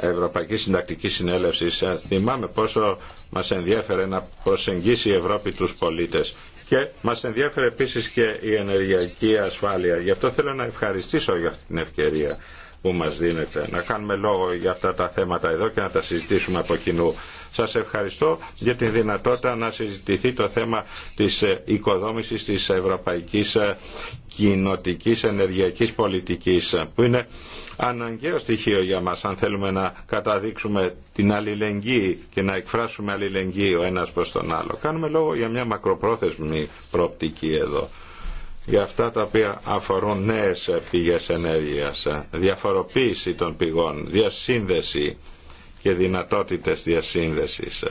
Ευρωπαϊκή Συντακτικής συνέλευση. Ε, θυμάμαι πόσο μας ενδιέφερε να προσεγγίσει η Ευρώπη τους πολίτες. Και μας ενδιέφερε επίσης και η ενεργειακή ασφάλεια. Γι' αυτό θέλω να ευχαριστήσω για αυτή την ευκαιρία που μας δίνετε. Να κάνουμε λόγο για αυτά τα θέματα εδώ και να τα συζητήσουμε από κοινού. Σας ευχαριστώ για τη δυνατότητα να συζητηθεί το θέμα της ε, οικοδόμησης της ευρωπαϊκής ε, κοινοτικής ενεργειακής πολιτικής ε, που είναι αναγκαίο στοιχείο για μας αν θέλουμε να καταδείξουμε την αλληλεγγύη και να εκφράσουμε αλληλεγγύη ο ένας προς τον άλλο. Κάνουμε λόγο για μια μακροπρόθεσμη προοπτική εδώ για αυτά τα οποία αφορούν νέες πηγές ενέργειας, διαφοροποίηση των πηγών, διασύνδεση και δυνατότητες διασύνδεσης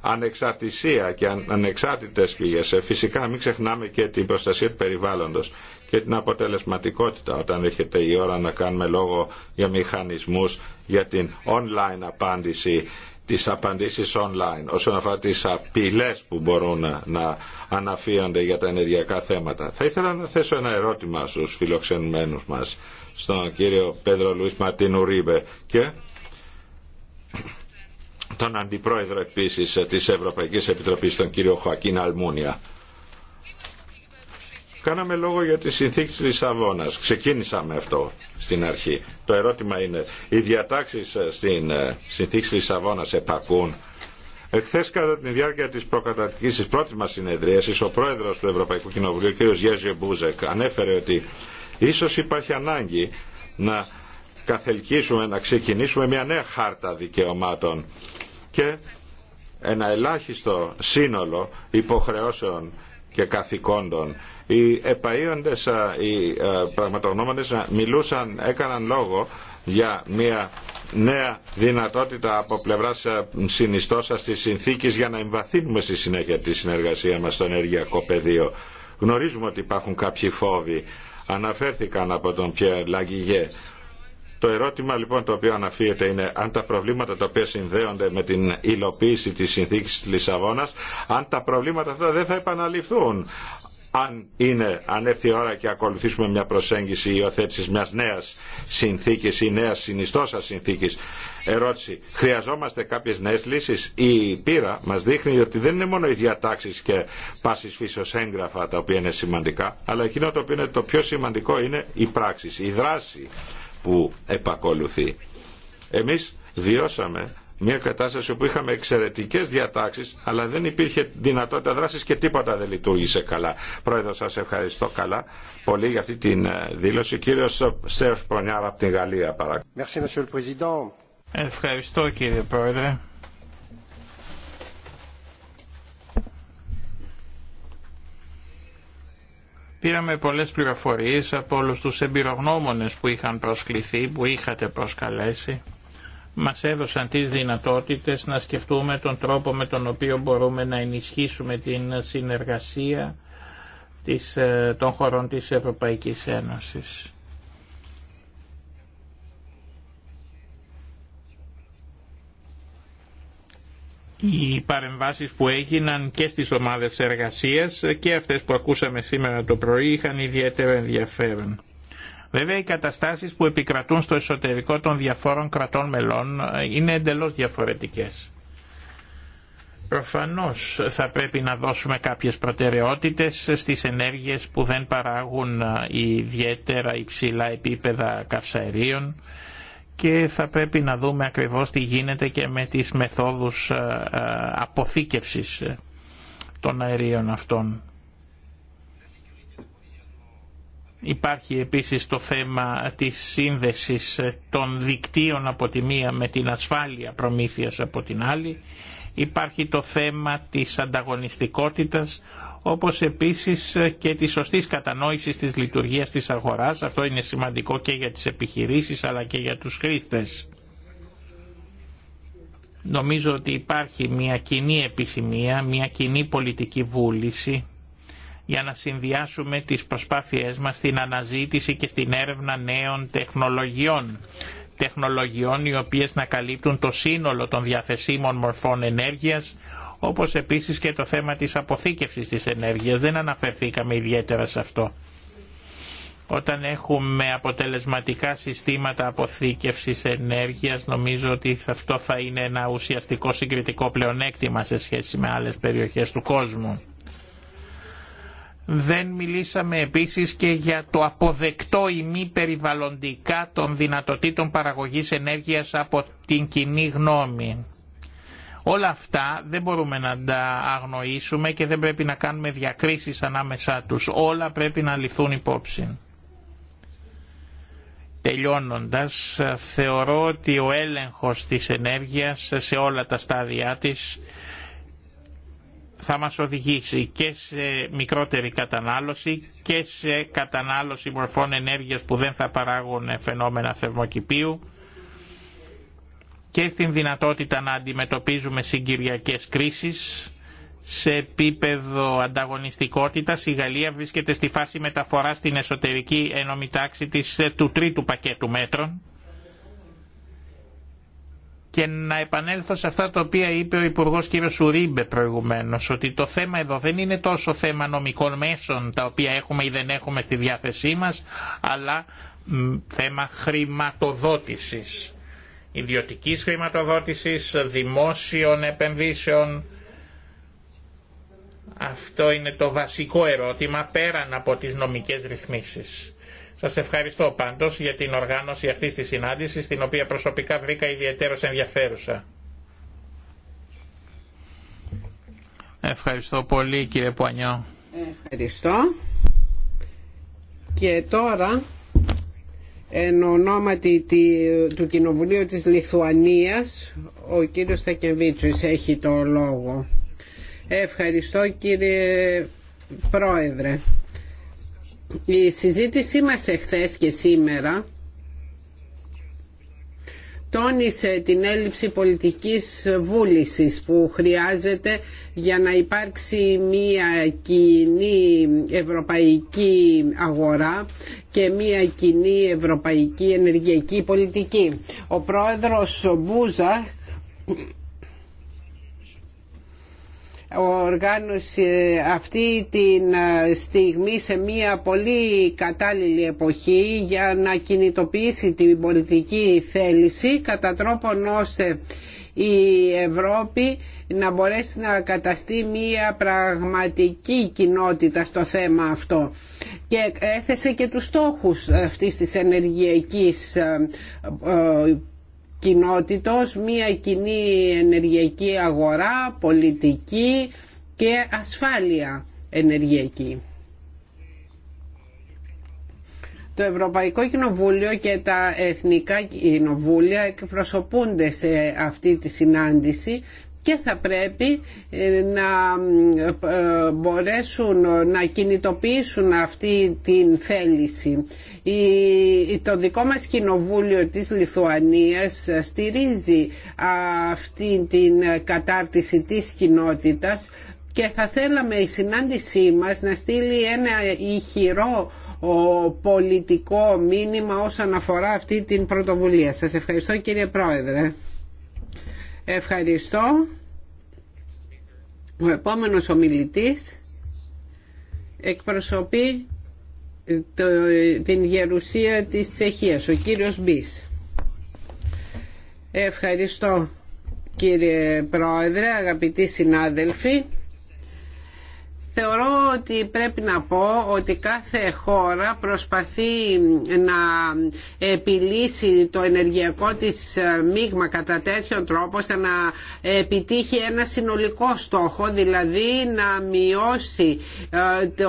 ανεξαρτησία και ανεξάρτητες πηγές. Ε, φυσικά μην ξεχνάμε και την προστασία του περιβάλλοντος και την αποτελεσματικότητα όταν έρχεται η ώρα να κάνουμε λόγο για μηχανισμούς για την online απάντηση τις απαντήσεις online όσον αφορά τις απειλές που μπορούν να αναφύονται για τα ενεργειακά θέματα. Θα ήθελα να θέσω ένα ερώτημα στους φιλοξενουμένους μας, στον κύριο Πέδρο Λουίς Ματίνου Ρίβε και τον αντιπρόεδρο επίσης της Ευρωπαϊκής επιτροπή τον κύριο Χωακίν Αλμούνια. Κάναμε λόγο για τη συνθήκη της Λισαβόνας. Ξεκίνησαμε αυτό στην αρχή. Το ερώτημα είναι, οι διατάξεις ε, στην ε, συνθήκη της Λισαβόνας επακούν. Εχθέ, κατά τη διάρκεια τη προκαταρκτική τη πρώτη μα συνεδρίαση, ο πρόεδρο του Ευρωπαϊκού Κοινοβουλίου, κ. Γέζιο Μπούζεκ, ανέφερε ότι ίσω υπάρχει ανάγκη να καθελκίσουμε, να ξεκινήσουμε μια νέα χάρτα δικαιωμάτων και ένα ελάχιστο σύνολο υποχρεώσεων και καθηκόντων οι επαΐοντες, οι πραγματογνώμονες μιλούσαν, έκαναν λόγο για μια νέα δυνατότητα από πλευρά συνιστώσας τη συνθήκη για να εμβαθύνουμε στη συνέχεια τη συνεργασία μα στο ενεργειακό πεδίο. Γνωρίζουμε ότι υπάρχουν κάποιοι φόβοι. Αναφέρθηκαν από τον Πιέρ Λαγκιγέ. Το ερώτημα λοιπόν το οποίο αναφύεται είναι αν τα προβλήματα τα οποία συνδέονται με την υλοποίηση της συνθήκης της Λισαβόνας, αν τα προβλήματα αυτά δεν θα επαναληφθούν αν είναι, αν έρθει η ώρα και ακολουθήσουμε μια προσέγγιση υιοθέτηση μιας νέας συνθήκης ή νέας συνιστώσας συνθήκης, ερώτηση, χρειαζόμαστε κάποιες νέες λύσεις. Η πείρα μας δείχνει ότι δεν είναι μόνο οι διατάξεις και πάσης φύσεως έγγραφα τα οποία είναι σημαντικά, αλλά εκείνο το οποίο είναι το πιο σημαντικό είναι η πράξη, η δράση που επακολουθεί. Εμείς βιώσαμε μια κατάσταση όπου είχαμε εξαιρετικέ διατάξεις αλλά δεν υπήρχε δυνατότητα δράσης και τίποτα δεν λειτουργήσε καλά. Πρόεδρο σας ευχαριστώ καλά πολύ για αυτή την ε, δήλωση. Κύριος Σέρφ Προνιάρα από την Γαλλία παρακαλώ.
Ευχαριστώ κύριε Πρόεδρε. Πήραμε πολλές πληροφορίες από όλους τους εμπειρογνώμονες που είχαν προσκληθεί, που είχατε προσκαλέσει μας έδωσαν τις δυνατότητες να σκεφτούμε τον τρόπο με τον οποίο μπορούμε να ενισχύσουμε την συνεργασία της, ε, των χωρών της Ευρωπαϊκής Ένωσης. Οι παρεμβάσεις που έγιναν και στις ομάδες εργασίας και αυτές που ακούσαμε σήμερα το πρωί είχαν ιδιαίτερα ενδιαφέρον. Βέβαια οι καταστάσεις που επικρατούν στο εσωτερικό των διαφόρων κρατών μελών ε, είναι εντελώς διαφορετικές. Προφανώς θα πρέπει να δώσουμε κάποιες προτεραιότητες στις ενέργειες που δεν παράγουν ε, ιδιαίτερα υψηλά επίπεδα καυσαερίων και θα πρέπει να δούμε ακριβώς τι γίνεται και με τις μεθόδους ε, αποθήκευσης των αερίων αυτών. Υπάρχει επίσης το θέμα της σύνδεσης των δικτύων από τη μία με την ασφάλεια προμήθειας από την άλλη. Υπάρχει το θέμα της ανταγωνιστικότητας όπως επίσης και της σωστής κατανόησης της λειτουργίας της αγοράς. Αυτό είναι σημαντικό και για τις επιχειρήσεις αλλά και για τους χρήστες. Νομίζω ότι υπάρχει μια κοινή επιθυμία, μια κοινή πολιτική βούληση για να συνδυάσουμε τις προσπάθειές μας στην αναζήτηση και στην έρευνα νέων τεχνολογιών τεχνολογιών οι οποίες να καλύπτουν το σύνολο των διαθεσίμων μορφών ενέργειας όπως επίσης και το θέμα της αποθήκευσης της ενέργειας. Δεν αναφερθήκαμε ιδιαίτερα σε αυτό. Όταν έχουμε αποτελεσματικά συστήματα αποθήκευσης ενέργειας νομίζω ότι αυτό θα είναι ένα ουσιαστικό συγκριτικό πλεονέκτημα σε σχέση με άλλες περιοχές του κόσμου. Δεν μιλήσαμε επίσης και για το αποδεκτό ή μη περιβαλλοντικά των δυνατοτήτων παραγωγής ενέργειας από την κοινή γνώμη. Όλα αυτά δεν μπορούμε να τα αγνοήσουμε και δεν πρέπει να κάνουμε διακρίσεις ανάμεσά τους. Όλα πρέπει να ληφθούν υπόψη. Τελειώνοντας, θεωρώ ότι ο έλεγχος της ενέργειας σε όλα τα στάδια της θα μας οδηγήσει και σε μικρότερη κατανάλωση και σε κατανάλωση μορφών ενέργειας που δεν θα παράγουν φαινόμενα θερμοκηπίου και στην δυνατότητα να αντιμετωπίζουμε συγκυριακές κρίσεις. Σε επίπεδο ανταγωνιστικότητας η Γαλλία βρίσκεται στη φάση μεταφοράς στην εσωτερική ενωμητάξη της ε, του τρίτου πακέτου μέτρων και να επανέλθω σε αυτά τα οποία είπε ο Υπουργό κ. Σουρίμπε προηγουμένω, ότι το θέμα εδώ δεν είναι τόσο θέμα νομικών μέσων τα οποία έχουμε ή δεν έχουμε στη διάθεσή μα, αλλά θέμα χρηματοδότηση. Ιδιωτική χρηματοδότηση, δημόσιων επενδύσεων. Αυτό είναι το βασικό ερώτημα πέραν από τις νομικές ρυθμίσεις. Σας ευχαριστώ πάντω για την οργάνωση αυτής της συνάντηση την οποία προσωπικά βρήκα ιδιαίτερω ενδιαφέρουσα. Ευχαριστώ πολύ κύριε Πουανιό.
Ευχαριστώ. Και τώρα εν ονόματι του Κοινοβουλίου της Λιθουανίας ο κύριος Στακεβίτσος έχει το λόγο. Ευχαριστώ κύριε Πρόεδρε. Η συζήτησή μας εχθές και σήμερα τόνισε την έλλειψη πολιτικής βούλησης που χρειάζεται για να υπάρξει μια κοινή ευρωπαϊκή αγορά και μια κοινή ευρωπαϊκή ενεργειακή πολιτική. Ο πρόεδρος Μπούζα οργάνωσε αυτή τη ε, στιγμή σε μια πολύ κατάλληλη εποχή για να κινητοποιήσει την πολιτική θέληση κατά τρόπον ώστε η Ευρώπη να μπορέσει να καταστεί μία πραγματική κοινότητα στο θέμα αυτό. Και έθεσε και τους στόχους αυτής της ενεργειακής ε, ε, κοινότητος, μια κοινή ενεργειακή αγορά, πολιτική και ασφάλεια ενεργειακή. Το Ευρωπαϊκό Κοινοβούλιο και τα Εθνικά Κοινοβούλια εκπροσωπούνται σε αυτή τη συνάντηση και θα πρέπει ε, να ε, μπορέσουν να κινητοποιήσουν αυτή την θέληση. Το δικό μας κοινοβούλιο της Λιθουανίας στηρίζει αυτή την κατάρτιση της κοινότητας και θα θέλαμε η συνάντησή μας να στείλει ένα ηχηρό πολιτικό μήνυμα όσον αφορά αυτή την πρωτοβουλία. Σας ευχαριστώ κύριε Πρόεδρε. Ευχαριστώ. Ο επόμενος ομιλητής εκπροσωπεί την γερουσία της Τσεχίας, ο κύριος Μπις. Ευχαριστώ κύριε Πρόεδρε, αγαπητοί συνάδελφοι. Θεωρώ ότι πρέπει να πω ότι κάθε χώρα προσπαθεί να επιλύσει το ενεργειακό της μείγμα κατά τέτοιον τρόπο ώστε να επιτύχει ένα συνολικό στόχο, δηλαδή να μειώσει ε, το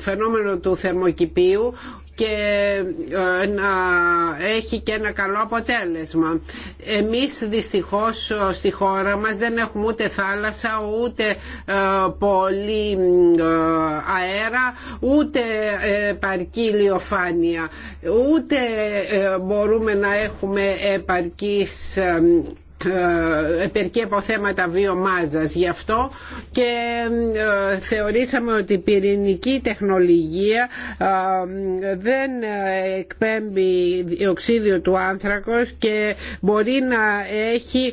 φαινόμενο του θερμοκηπίου και ε, να έχει και ένα καλό αποτέλεσμα. Εμείς δυστυχώς στη χώρα μας δεν έχουμε ούτε θάλασσα, ούτε ε, πολύ ε, αέρα, ούτε επαρκή ηλιοφάνεια, ούτε μπορούμε να έχουμε επαρκής ε, επερκέπω από θέματα βιομάζας γι' αυτό και ε, θεωρήσαμε ότι η πυρηνική τεχνολογία ε, δεν εκπέμπει οξύδιο του άνθρακος και μπορεί να έχει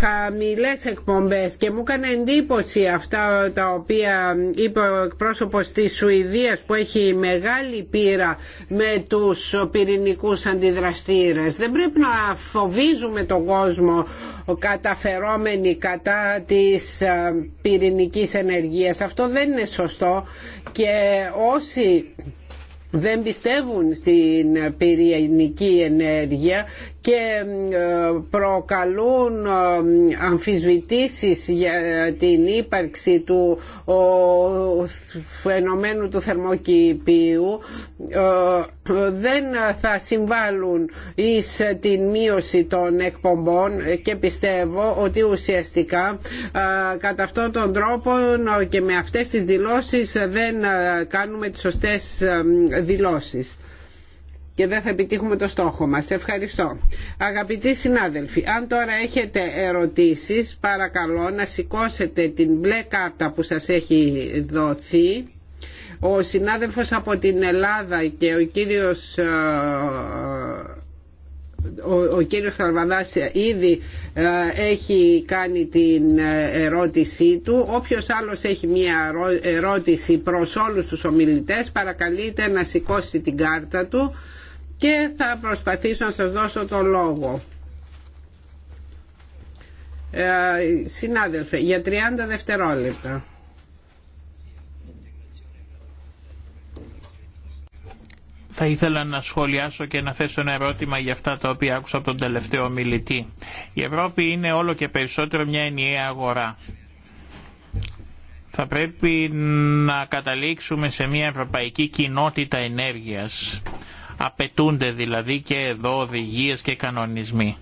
χαμηλές εκπομπές και μου έκανε εντύπωση αυτά τα οποία είπε ο εκπρόσωπος της Σουηδίας που έχει μεγάλη πείρα με τους πυρηνικούς αντιδραστήρες δεν πρέπει να φοβίζουμε τον κόσμο καταφερόμενοι κατά της ε, πυρηνικής ενεργείας. Αυτό δεν είναι σωστό και όσοι δεν πιστεύουν στην πυρηνική ενέργεια και ε, προκαλούν ε, αμφισβητήσεις για την ύπαρξη του φαινομένου του θερμοκηπίου ε, δεν θα συμβάλλουν εις την μείωση των εκπομπών και πιστεύω ότι ουσιαστικά κατά αυτόν τον τρόπο και με αυτές τις δηλώσεις δεν κάνουμε τις σωστές δηλώσεις και δεν θα επιτύχουμε το στόχο μας. Ευχαριστώ. Αγαπητοί συνάδελφοι, αν τώρα έχετε ερωτήσεις, παρακαλώ να σηκώσετε την μπλε κάρτα που σας έχει δοθεί. Ο συνάδελφος από την Ελλάδα και ο κύριος ε, ο, ο κύριος ήδη ε, έχει κάνει την ερώτησή του. Όποιος άλλος έχει μια ερώτηση προς όλους τους ομιλητές παρακαλείται να σηκώσει την κάρτα του και θα προσπαθήσω να σας δώσω το λόγο. Ε, συνάδελφε, για 30 δευτερόλεπτα.
Θα ήθελα να σχολιάσω και να θέσω ένα ερώτημα για αυτά τα οποία άκουσα από τον τελευταίο μιλητή. Η Ευρώπη είναι όλο και περισσότερο μια ενιαία αγορά. Θα πρέπει να καταλήξουμε σε μια ευρωπαϊκή κοινότητα ενέργειας. Απαιτούνται δηλαδή και εδώ οδηγίες και κανονισμοί.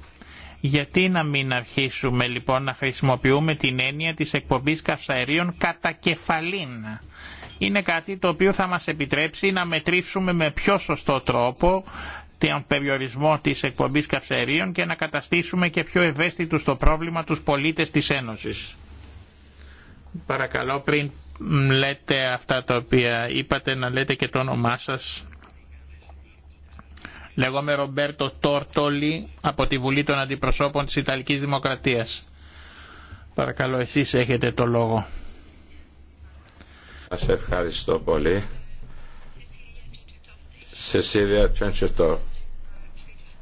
Γιατί να μην αρχίσουμε λοιπόν να χρησιμοποιούμε την έννοια της εκπομπής καυσαερίων κατά κεφαλήν. Είναι κάτι το οποίο θα μας επιτρέψει να μετρήσουμε με πιο σωστό τρόπο τον περιορισμό της εκπομπής καυσαερίων και να καταστήσουμε και πιο ευαίσθητους στο πρόβλημα τους πολίτες της Ένωσης. Παρακαλώ πριν λέτε αυτά τα οποία είπατε να λέτε και το όνομά σας Λέγομαι Ρομπέρτο Τόρτολι από τη Βουλή των Αντιπροσώπων της Ιταλικής Δημοκρατίας. Παρακαλώ εσείς έχετε το λόγο.
Σας ευχαριστώ πολύ. Σεσίλια Τσέντσετο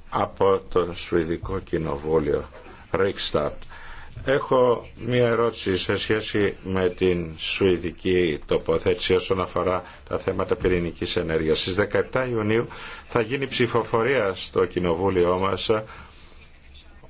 από το Σουηδικό Κοινοβούλιο Ρίξτατ Έχω μία ερώτηση σε σχέση με την σουηδική τοποθέτηση όσον αφορά τα θέματα πυρηνικής ενέργειας. Στις 17 Ιουνίου θα γίνει ψηφοφορία στο Κοινοβούλιο μας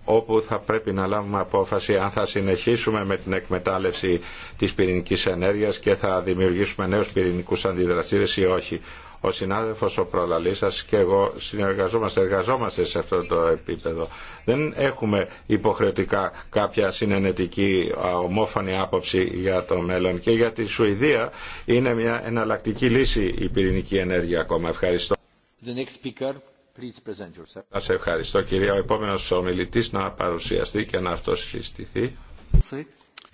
όπου θα πρέπει να λάβουμε απόφαση αν θα συνεχίσουμε με την εκμετάλλευση της πυρηνικής ενέργειας και θα δημιουργήσουμε νέους πυρηνικούς αντιδραστήρες ή όχι. Ο συνάδελφος ο προλαλής σας και εγώ συνεργαζόμαστε, εργαζόμαστε σε αυτό το επίπεδο. Δεν έχουμε υποχρεωτικά κάποια συνενετική ομόφωνη άποψη για το μέλλον και για τη Σουηδία είναι μια εναλλακτική λύση η πυρηνική ενέργεια ακόμα. Ευχαριστώ. The next speaker, please present Σας ευχαριστώ κυρία. Ο επόμενος ομιλητής να παρουσιαστεί και να αυτός συστηθεί.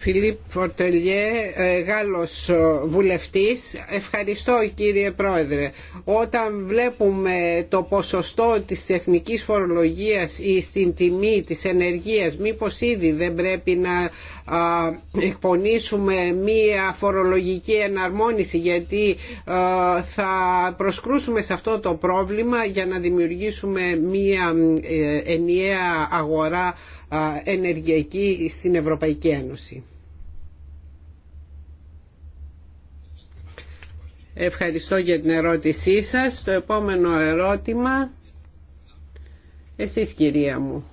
Φιλίπ Φορτελιέ, ε, Γάλλος ε, βουλευτής. Ευχαριστώ κύριε Πρόεδρε. Όταν βλέπουμε το ποσοστό της τεχνικής φορολογίας ή στην τιμή της ενεργείας, μήπως ήδη δεν πρέπει να εκπονήσουμε μία φορολογική εναρμόνιση γιατί θα προσκρούσουμε σε αυτό το πρόβλημα για να δημιουργήσουμε μία ε, ενιαία αγορά ενεργειακή στην Ευρωπαϊκή Ένωση. Ευχαριστώ για την ερώτησή σας. Το επόμενο ερώτημα, εσείς κυρία μου.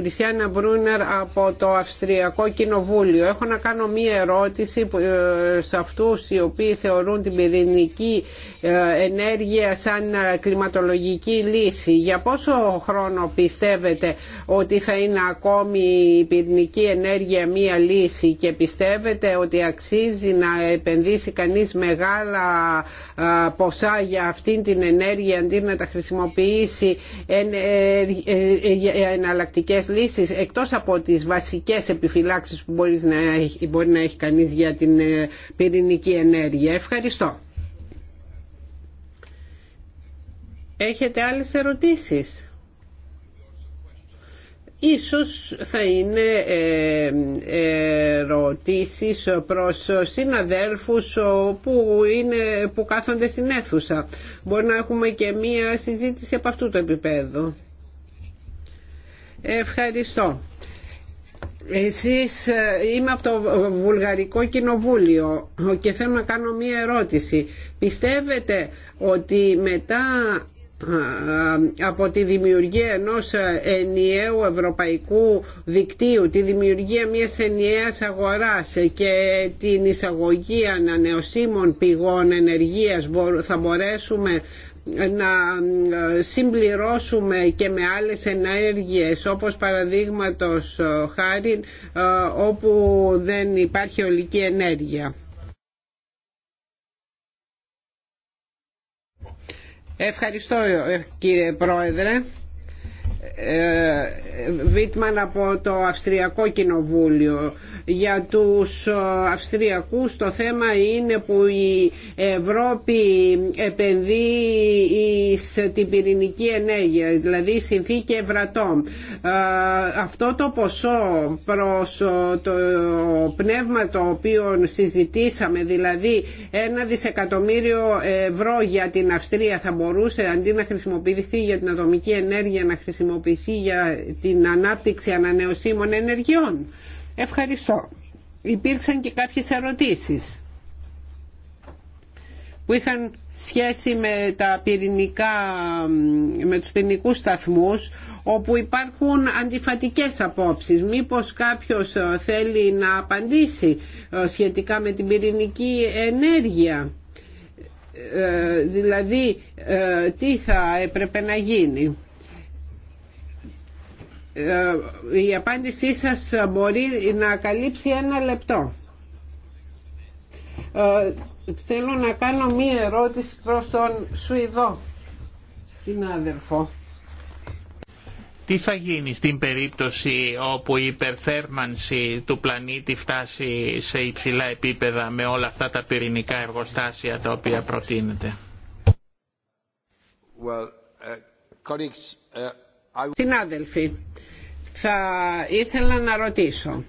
Χριστιανά Μπρούνερ από το Αυστριακό Κοινοβούλιο. Έχω να κάνω μία ερώτηση ε, σε αυτούς οι οποίοι θεωρούν την πυρηνική ε, ενέργεια σαν ε, κλιματολογική λύση. Για πόσο χρόνο πιστεύετε ότι θα είναι ακόμη η πυρηνική ενέργεια μία λύση και πιστεύετε ότι αξίζει να επενδύσει κανείς μεγάλα ποσά για αυτήν την ενέργεια αντί να τα χρησιμοποιήσει Εκτό εκτός από τις βασικές επιφυλάξεις που μπορεί να έχει, μπορεί να έχει κανείς για την ε, πυρηνική ενέργεια. Ευχαριστώ. Έχετε άλλες ερωτήσεις. Ίσως θα είναι ε, ερωτήσεις προς συναδέλφους που, είναι, που κάθονται στην αίθουσα. Μπορεί να έχουμε και μία συζήτηση από αυτού το επίπεδο. Ευχαριστώ. Εσείς ε, είμαι από το Βουλγαρικό Κοινοβούλιο και θέλω να κάνω μία ερώτηση. Πιστεύετε ότι μετά ε, από τη δημιουργία ενός ε, ενιαίου ευρωπαϊκού δικτύου, τη δημιουργία μιας ενιαίας αγοράς και την εισαγωγή ανανεωσίμων πηγών ενεργείας θα μπορέσουμε να ε, συμπληρώσουμε και με άλλες ενέργειες όπως παραδείγματος ε, χάρη ε, όπου δεν υπάρχει ολική ενέργεια. Ευχαριστώ κύριε Πρόεδρε. Ε, Βίτμαν από το Αυστριακό Κοινοβούλιο. Για τους ε, Αυστριακούς το θέμα είναι που η Ευρώπη επενδύει στην πυρηνική ενέργεια, δηλαδή συνθήκη Ευρατών. Ε, αυτό το ποσό προς το πνεύμα το οποίο συζητήσαμε, δηλαδή ένα δισεκατομμύριο ευρώ για την Αυστρία θα μπορούσε αντί να χρησιμοποιηθεί για την ατομική ενέργεια να χρησιμοποιηθεί χρησιμοποιηθεί για την ανάπτυξη ανανεωσίμων ενεργειών. Ευχαριστώ. Υπήρξαν και κάποιες ερωτήσεις που είχαν σχέση με, τα πυρηνικά, με τους πυρηνικούς σταθμούς όπου υπάρχουν αντιφατικές απόψεις. Μήπως κάποιος ε, θέλει να απαντήσει ε, σχετικά με την πυρηνική ενέργεια. Ε, δηλαδή τι θα έπρεπε να γίνει. Ε, η απάντησή σας μπορεί να καλύψει ένα λεπτό. Ε, θέλω να κάνω μία ερώτηση προς τον Σουηδό συνάδελφο.
Τι θα γίνει στην περίπτωση όπου η υπερθέρμανση του πλανήτη φτάσει σε υψηλά επίπεδα με όλα αυτά τα πυρηνικά εργοστάσια τα οποία προτείνεται.
Well, uh, uh, Συνάδελφοι, θα ήθελα να ρωτήσω.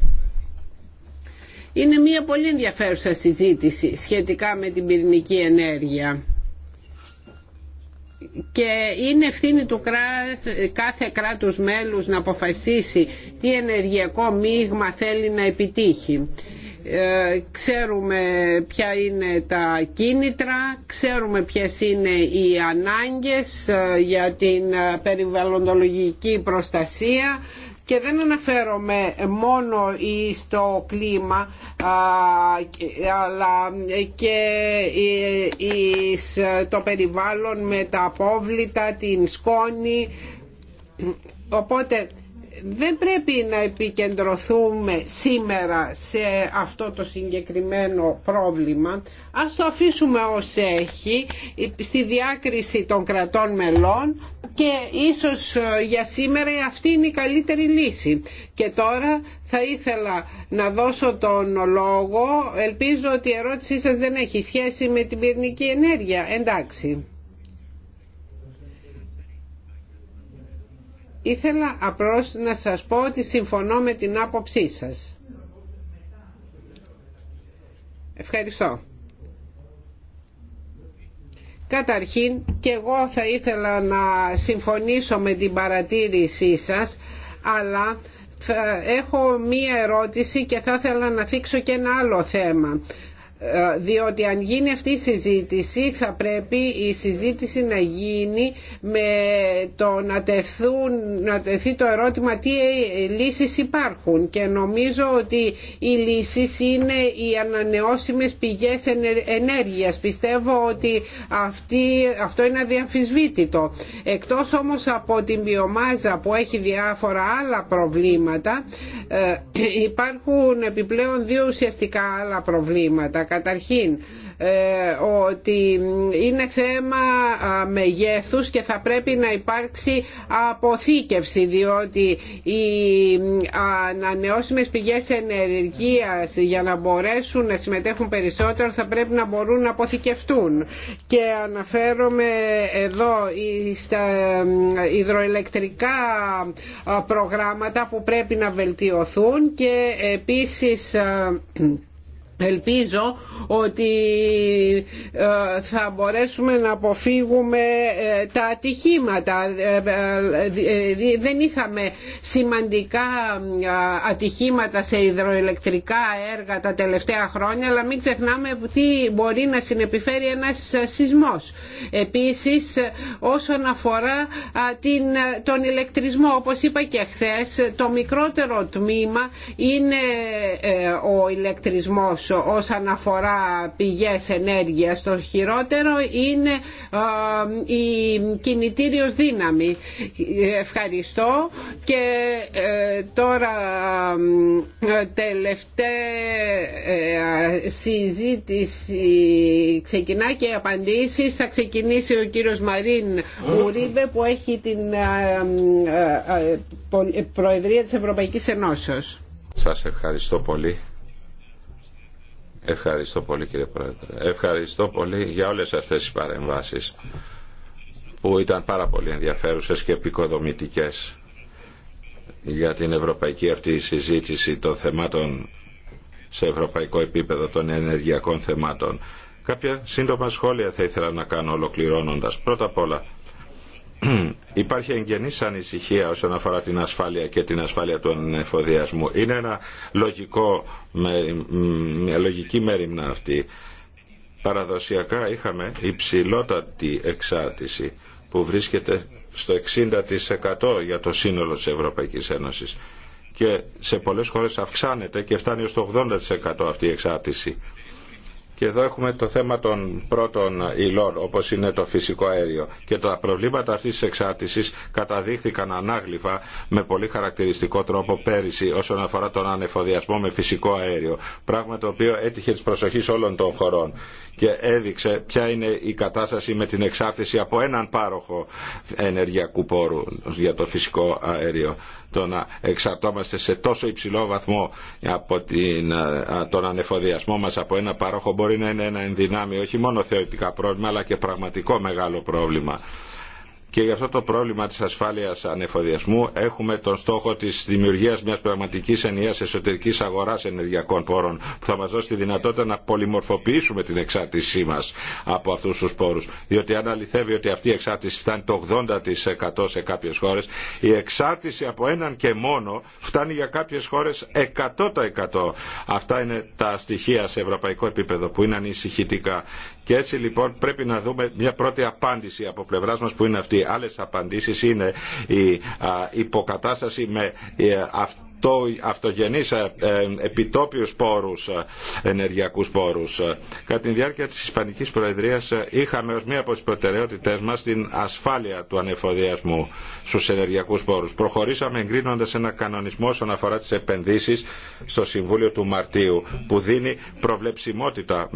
Είναι μια πολύ ενδιαφέρουσα συζήτηση σχετικά με την πυρηνική ενέργεια και είναι ευθύνη του κάθε κράτους μέλους να αποφασίσει τι ενεργειακό μείγμα θέλει να επιτύχει. Ε, ξέρουμε ποια είναι τα κίνητρα, ξέρουμε ποιες είναι οι ανάγκες ε, για την ε, περιβαλλοντολογική προστασία και δεν αναφέρομαι μόνο στο κλίμα αλλά και το περιβάλλον με τα απόβλητα, την σκόνη οπότε δεν πρέπει να επικεντρωθούμε σήμερα σε αυτό το συγκεκριμένο πρόβλημα. Ας το αφήσουμε ως έχει στη διάκριση των κρατών μελών και ίσως ε, για σήμερα αυτή είναι η καλύτερη λύση. Και τώρα θα ήθελα να δώσω τον λόγο. Ελπίζω ότι η ερώτησή σας δεν έχει σχέση με την πυρηνική ενέργεια. Εντάξει. Ήθελα απλώς να σας πω ότι συμφωνώ με την άποψή σας. Ευχαριστώ. Καταρχήν και εγώ θα ήθελα να συμφωνήσω με την παρατήρησή σας, αλλά έχω μία ερώτηση και θα ήθελα να θίξω και ένα άλλο θέμα ε, διότι αν γίνει αυτή η συζήτηση θα πρέπει η συζήτηση να γίνει με το να, να τεθεί το ερώτημα τι ε, λύσεις υπάρχουν και νομίζω ότι οι λύσεις είναι οι ανανεώσιμες πηγές ενέργειας. Πιστεύω ότι αυτό είναι αδιαμφισβήτητο. Εκτός όμως από την βιομάζα που έχει διάφορα άλλα προβλήματα ε, υπάρχουν επιπλέον δύο ουσιαστικά άλλα προβλήματα Καταρχήν, ε, ότι είναι θέμα μεγέθους και θα πρέπει να υπάρξει αποθήκευση διότι οι ανανεώσιμες πηγές ενεργείας για να μπορέσουν να συμμετέχουν περισσότερο θα πρέπει να μπορούν να αποθηκευτούν και αναφέρομαι εδώ στα υδροελεκτρικά προγράμματα που πρέπει να βελτιωθούν και επίσης Ελπίζω ότι ε, θα μπορέσουμε να αποφύγουμε ε, τα ατυχήματα. Ε, δεν είχαμε σημαντικά ατυχήματα σε υδροελεκτρικά έργα τα τελευταία χρόνια, αλλά μην ξεχνάμε τι μπορεί να συνεπιφέρει ένας σεισμός. Επίσης, όσον αφορά την, τον ηλεκτρισμό, όπως είπα και χθε, το μικρότερο τμήμα είναι ο ηλεκτρισμός όσον αφορά πηγές ενέργειας. Το χειρότερο είναι ε, η κινητήριος δύναμη. Ευχαριστώ και ε, τώρα ε, τελευταία συζήτηση ξεκινά και απαντήσεις θα ξεκινήσει ο κύριος Μαρίν Ουρίβε που έχει την Προεδρία της Ευρωπαϊκής Ενώσεως.
Σας ευχαριστώ πολύ. Ευχαριστώ πολύ κύριε Πρόεδρε. Ευχαριστώ πολύ για όλες αυτές τις παρεμβάσεις που ήταν πάρα πολύ ενδιαφέρουσες και επικοδομητικές για την ευρωπαϊκή αυτή συζήτηση των θεμάτων σε ευρωπαϊκό επίπεδο των ενεργειακών θεμάτων. Κάποια σύντομα σχόλια θα ήθελα να κάνω ολοκληρώνοντας. Πρώτα απ' όλα, υπάρχει εγγενή ανησυχία όσον αφορά την ασφάλεια και την ασφάλεια του ανεφοδιασμού. Είναι ένα λογικό, μια λογική μέρημνα αυτή. Παραδοσιακά είχαμε υψηλότατη εξάρτηση που βρίσκεται στο 60% για το σύνολο της Ευρωπαϊκής Ένωσης και σε πολλές χώρες αυξάνεται και φτάνει ως το 80% αυτή η εξάρτηση. Και εδώ έχουμε το θέμα των πρώτων υλών, όπως είναι το φυσικό αέριο. Και τα προβλήματα αυτής της εξάρτησης καταδείχθηκαν ανάγλυφα με πολύ χαρακτηριστικό τρόπο πέρυσι όσον αφορά τον ανεφοδιασμό με φυσικό αέριο. Πράγμα το οποίο έτυχε της προσοχής όλων των χωρών και έδειξε ποια είναι η κατάσταση με την εξάρτηση από έναν πάροχο ενεργειακού πόρου για το φυσικό αέριο το να εξαρτώμαστε σε τόσο υψηλό βαθμό από την, τον ανεφοδιασμό μας από ένα παρόχο μπορεί να είναι ένα ενδυνάμει όχι μόνο θεωρητικά πρόβλημα αλλά και πραγματικό μεγάλο πρόβλημα και γι' αυτό το πρόβλημα της ασφάλειας ανεφοδιασμού έχουμε τον στόχο της δημιουργίας μιας πραγματικής ενιαίας εσωτερικής αγοράς ενεργειακών πόρων που θα μας δώσει τη δυνατότητα να πολυμορφοποιήσουμε την εξάρτησή μας από αυτούς τους πόρους. Διότι αν αληθεύει ότι αυτή η εξάρτηση φτάνει το 80% σε κάποιες χώρες, η εξάρτηση από έναν και μόνο φτάνει για κάποιες χώρες 100%. Αυτά είναι τα στοιχεία σε ευρωπαϊκό επίπεδο που είναι ανησυχητικά και έτσι λοιπόν πρέπει να δούμε μια πρώτη απάντηση από πλευρά μα που είναι αυτή. Άλλε απαντήσει είναι η υποκατάσταση με ε, αυτή το αυτογενείς ε, ε, επιτόπιους πόρους, ε, ενεργειακούς πόρους. Κατά τη διάρκεια της Ισπανικής Προεδρίας είχαμε ως μία από τις προτεραιότητές μας την ασφάλεια του ανεφοδιασμού στους ενεργειακούς πόρους. Προχωρήσαμε εγκρίνοντας ένα κανονισμό όσον αφορά τις επενδύσεις στο Συμβούλιο του Μαρτίου που δίνει προβλεψιμότητα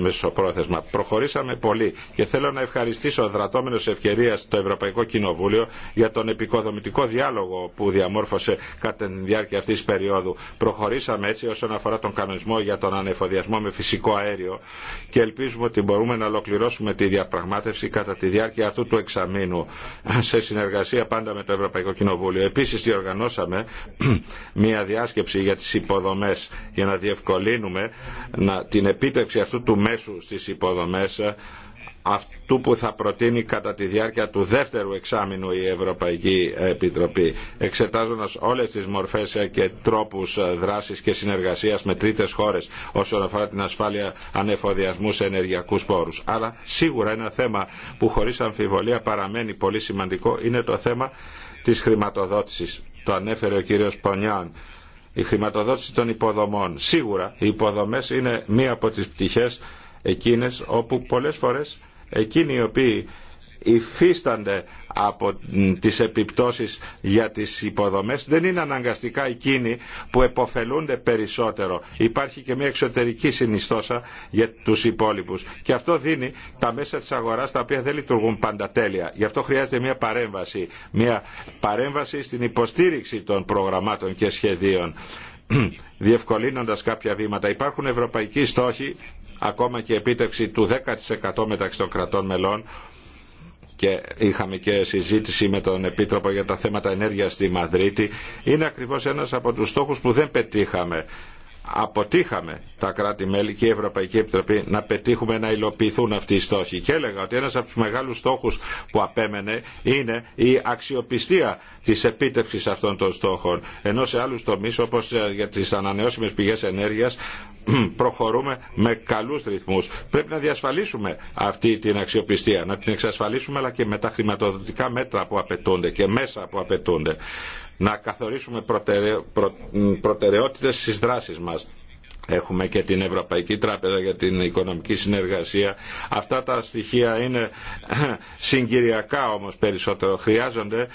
μεσοπρόθεσμα. Προχωρήσαμε πολύ και θέλω να ευχαριστήσω δρατώμενος ευκαιρίας το Ευρωπαϊκό Κοινοβούλιο για τον επικοδομητικό διάλογο που διαμόρφωσε κατά τη διάρκεια αυτή τη περίοδου. Προχωρήσαμε έτσι όσον αφορά τον κανονισμό για τον ανεφοδιασμό με φυσικό αέριο και ελπίζουμε ότι μπορούμε να ολοκληρώσουμε τη διαπραγμάτευση κατά τη διάρκεια αυτού του εξαμήνου σε συνεργασία πάντα με το Ευρωπαϊκό Κοινοβούλιο. Επίση, διοργανώσαμε μια διάσκεψη για τι υποδομέ για να διευκολύνουμε την επίτευξη αυτού του μέσου στι υποδομέ αυτού που θα προτείνει κατά τη διάρκεια του δεύτερου εξάμεινου η Ευρωπαϊκή Επιτροπή, εξετάζοντας όλες τις μορφές και τρόπους δράσης και συνεργασίας με τρίτες χώρες όσον αφορά την ασφάλεια ανεφοδιασμού σε ενεργειακούς πόρους. Αλλά σίγουρα ένα θέμα που χωρίς αμφιβολία παραμένει πολύ σημαντικό είναι το θέμα της χρηματοδότησης. Το ανέφερε ο κύριος Πονιάν η χρηματοδότηση των υποδομών. Σίγουρα οι υποδομές είναι μία από τις πτυχές εκείνες όπου πολλές φορές εκείνοι οι οποίοι υφίστανται από τις επιπτώσεις για τις υποδομές δεν είναι αναγκαστικά εκείνοι που εποφελούνται περισσότερο. Υπάρχει και μια εξωτερική συνιστόσα για τους υπόλοιπους. Και αυτό δίνει τα μέσα της αγοράς τα οποία δεν λειτουργούν πάντα τέλεια. Γι' αυτό χρειάζεται μια παρέμβαση. Μια παρέμβαση στην υποστήριξη των προγραμμάτων και σχεδίων διευκολύνοντας κάποια βήματα. Υπάρχουν ευρωπαϊκοί στόχοι ακόμα και επίτευξη του 10% μεταξύ των κρατών μελών και είχαμε και συζήτηση με τον Επίτροπο για τα θέματα ενέργειας στη Μαδρίτη, είναι ακριβώς ένας από τους στόχους που δεν πετύχαμε αποτύχαμε τα κράτη-μέλη και η Ευρωπαϊκή Επιτροπή να πετύχουμε να υλοποιηθούν αυτοί οι στόχοι. Και έλεγα ότι ένας από τους μεγάλους στόχους που απέμενε είναι η αξιοπιστία της επίτευξης αυτών των στόχων. Ενώ σε άλλους τομείς όπως ε, για τις ανανεώσιμες πηγές ενέργειας προχωρούμε με καλούς ρυθμούς. Πρέπει να διασφαλίσουμε αυτή την αξιοπιστία, να την εξασφαλίσουμε αλλά και με τα χρηματοδοτικά μέτρα που απαιτούνται και μέσα που απαιτούνται να καθορίσουμε προτεραιότητες στις δράσεις μας. Έχουμε και την Ευρωπαϊκή Τράπεζα για την Οικονομική Συνεργασία. Αυτά τα στοιχεία είναι συγκυριακά όμως περισσότερο. Χρειάζονται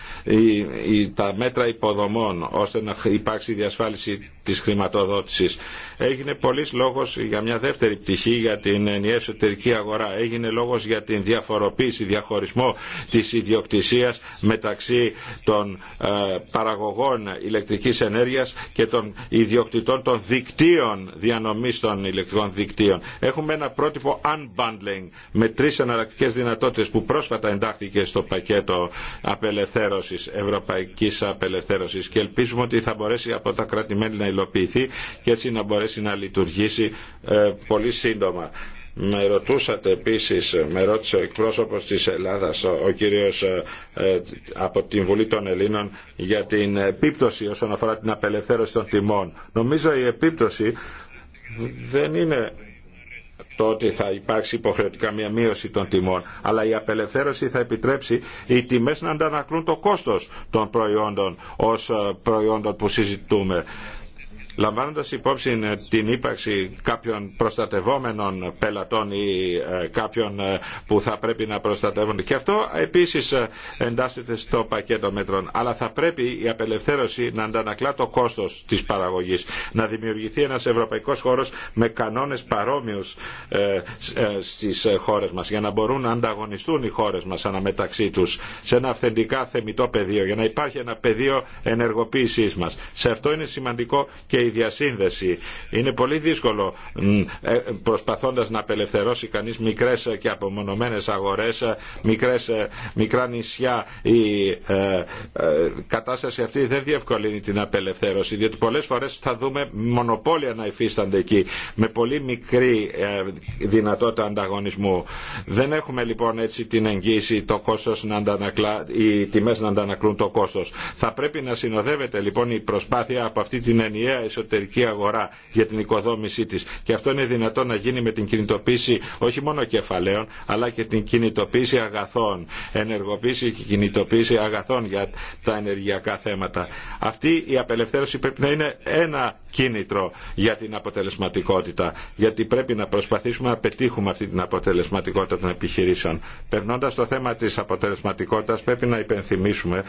τα μέτρα υποδομών ώστε να υπάρξει διασφάλιση της χρηματοδότησης. Έγινε πολλή λόγος για μια δεύτερη πτυχή για την ενιαία εσωτερική αγορά. Έγινε λόγος για την διαφοροποίηση, διαχωρισμό της ιδιοκτησίας μεταξύ των ε, παραγωγών ηλεκτρικής ενέργειας και των ιδιοκτητών των δικτύων διανομής των ηλεκτρικών δικτύων. Έχουμε ένα πρότυπο unbundling με τρεις εναλλακτικές δυνατότητες που πρόσφατα εντάχθηκε στο πακέτο απελευθέρωσης, ευρωπαϊκής απελευθέρωσης και ελπίζουμε ότι θα μπορέσει από τα κρατη και έτσι να μπορέσει να λειτουργήσει ε, πολύ σύντομα. Με ρωτούσατε επίσης, με ρώτησε ο εκπρόσωπος της Ελλάδας, ο κύριος ε, ε, από την Βουλή των Ελλήνων, για την επίπτωση όσον αφορά την απελευθέρωση των τιμών. Νομίζω η επίπτωση δεν είναι το ότι θα υπάρξει υποχρεωτικά μια μείωση των τιμών, αλλά η απελευθέρωση θα επιτρέψει οι τιμές να αντανακλούν το κόστος των προϊόντων ως προϊόντων που συζητούμε. Λαμβάνοντας υπόψη ε, την ύπαρξη κάποιων προστατευόμενων πελατών ή ε, κάποιων ε, που θα πρέπει να προστατεύονται και αυτό επίσης εντάσσεται στο πακέτο μέτρων. Αλλά θα πρέπει η απελευθέρωση να αντανακλά το κόστος της παραγωγής, να δημιουργηθεί ένας ευρωπαϊκός χώρος με κανόνες παρόμοιους στις χώρες μας για να μπορούν να ανταγωνιστούν οι χώρες μας αναμεταξύ τους σε ένα αυθεντικά θεμητό πεδίο, για να υπάρχει ένα πεδίο ενεργοποίησής μας. Σε αυτό είναι σημαντικό και διασύνδεση. Είναι πολύ δύσκολο ε, προσπαθώντας να απελευθερώσει κανείς μικρές και απομονωμένες αγορές, μικρές, ε, μικρά νησιά. Η ε, κατάσταση αυτή δεν διευκολύνει την απελευθέρωση, διότι πολλές φορές θα δούμε μονοπόλια να υφίστανται εκεί, με πολύ μικρή δυνατότητα ανταγωνισμού. Δεν έχουμε λοιπόν έτσι την εγγύηση το κόστος να αντανακλά, οι τιμές να αντανακλούν το κόστος. Θα πρέπει να συνοδεύεται λοιπόν η προσπάθεια από αυτή την ενιαία εσωτερική αγορά για την οικοδόμησή της. Και αυτό είναι δυνατό να γίνει με την κινητοποίηση όχι μόνο κεφαλαίων, αλλά και την κινητοποίηση αγαθών, ενεργοποίηση και κινητοποίηση αγαθών για τα ενεργειακά θέματα. Αυτή η απελευθέρωση πρέπει να είναι ένα κίνητρο για την αποτελεσματικότητα, γιατί πρέπει να προσπαθήσουμε να πετύχουμε αυτή την αποτελεσματικότητα των επιχειρήσεων. περνώντα το θέμα τη αποτελεσματικότητας πρέπει να υπενθυμίσουμε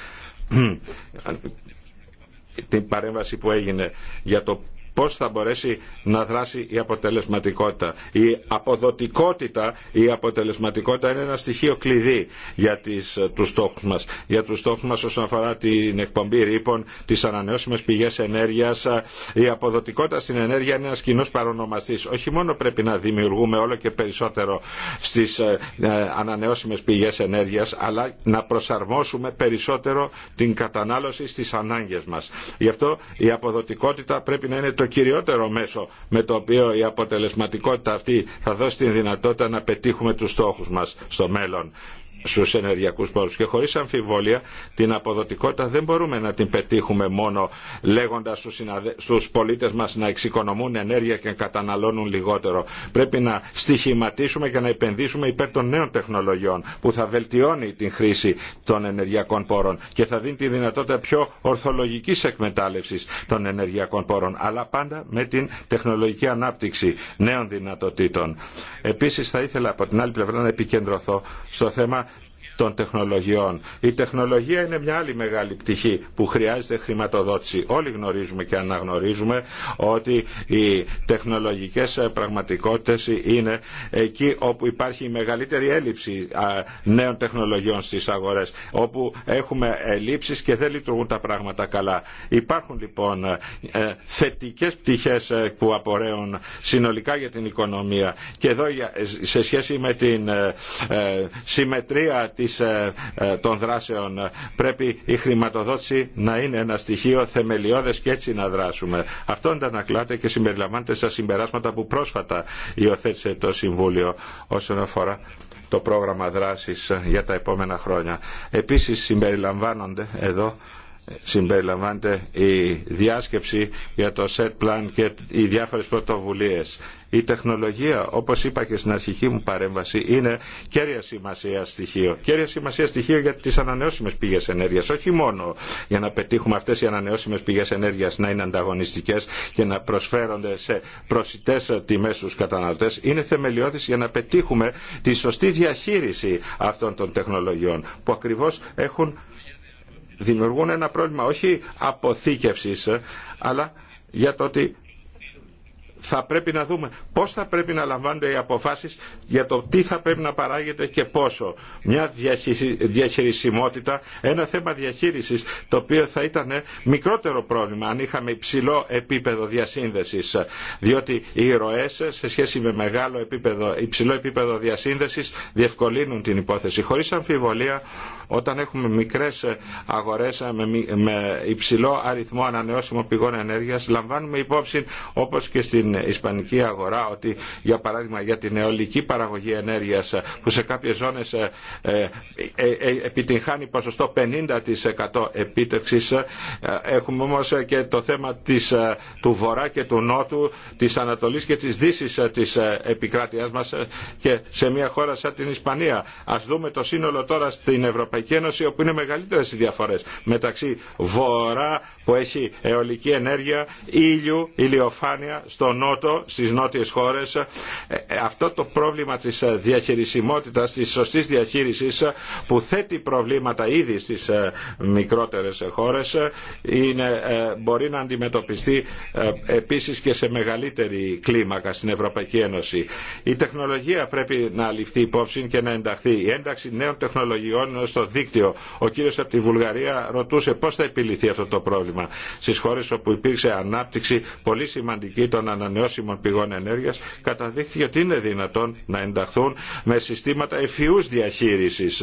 την παρέμβαση που έγινε για το πώς θα μπορέσει να δράσει η αποτελεσματικότητα. Η αποδοτικότητα, η αποτελεσματικότητα είναι ένα στοιχείο κλειδί για τις, ε, τους στόχους μας. Για τους στόχους μας όσον αφορά την εκπομπή ρήπων, τις ανανεώσιμες πηγές ενέργειας, ε, η αποδοτικότητα στην ενέργεια είναι ένας κοινό παρονομαστής. Όχι μόνο πρέπει να δημιουργούμε όλο και περισσότερο στις ε, ανανεώσιμες πηγές ενέργειας, αλλά να προσαρμόσουμε περισσότερο την κατανάλωση στις ανάγκες μας. Γι' αυτό η αποδοτικότητα πρέπει να είναι το κυριότερο μέσο με το οποίο η αποτελεσματικότητα αυτή θα δώσει τη δυνατότητα να πετύχουμε τους στόχους μας στο μέλλον στου ενεργειακού πόρου. και χωρί αμφιβολία την αποδοτικότητα δεν μπορούμε να την πετύχουμε μόνο λέγοντα στου πολίτε μα να εξοικονομούν ενέργεια και να καταναλώνουν λιγότερο. Πρέπει να στοιχηματίσουμε και να επενδύσουμε υπέρ των νέων τεχνολογιών που θα βελτιώνει την χρήση των ενεργειακών πόρων και θα δίνει τη δυνατότητα πιο ορθολογική εκμετάλλευση των ενεργειακών πόρων αλλά πάντα με την τεχνολογική ανάπτυξη νέων δυνατοτήτων. Επίση, θα ήθελα από την άλλη πλευρά να επικεντρωθώ στο θέμα των τεχνολογιών. Η τεχνολογία είναι μια άλλη μεγάλη πτυχή που χρειάζεται χρηματοδότηση. Όλοι γνωρίζουμε και αναγνωρίζουμε ότι οι τεχνολογικές πραγματικότητες είναι εκεί όπου υπάρχει η μεγαλύτερη έλλειψη νέων τεχνολογιών στις αγορές, όπου έχουμε ελλείψεις και δεν λειτουργούν τα πράγματα καλά. Υπάρχουν λοιπόν ε, θετικές πτυχές ε, που απορρέουν συνολικά για την οικονομία και εδώ ε, σε σχέση με την συμμετρία ε, ε, των δράσεων. Πρέπει η χρηματοδότηση να είναι ένα στοιχείο θεμελιώδες και έτσι να δράσουμε. Αυτό αντανακλάται και συμπεριλαμβάνεται στα συμπεράσματα που πρόσφατα υιοθέτησε το Συμβούλιο όσον αφορά το πρόγραμμα δράσης για τα επόμενα χρόνια. Επίσης συμπεριλαμβάνονται εδώ συμπεριλαμβάνεται η διάσκεψη για το set plan και οι διάφορες πρωτοβουλίες. Η τεχνολογία, όπως είπα και στην αρχική μου παρέμβαση, είναι κέρια σημασία στοιχείο. Κέρια σημασία στοιχείο για τις ανανεώσιμες πηγές ενέργειας. Όχι μόνο για να πετύχουμε αυτές οι ανανεώσιμες πηγές ενέργειας να είναι ανταγωνιστικές και να προσφέρονται σε προσιτές τιμές στους καταναλωτές. Είναι θεμελιώδης για να πετύχουμε τη σωστή διαχείριση αυτών των τεχνολογιών που ακριβώς έχουν δημιουργούν ένα πρόβλημα όχι αποθήκευσης ε, αλλά για το ότι θα πρέπει να δούμε πώς θα πρέπει να λαμβάνονται οι αποφάσεις για το τι θα πρέπει να παράγεται και πόσο. Μια διαχειρισιμότητα, ένα θέμα διαχείρισης το οποίο θα ήταν μικρότερο πρόβλημα αν είχαμε υψηλό επίπεδο διασύνδεσης διότι οι ροές σε σχέση με μεγάλο επίπεδο, υψηλό επίπεδο διασύνδεσης διευκολύνουν την υπόθεση. Χωρίς αμφιβολία όταν έχουμε μικρές αγορές με υψηλό αριθμό ανανεώσιμων πηγών ενέργειας λαμβάνουμε υπόψη όπως και στην στην ισπανική αγορά ότι για παράδειγμα για την αιωλική παραγωγή ενέργειας ε, που σε κάποιες ζώνες ε, ε, επιτυγχάνει ποσοστό 50% επίτευξης έχουμε όμως και το θέμα της, του βορρά και του νότου της ανατολής και της δύσης της επικράτειάς μας και σε μια χώρα σαν την Ισπανία ας δούμε το σύνολο τώρα στην Ευρωπαϊκή Ένωση όπου είναι μεγαλύτερες οι διαφορές μεταξύ βορρά που έχει αιωλική ενέργεια, ήλιου, ηλιοφάνεια στο νότο, στις νότιες χώρες. Ε, ε, αυτό το πρόβλημα της ε, διαχειρισιμότητας, της σωστής διαχείρισης που θέτει προβλήματα ήδη στις μικρότερες χώρες είναι, μπορεί να αντιμετωπιστεί επίσης και σε μεγαλύτερη κλίμακα στην Ευρωπαϊκή Ένωση. Η τεχνολογία πρέπει να ληφθεί υπόψη και να ενταχθεί. Η ένταξη νέων τεχνολογιών στο δίκτυο. Ο κύριος από τη Βουλγαρία ρωτούσε πώς θα επιληθεί αυτό το πρόβλημα παράδειγμα στις χώρες όπου υπήρξε ανάπτυξη πολύ σημαντική των ανανεώσιμων πηγών ενέργειας καταδείχθηκε ότι είναι δυνατόν να ενταχθούν με συστήματα εφιούς διαχείρισης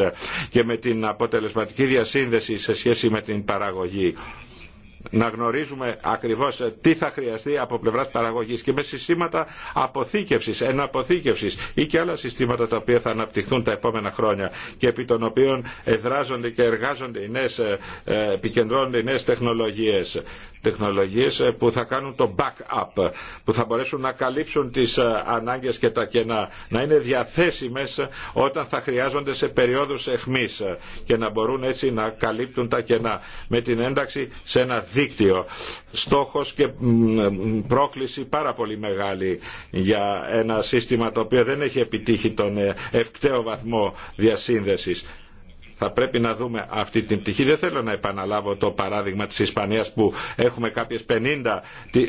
και με την αποτελεσματική διασύνδεση σε σχέση με την παραγωγή να γνωρίζουμε ακριβώς ε, τι θα χρειαστεί από πλευράς παραγωγής και με συστήματα αποθήκευσης, εναποθήκευσης ή και άλλα συστήματα τα οποία θα αναπτυχθούν τα επόμενα χρόνια και επί των οποίων εδράζονται και εργάζονται οι νέες, ε, ε, επικεντρώνονται οι νέες τεχνολογίες. Τεχνολογίες που θα κάνουν το backup, που θα μπορέσουν να καλύψουν τις ανάγκες και τα κενά, να είναι διαθέσιμες όταν θα χρειάζονται σε περιόδους εχμής και να μπορούν έτσι να καλύπτουν τα κενά με την ένταξη σε ένα δίκτυο. Στόχος και πρόκληση πάρα πολύ μεγάλη για ένα σύστημα το οποίο δεν έχει επιτύχει τον ε, ευκταίο βαθμό διασύνδεσης θα πρέπει να δούμε αυτή την πτυχή. Δεν θέλω να επαναλάβω το παράδειγμα της Ισπανίας που έχουμε κάποιες 50,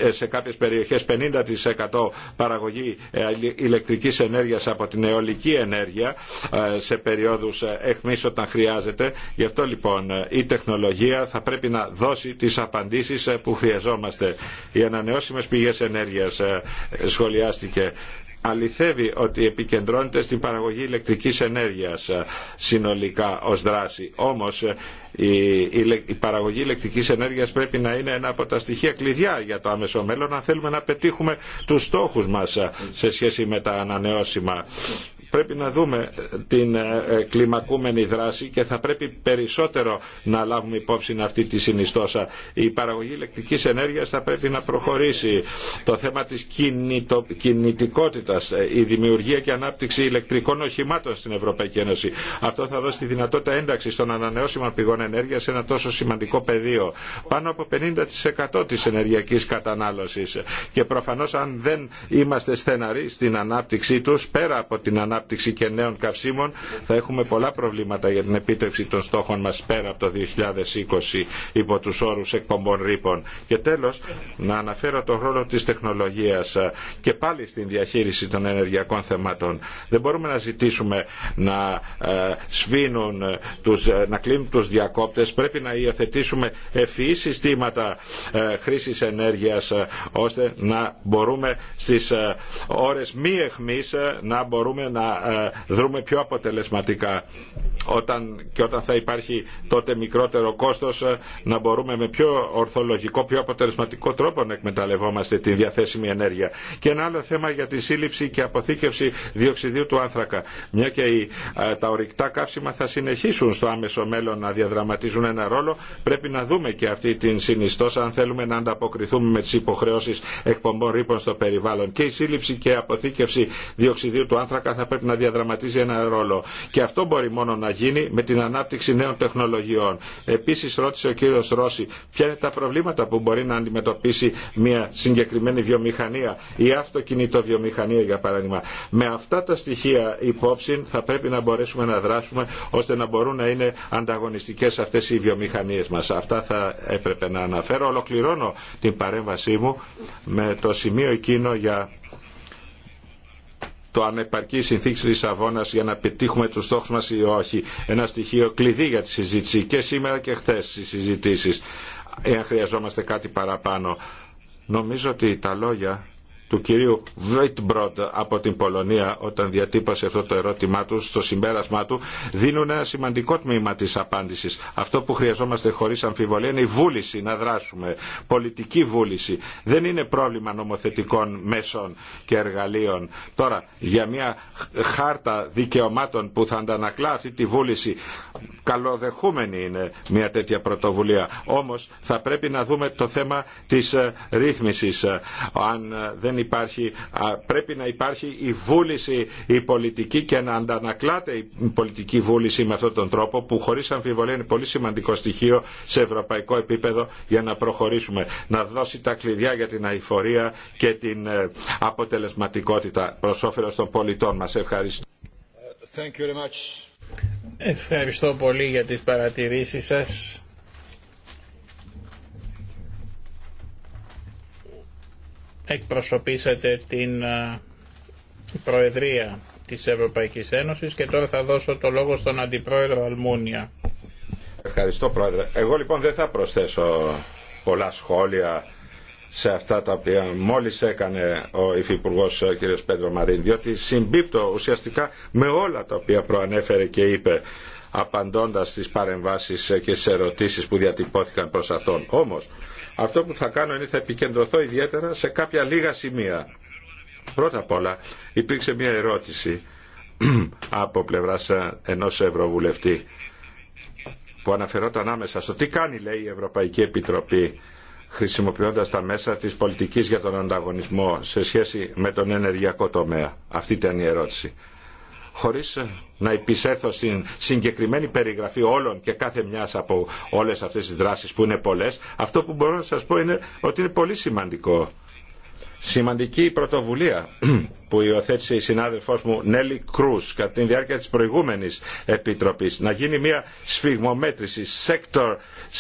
ε, σε κάποιες περιοχές 50% παραγωγή ε, ηλεκτρικής ενέργειας από την αιωλική ενέργεια ε, σε περιόδους εχμής όταν χρειάζεται. Γι' αυτό λοιπόν η τεχνολογία θα πρέπει να δώσει τις απαντήσεις που χρειαζόμαστε. Οι ανανεώσιμες πηγές ενέργειας σχολιάστηκε αληθεύει ότι επικεντρώνεται στην παραγωγή ηλεκτρικής ενέργειας ε, συνολικά ως δράση. Όμως ε, η παραγωγή ηλεκτρικής ενέργειας πρέπει να είναι ένα από τα στοιχεία κλειδιά για το άμεσο μέλλον αν θέλουμε να πετύχουμε τους στόχους μας ε, σε σχέση με τα ανανεώσιμα πρέπει να δούμε ε, την ε, ε, κλιμακούμενη δράση και θα πρέπει περισσότερο να λάβουμε υπόψη αυτή τη συνιστόσα. Η παραγωγή ηλεκτρικής ενέργειας θα πρέπει να προχωρήσει. Το θέμα της κινητο... κινητικότητας, η δημιουργία και ανάπτυξη ηλεκτρικών οχημάτων στην Ευρωπαϊκή Ένωση. Αυτό θα δώσει τη δυνατότητα ένταξη των ανανεώσιμων πηγών ενέργειας σε ένα τόσο σημαντικό πεδίο. Πάνω από 50% της ενεργειακής κατανάλωσης. Και προφανώς αν δεν είμαστε στεναροί στην ανάπτυξή τους, πέρα από την ανάπτυξη ανάπτυξη και νέων καυσίμων θα έχουμε πολλά προβλήματα για την επίτευξη των στόχων μας πέρα από το 2020 υπό τους όρους εκπομπών ρήπων. Και τέλος, να αναφέρω τον ρόλο της τεχνολογίας ε, και πάλι στην διαχείριση των ενεργειακών θεμάτων. Δεν μπορούμε να ζητήσουμε να ε, σβήνουν, ε, τους, να κλείνουν τους διακόπτες. Πρέπει να υιοθετήσουμε ευφυή συστήματα χρήσης ενέργειας ώστε να μπορούμε στις ώρες μη εχμής να μπορούμε να να ε, δρούμε πιο αποτελεσματικά όταν, και όταν θα υπάρχει τότε μικρότερο κόστος ε, να μπορούμε με πιο ορθολογικό, πιο αποτελεσματικό τρόπο να εκμεταλλευόμαστε τη διαθέσιμη ενέργεια. Και ένα άλλο θέμα για τη σύλληψη και αποθήκευση διοξιδίου του άνθρακα. Μια και ε, τα ορυκτά καύσιμα θα συνεχίσουν στο άμεσο μέλλον να διαδραματίζουν ένα ρόλο, πρέπει να δούμε και αυτή την συνιστόσα αν θέλουμε να ανταποκριθούμε με τις υποχρεώσεις εκπομπών ρήπων στο περιβάλλον. Και η σύλληψη και αποθήκευση διοξιδίου του άνθρακα θα πρέπει να διαδραματίζει ένα ρόλο. Και αυτό μπορεί μόνο να γίνει με την ανάπτυξη νέων τεχνολογιών. Επίση, ρώτησε ο κύριο Ρώση ποια είναι τα προβλήματα που μπορεί να αντιμετωπίσει μια συγκεκριμένη βιομηχανία ή αυτοκινητοβιομηχανία για παράδειγμα. Με αυτά τα στοιχεία υπόψη θα πρέπει να μπορέσουμε να δράσουμε ώστε να μπορούν να είναι ανταγωνιστικέ αυτέ οι βιομηχανίε μα. Αυτά θα έπρεπε να αναφέρω. Ολοκληρώνω την παρέμβασή μου με το σημείο εκείνο για το αν επαρκεί η συνθήκη Λισαβόνα για να πετύχουμε του στόχου μα ή όχι. Ένα στοιχείο κλειδί για τη συζήτηση και σήμερα και χθε στι συζητήσει. Εάν χρειαζόμαστε κάτι παραπάνω. Νομίζω ότι τα λόγια του κυρίου Βέιτμπροντ από την Πολωνία όταν διατύπωσε αυτό το ερώτημά του στο συμπέρασμά του δίνουν ένα σημαντικό τμήμα της απάντησης. Αυτό που χρειαζόμαστε χωρίς αμφιβολία είναι η βούληση να δράσουμε, πολιτική βούληση. Δεν είναι πρόβλημα νομοθετικών μέσων και εργαλείων. Τώρα, για μια χάρτα δικαιωμάτων που θα αντανακλά αυτή τη βούληση, καλοδεχούμενη είναι μια τέτοια πρωτοβουλία. Όμως θα πρέπει να δούμε το θέμα της ε, ρύθμισης. Ε, αν ε, πρέπει να υπάρχει η βούληση η πολιτική και να αντανακλάται η πολιτική βούληση με αυτόν τον τρόπο που χωρίς αμφιβολία είναι πολύ σημαντικό στοιχείο σε ευρωπαϊκό επίπεδο για να προχωρήσουμε. Να δώσει τα κλειδιά για την αηφορία και την ε, αποτελεσματικότητα προς όφελος των πολιτών μας. Ευχαριστώ.
Ευχαριστώ πολύ για τις παρατηρήσεις σας. εκπροσωπήσατε την ε, Προεδρία της Ευρωπαϊκής Ένωσης και τώρα θα δώσω το λόγο στον Αντιπρόεδρο Αλμούνια.
Ευχαριστώ Πρόεδρε. Εγώ λοιπόν δεν θα προσθέσω πολλά σχόλια σε αυτά τα οποία μόλις έκανε ο Υφυπουργός κ. Πέντρο Μαρίν, διότι συμπίπτω ουσιαστικά με όλα τα οποία προανέφερε και είπε απαντώντας στις παρεμβάσεις και στις ερωτήσεις που διατυπώθηκαν προς αυτόν. Όμως, αυτό που θα κάνω είναι θα επικεντρωθώ ιδιαίτερα σε κάποια λίγα σημεία. Πρώτα απ' όλα υπήρξε μια ερώτηση από πλευράς ε, ενός Ευρωβουλευτή που αναφερόταν άμεσα στο τι κάνει λέει η Ευρωπαϊκή Επιτροπή χρησιμοποιώντας τα μέσα της πολιτικής για τον ανταγωνισμό σε σχέση με τον ενεργειακό τομέα. Αυτή ήταν η ερώτηση χωρίς να επισέθω στην συγκεκριμένη περιγραφή όλων και κάθε μιας από όλες αυτές τις δράσεις που είναι πολλές, αυτό που μπορώ να σας πω είναι ότι είναι πολύ σημαντικό. Σημαντική πρωτοβουλία που υιοθέτησε η συνάδελφός μου Νέλη Κρούς κατά τη διάρκεια της προηγούμενης Επιτροπής να γίνει μια σφιγμομέτρηση sector,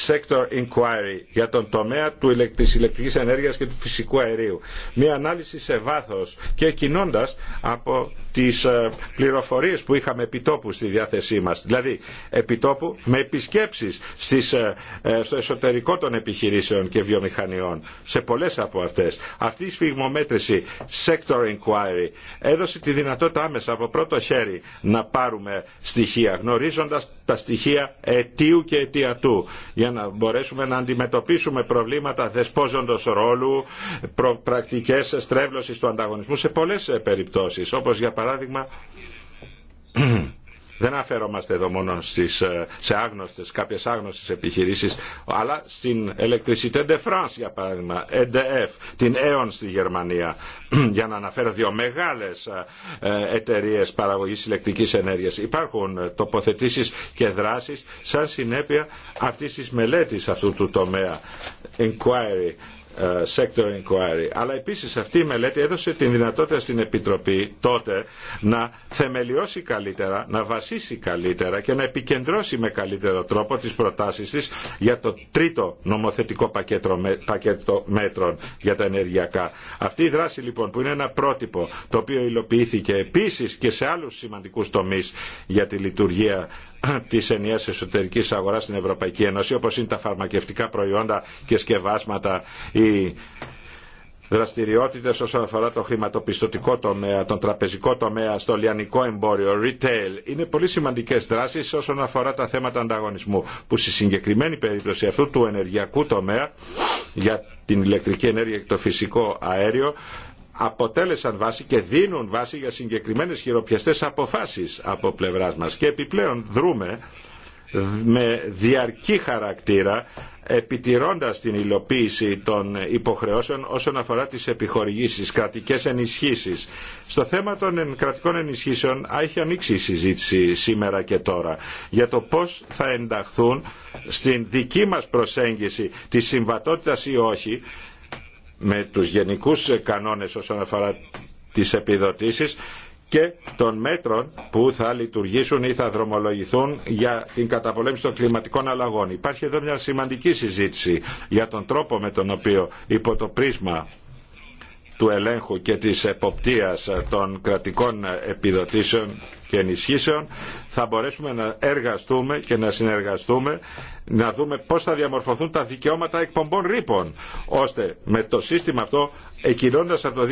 sector inquiry για τον τομέα του, της ηλεκτρικής ενέργειας και του φυσικού αερίου. Μια ανάλυση σε βάθος και κινώντα από τις ε, πληροφορίες που είχαμε επιτόπου στη διάθεσή μας. Δηλαδή επιτόπου με επισκέψεις στις, ε, ε, στο εσωτερικό των επιχειρήσεων και βιομηχανιών σε πολλές από αυτές. Αυτή η σφιγμομέτρηση sector inquiry Έδωσε τη δυνατότητα άμεσα από πρώτο χέρι να πάρουμε στοιχεία, γνωρίζοντας τα στοιχεία αιτίου και αιτιατού, για να μπορέσουμε να αντιμετωπίσουμε προβλήματα δεσπόζοντος ρόλου, προ, πρακτικές στρέβλωσης του ανταγωνισμού σε πολλές ε, περιπτώσεις, όπως για παράδειγμα δεν αφαιρόμαστε εδώ μόνο στις, ε, σε άγνωστες, κάποιες άγνωστες επιχειρήσεις, αλλά στην Electricité de France, για παράδειγμα, EDF, την E.ON στη Γερμανία, για να αναφέρω δύο μεγάλες ε, ε, εταιρείε παραγωγής ηλεκτρικής ενέργειας. Υπάρχουν τοποθετήσεις και δράσεις σαν συνέπεια αυτής της μελέτης αυτού του τομέα. Inquiry ε, sector Inquiry. Αλλά επίσης αυτή η μελέτη έδωσε την δυνατότητα στην Επιτροπή τότε να θεμελιώσει καλύτερα, να βασίσει καλύτερα και να επικεντρώσει με καλύτερο τρόπο τις προτάσεις της για το τρίτο νομοθετικό πακέτο, πακέτο μέτρων για τα ενεργειακά. Αυτή η δράση λοιπόν που είναι ένα πρότυπο το οποίο υλοποιήθηκε επίσης και σε άλλους σημαντικούς τομείς για τη λειτουργία Τη ενιαία εσωτερική αγορά στην Ευρωπαϊκή Ένωση όπως είναι τα φαρμακευτικά προϊόντα και σκευάσματα ή δραστηριότητε όσον αφορά το χρηματοπιστωτικό τομέα, τον τραπεζικό τομέα, στο λιανικό εμπόριο, retail. Είναι πολύ σημαντικέ δράσει όσον αφορά τα θέματα ανταγωνισμού που στη συγκεκριμένη περίπτωση αυτού του ενεργειακού τομέα για την ηλεκτρική ενέργεια και το φυσικό αέριο αποτέλεσαν βάση και δίνουν βάση για συγκεκριμένες χειροπιαστές αποφάσεις από πλευράς μας. Και επιπλέον δρούμε με διαρκή χαρακτήρα επιτηρώντας την υλοποίηση των υποχρεώσεων όσον αφορά τις επιχορηγήσεις, κρατικές ενισχύσεις. Στο θέμα των κρατικών ενισχύσεων έχει ανοίξει η συζήτηση σήμερα και τώρα για το πώς θα ενταχθούν στην δική μας προσέγγιση της συμβατότητας ή όχι με τους γενικούς κανόνες όσον αφορά τις επιδοτήσεις και των μέτρων που θα λειτουργήσουν ή θα δρομολογηθούν για την καταπολέμηση των κλιματικών αλλαγών. Υπάρχει εδώ μια σημαντική συζήτηση για τον τρόπο με τον οποίο υπό το πρίσμα του ελέγχου και της εποπτείας των κρατικών επιδοτήσεων και ενισχύσεων θα μπορέσουμε να εργαστούμε και να συνεργαστούμε να δούμε πώς θα διαμορφωθούν τα δικαιώματα εκπομπών ρήπων ώστε με το σύστημα αυτό εκκυρώνοντας από το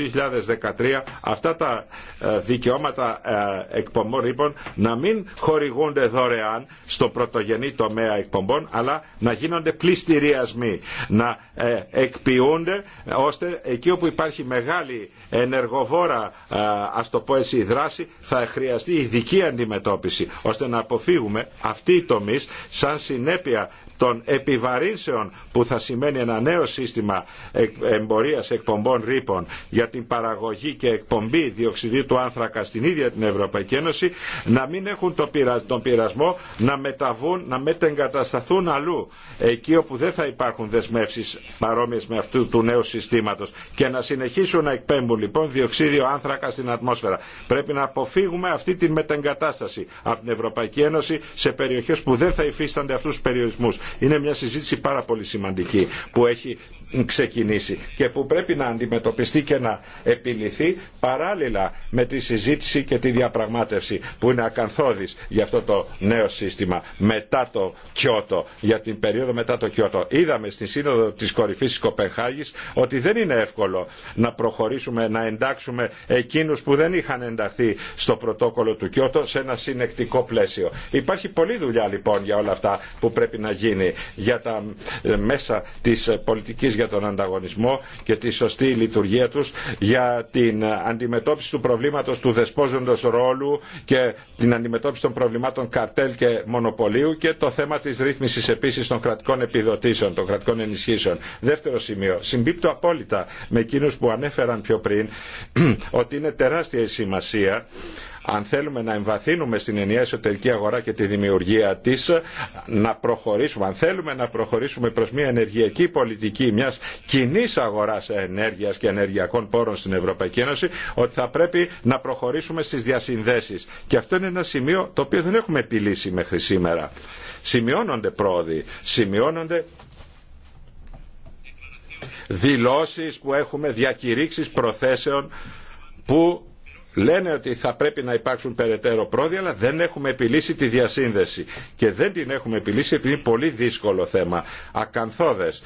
2013 αυτά τα ε, δικαιώματα ε, εκπομπών ρήπων να μην χορηγούνται δωρεάν στο πρωτογενή τομέα εκπομπών αλλά να γίνονται πληστηριασμοί να ε, εκποιούνται ώστε εκεί όπου υπάρχει μεγάλη ενεργοβόρα ας το πω έτσι δράση θα χρειαστεί ειδική αντιμετώπιση ώστε να αποφύγουμε αυτή η τομείς σαν συνέπεια των επιβαρύνσεων που θα σημαίνει ένα νέο σύστημα εμπορίας εκπομπών ρήπων για την παραγωγή και εκπομπή διοξιδίου του άνθρακα στην ίδια την Ευρωπαϊκή Ένωση να μην έχουν τον πειρασμό να μεταβούν, να μετεγκατασταθούν αλλού εκεί όπου δεν θα υπάρχουν δεσμεύσεις παρόμοιες με αυτού του νέου συστήματος και να συνεχίσουν να εκπέμπουν λοιπόν διοξίδιο άνθρακα στην ατμόσφαιρα. Πρέπει να αποφύγουμε αυτή την μετεγκατάσταση από την Ευρωπαϊκή Ένωση σε περιοχέ που δεν θα υφίστανται αυτού τους περιορισμούς είναι μια συζήτηση πάρα πολύ σημαντική που έχει ξεκινήσει και που πρέπει να αντιμετωπιστεί και να επιληθεί παράλληλα με τη συζήτηση και τη διαπραγμάτευση που είναι ακαθόδης για αυτό το νέο σύστημα μετά το Κιώτο, για την περίοδο μετά το Κιώτο. Είδαμε στη Σύνοδο της Κορυφής της Κοπενχάγης ότι δεν είναι εύκολο να προχωρήσουμε, να εντάξουμε εκείνους που δεν είχαν ενταχθεί στο πρωτόκολλο του Κιώτο σε ένα συνεκτικό πλαίσιο. Υπάρχει πολλή δουλειά λοιπόν για όλα αυτά που πρέπει να γίνει για τα ε, μέσα της πολιτικής για τον ανταγωνισμό και τη σωστή λειτουργία τους για την αντιμετώπιση του προβλήματος του δεσπόζοντος ρόλου και την αντιμετώπιση των προβλημάτων καρτέλ και μονοπωλίου και το θέμα της ρύθμισης επίσης των κρατικών επιδοτήσεων, των κρατικών ενισχύσεων. Δεύτερο σημείο, συμπίπτω απόλυτα με εκείνους που ανέφεραν πιο πριν ότι είναι τεράστια η σημασία αν θέλουμε να εμβαθύνουμε στην ενιαία εσωτερική αγορά και τη δημιουργία της, να προχωρήσουμε, αν θέλουμε να προχωρήσουμε προς μια ενεργειακή πολιτική μιας κοινή αγοράς ενέργειας και ενεργειακών πόρων στην Ευρωπαϊκή Ένωση, ότι θα πρέπει να προχωρήσουμε στις διασυνδέσεις. Και αυτό είναι ένα σημείο το οποίο δεν έχουμε επιλύσει μέχρι σήμερα. Σημειώνονται πρόοδοι, σημειώνονται δηλώσεις που έχουμε, διακηρύξεις προθέσεων που λένε ότι θα πρέπει να υπάρξουν περαιτέρω πρόδια, αλλά δεν έχουμε επιλύσει τη διασύνδεση. Και δεν την έχουμε επιλύσει επειδή είναι πολύ δύσκολο θέμα. Ακαθόδες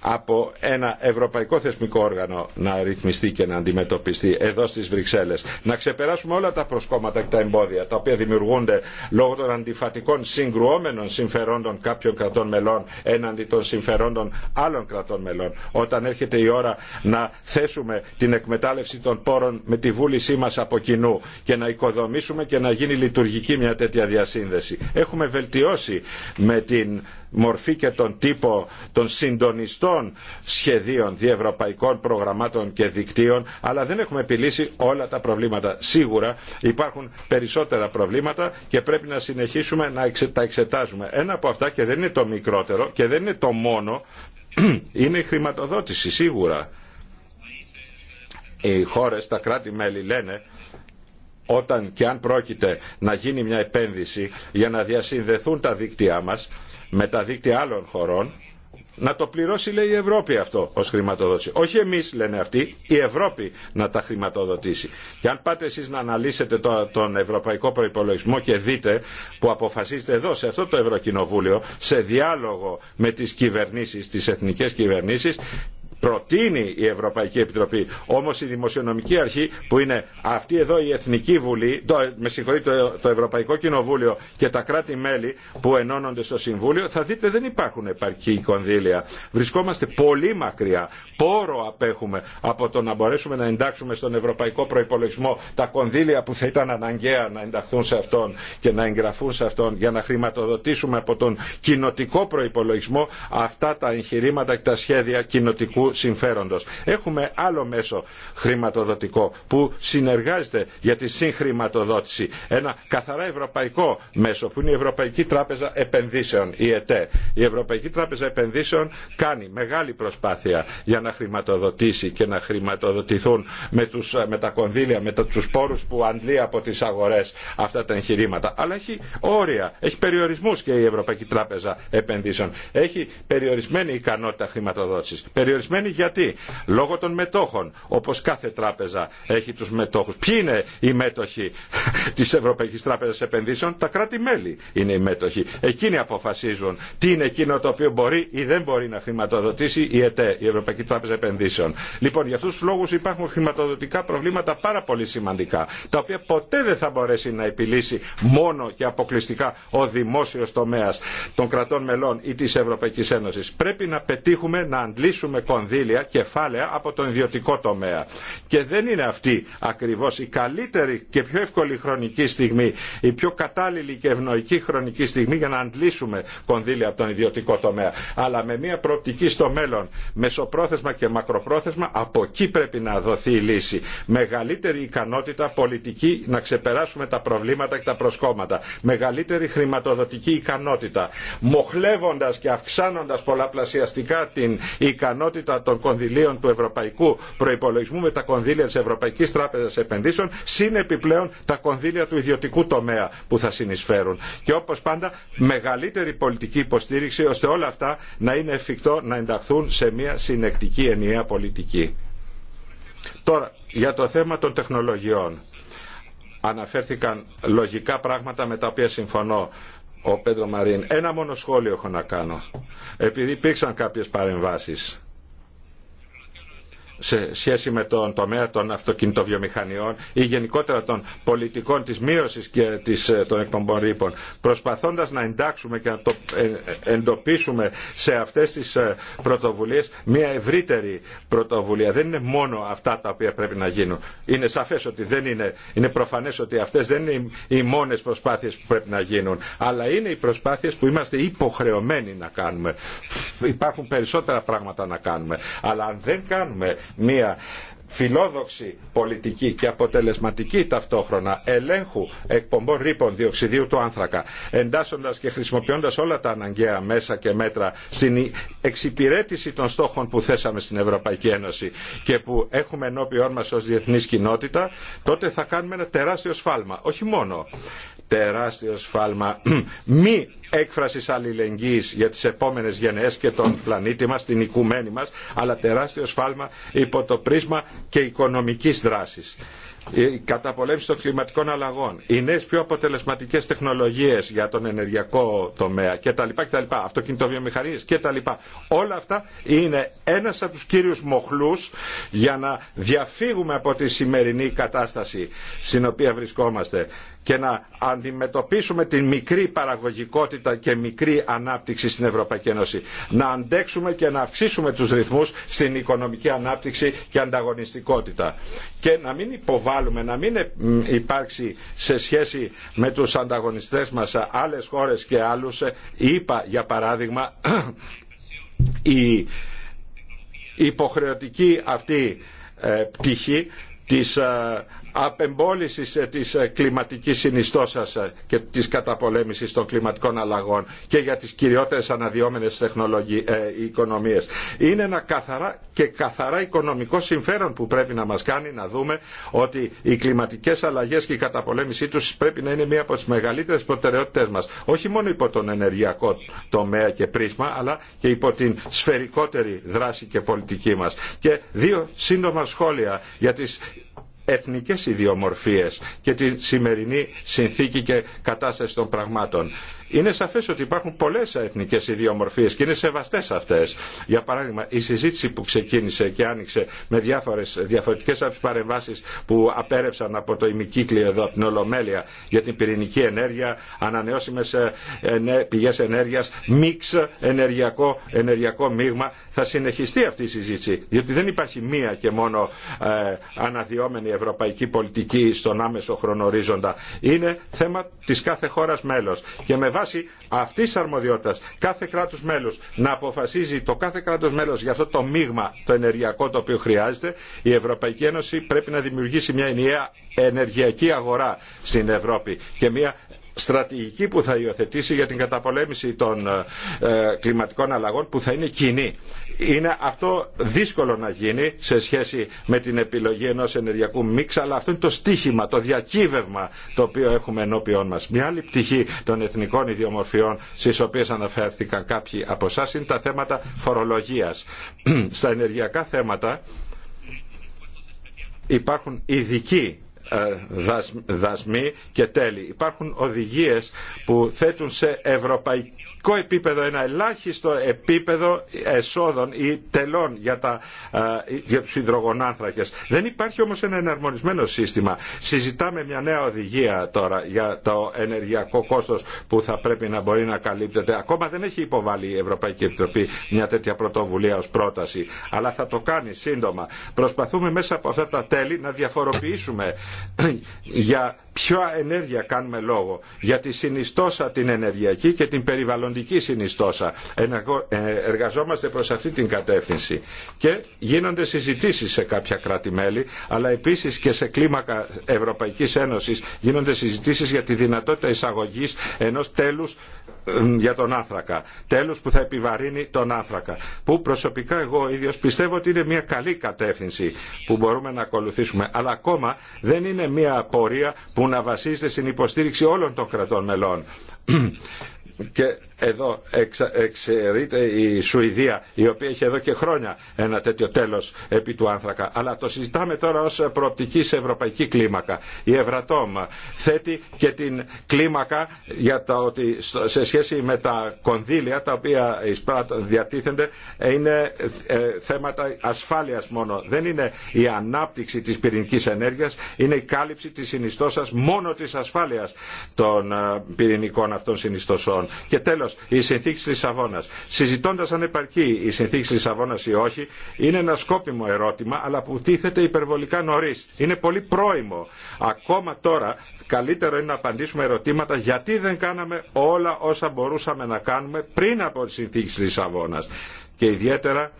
από ένα ευρωπαϊκό θεσμικό όργανο να ρυθμιστεί και να αντιμετωπιστεί εδώ στις Βρυξέλλες. Να ξεπεράσουμε όλα τα προσκόμματα και τα εμπόδια τα οποία δημιουργούνται λόγω των αντιφατικών συγκρουόμενων συμφερόντων κάποιων κρατών μελών έναντι των συμφερόντων άλλων κρατών μελών. Όταν έρχεται η ώρα να θέσουμε την εκμετάλλευση των πόρων με τη βούλησή μας από κοινού και να οικοδομήσουμε και να γίνει λειτουργική μια τέτοια διασύνδεση. Έχουμε βελτιώσει με την μορφή και τον τύπο των συντονιστών σχεδίων διευρωπαϊκών προγραμμάτων και δικτύων, αλλά δεν έχουμε επιλύσει όλα τα προβλήματα. Σίγουρα υπάρχουν περισσότερα προβλήματα και πρέπει να συνεχίσουμε να τα εξετάζουμε. Ένα από αυτά και δεν είναι το μικρότερο και δεν είναι το μόνο, είναι η χρηματοδότηση σίγουρα. Οι χώρες, τα κράτη-μέλη λένε όταν και αν πρόκειται να γίνει μια επένδυση για να διασυνδεθούν τα δίκτυά μας με τα δίκτυα άλλων χωρών, να το πληρώσει λέει η Ευρώπη αυτό ως χρηματοδότηση. Όχι εμείς λένε αυτοί, η Ευρώπη να τα χρηματοδοτήσει. Και αν πάτε εσείς να αναλύσετε τον ευρωπαϊκό προϋπολογισμό και δείτε που αποφασίζετε εδώ σε αυτό το Ευρωκοινοβούλιο σε διάλογο με τις κυβερνήσεις, τις εθνικές κυβερνήσεις προτείνει η Ευρωπαϊκή Επιτροπή. όμω η Δημοσιονομική Αρχή που είναι αυτή εδώ η Εθνική Βουλή, το, με συγχωρείτε το, Ευρωπαϊκό Κοινοβούλιο και τα κράτη-μέλη που ενώνονται στο Συμβούλιο, θα δείτε δεν υπάρχουν επαρκή κονδύλια. Βρισκόμαστε πολύ μακριά. Πόρο απέχουμε από το να μπορέσουμε να εντάξουμε στον Ευρωπαϊκό Προπολογισμό τα κονδύλια που θα ήταν αναγκαία να ενταχθούν σε αυτόν και να εγγραφούν σε αυτόν για να χρηματοδοτήσουμε από τον κοινοτικό προπολογισμό αυτά τα εγχειρήματα και τα σχέδια κοινοτικού Έχουμε άλλο μέσο χρηματοδοτικό που συνεργάζεται για τη συγχρηματοδότηση. Ένα καθαρά ευρωπαϊκό μέσο που είναι η Ευρωπαϊκή Τράπεζα Επενδύσεων, η ΕΤΕ. Η Ευρωπαϊκή Τράπεζα Επενδύσεων κάνει μεγάλη προσπάθεια για να χρηματοδοτήσει και να χρηματοδοτηθούν με, τους, με τα κονδύλια, με τους πόρους που αντλεί από τις αγορές αυτά τα εγχειρήματα. Αλλά έχει όρια, έχει περιορισμούς και η Ευρωπαϊκή Τράπεζα Επενδύσεων. Έχει περιορισμένη ικανότητα χρηματοδότησης, γιατί. Λόγω των μετόχων, όπως κάθε τράπεζα έχει τους μετόχους. Ποιοι είναι οι μέτοχοι της Ευρωπαϊκής Τράπεζας Επενδύσεων, τα κράτη-μέλη είναι οι μέτοχοι. Εκείνοι αποφασίζουν τι είναι εκείνο το οποίο μπορεί ή δεν μπορεί να χρηματοδοτήσει η ΕΤΕ, η Ευρωπαϊκή Τράπεζα Επενδύσεων. Λοιπόν, για αυτούς τους λόγους υπάρχουν χρηματοδοτικά προβλήματα πάρα πολύ σημαντικά, τα οποία ποτέ δεν θα μπορέσει να επιλύσει μόνο και αποκλειστικά ο δημόσιος τομέας των κρατών μελών ή της Ευρωπαϊκής Ένωσης. Πρέπει να πετύχουμε να αντλήσουμε κονδύλια κονδύλια, κεφάλαια από τον ιδιωτικό τομέα. Και δεν είναι αυτή ακριβώς η καλύτερη και πιο εύκολη χρονική στιγμή, η πιο κατάλληλη και ευνοϊκή χρονική στιγμή για να αντλήσουμε κονδύλια από τον ιδιωτικό τομέα. Αλλά με μια προοπτική στο μέλλον, μεσοπρόθεσμα και μακροπρόθεσμα, από εκεί πρέπει να δοθεί η λύση. Μεγαλύτερη ικανότητα πολιτική να ξεπεράσουμε τα προβλήματα και τα προσκόμματα. Μεγαλύτερη χρηματοδοτική ικανότητα. Μοχλεύοντας και αυξάνοντας πολλαπλασιαστικά την ικανότητα των κονδυλίων του ευρωπαϊκού προπολογισμού με τα κονδύλια τη Ευρωπαϊκή Τράπεζα Επενδύσεων, συν επιπλέον τα κονδύλια του ιδιωτικού τομέα που θα συνεισφέρουν. Και όπω πάντα, μεγαλύτερη πολιτική υποστήριξη ώστε όλα αυτά να είναι εφικτό να ενταχθούν σε μια συνεκτική ενιαία πολιτική. Τώρα, για το θέμα των τεχνολογιών. Αναφέρθηκαν λογικά πράγματα με τα οποία συμφωνώ ο Πέντρο Μαρίν. Ένα μόνο σχόλιο έχω να κάνω. Επειδή υπήρξαν κάποιες παρεμβάσεις σε σχέση με τον τομέα των αυτοκινητοβιομηχανιών ή γενικότερα των πολιτικών της μείωσης και της, ε, των εκπομπών ρήπων. Προσπαθώντας να εντάξουμε και να το ε, ε, εντοπίσουμε σε αυτές τις πρωτοβουλίες μια ευρύτερη πρωτοβουλία. Δεν είναι μόνο αυτά τα οποία πρέπει να γίνουν. Είναι σαφές ότι δεν είναι, είναι προφανές ότι αυτές δεν είναι οι μόνες προσπάθειες που πρέπει να γίνουν. Αλλά είναι οι προσπάθειες που είμαστε υποχρεωμένοι να κάνουμε. Υπάρχουν περισσότερα πράγματα να κάνουμε. Αλλά αν δεν κάνουμε μία φιλόδοξη πολιτική και αποτελεσματική ταυτόχρονα ελέγχου εκπομπών ρήπων διοξιδίου του άνθρακα, εντάσσοντας και χρησιμοποιώντας όλα τα αναγκαία μέσα και μέτρα στην εξυπηρέτηση των στόχων που θέσαμε στην Ευρωπαϊκή Ένωση και που έχουμε ενώπιόν μας ως διεθνής κοινότητα, τότε θα κάνουμε ένα τεράστιο σφάλμα. Όχι μόνο τεράστιο σφάλμα μη έκφρασης αλληλεγγύης για τις επόμενες γενναίες και τον πλανήτη μας, την οικουμένη μας, αλλά τεράστιο σφάλμα υπό το πρίσμα και οικονομικής δράσης η καταπολέμηση των κλιματικών αλλαγών, οι νέε πιο αποτελεσματικέ τεχνολογίε για τον ενεργειακό τομέα κτλ. κτλ Αυτοκινητοβιομηχανίε κτλ. Όλα αυτά είναι ένα από του κύριου μοχλού για να διαφύγουμε από τη σημερινή κατάσταση στην οποία βρισκόμαστε και να αντιμετωπίσουμε την μικρή παραγωγικότητα και μικρή ανάπτυξη στην Ευρωπαϊκή Ένωση. Να αντέξουμε και να αυξήσουμε τους ρυθμούς στην οικονομική ανάπτυξη και ανταγωνιστικότητα. Και να μην υποβάλουμε, να μην ε, υπάρξει σε σχέση με τους ανταγωνιστές μας άλλες χώρες και άλλους, ε, είπα για παράδειγμα, η υποχρεωτική αυτή ε, πτυχή της απεμπόλησης ε, της ε, κλιματικής συνιστώσας ε, και της καταπολέμησης των κλιματικών αλλαγών και για τις κυριότερες αναδυόμενες τεχνολογίες, ε, οικονομίες. Είναι ένα καθαρά και καθαρά οικονομικό συμφέρον που πρέπει να μας κάνει να δούμε ότι οι κλιματικές αλλαγές και η καταπολέμησή τους πρέπει να είναι μία από τις μεγαλύτερες προτεραιότητες μας. Όχι μόνο υπό τον ενεργειακό τομέα και πρίσμα, αλλά και υπό την σφαιρικότερη δράση και πολιτική μας. Και δύο σύντομα σχόλια για τις εθνικές ιδιομορφίες και τη σημερινή συνθήκη και κατάσταση των πραγμάτων. Είναι σαφές ότι υπάρχουν πολλές εθνικές ιδιομορφίες και είναι σεβαστές αυτές. Για παράδειγμα, η συζήτηση που ξεκίνησε και άνοιξε με διάφορες, διαφορετικές παρεμβάσεις που απέρευσαν από το ημικύκλιο εδώ, την Ολομέλεια, για την πυρηνική ενέργεια, ανανεώσιμες ε, πηγές ενέργειας, μίξ ενεργειακό, ενεργειακό μείγμα. Θα συνεχιστεί αυτή η συζήτηση, διότι δεν υπάρχει μία και μόνο ε, αναδυόμενη ευρωπαϊκή πολιτική στον άμεσο χρονορίζοντα. Είναι θέμα της κάθε χώρας μέλος. Και βάση αυτή τη αρμοδιότητα κάθε κράτο μέλο να αποφασίζει το κάθε κράτο μέλο για αυτό το μείγμα το ενεργειακό το οποίο χρειάζεται, η Ευρωπαϊκή Ένωση πρέπει να δημιουργήσει μια ενιαία ενεργειακή αγορά στην Ευρώπη και μια στρατηγική που θα υιοθετήσει για την καταπολέμηση των ε, ε, κλιματικών αλλαγών που θα είναι κοινή. Είναι αυτό δύσκολο να γίνει σε σχέση με την επιλογή ενός ενεργειακού μίξ, αλλά αυτό είναι το στίχημα, το διακύβευμα το οποίο έχουμε ενώπιόν μας. Μια άλλη πτυχή των εθνικών ιδιομορφιών στις οποίες αναφέρθηκαν κάποιοι από εσά είναι τα θέματα φορολογίας. Στα ενεργειακά θέματα υπάρχουν ειδικοί ε, δασμοί και τέλη. Υπάρχουν οδηγίες που θέτουν σε ευρωπαϊκή είναι επίπεδο ένα ελάχιστο επίπεδο εσόδων ή τελών για, τα, για τους υδρογονάνθρακες. Δεν υπάρχει όμως ένα εναρμονισμένο σύστημα. Συζητάμε μια νέα οδηγία τώρα για το ενεργειακό κόστος που θα πρέπει να μπορεί να καλύπτεται. Ακόμα δεν έχει υποβάλει η Ευρωπαϊκή Επιτροπή μια τέτοια πρωτοβουλία ως πρόταση, αλλά θα το κάνει σύντομα. Προσπαθούμε μέσα από αυτά τα τέλη να διαφοροποιήσουμε για ποια ενέργεια κάνουμε λόγο για τη συνιστόσα την ενεργειακή και την περιβαλλοντική συνιστόσα. Ε, εργαζόμαστε προς αυτή την κατεύθυνση και γίνονται συζητήσεις σε κάποια κράτη-μέλη αλλά επίσης και σε κλίμακα Ευρωπαϊκής Ένωσης γίνονται συζητήσεις για τη δυνατότητα εισαγωγής ενός τέλους ε, για τον άνθρακα. τέλο που θα επιβαρύνει τον άνθρακα. Που προσωπικά εγώ ίδιο πιστεύω ότι είναι μια καλή κατεύθυνση που μπορούμε να ακολουθήσουμε. Αλλά ακόμα δεν είναι μια πορεία που να βασίζεται στην υποστήριξη όλων των κρατών μελών. εδώ εξαιρείται η Σουηδία η οποία έχει εδώ και χρόνια ένα τέτοιο τέλος επί του άνθρακα αλλά το συζητάμε τώρα ως προοπτική σε ευρωπαϊκή κλίμακα. Η Ευρατόμ θέτει και την κλίμακα για τα ότι σε σχέση με τα κονδύλια τα οποία διατίθενται είναι ε, θέματα ασφάλειας μόνο. Δεν είναι η ανάπτυξη της πυρηνικής ενέργειας, είναι η κάλυψη της συνιστώσας μόνο της ασφάλειας των ε, πυρηνικών αυτών συνιστώσεων. Και τέλος η συνθήκη τη Λισαβόνα. Συζητώντα αν επαρκεί η συνθήκη τη Λισαβόνα ή όχι, είναι ένα σκόπιμο ερώτημα, αλλά που τίθεται υπερβολικά νωρί. Είναι πολύ πρόημο. Ακόμα τώρα, καλύτερο είναι να απαντήσουμε ερωτήματα γιατί δεν κάναμε όλα όσα μπορούσαμε να κάνουμε πριν από τη συνθήκη τη Λισαβόνα. Και ιδιαίτερα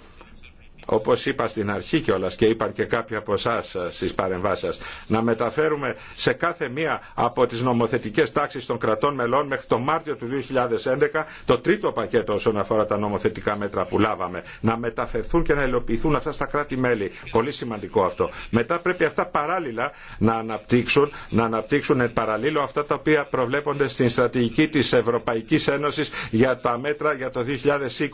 όπως είπα στην αρχή κιόλας και είπαν και κάποιοι από εσά ε, στις παρεμβάσεις σας, να μεταφέρουμε σε κάθε μία από τις νομοθετικές τάξεις των κρατών μελών μέχρι το Μάρτιο του 2011 το τρίτο πακέτο όσον αφορά τα νομοθετικά μέτρα που λάβαμε. Να μεταφερθούν και να υλοποιηθούν αυτά στα κράτη-μέλη. Πολύ σημαντικό αυτό. Μετά πρέπει αυτά παράλληλα να αναπτύξουν, να αναπτύξουν αυτά τα οποία προβλέπονται στην στρατηγική της Ευρωπαϊκής Ένωσης για τα μέτρα για το 2020.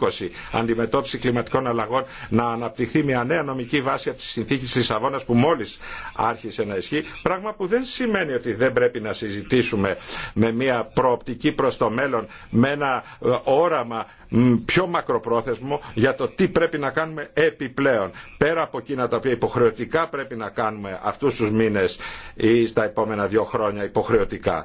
Αντιμετώπιση κλιματικών αλλαγών να αναπτυχθεί μια νέα νομική βάση από τη συνθήκη τη Λισαβόνα που μόλι άρχισε να ισχύει. Πράγμα που δεν σημαίνει ότι δεν πρέπει να συζητήσουμε με μια προοπτική προ το μέλλον, με ένα ε, όραμα πιο μακροπρόθεσμο για το τι πρέπει να κάνουμε επιπλέον. Πέρα από εκείνα τα οποία υποχρεωτικά πρέπει να κάνουμε αυτού του μήνε ή στα επόμενα δύο χρόνια υποχρεωτικά.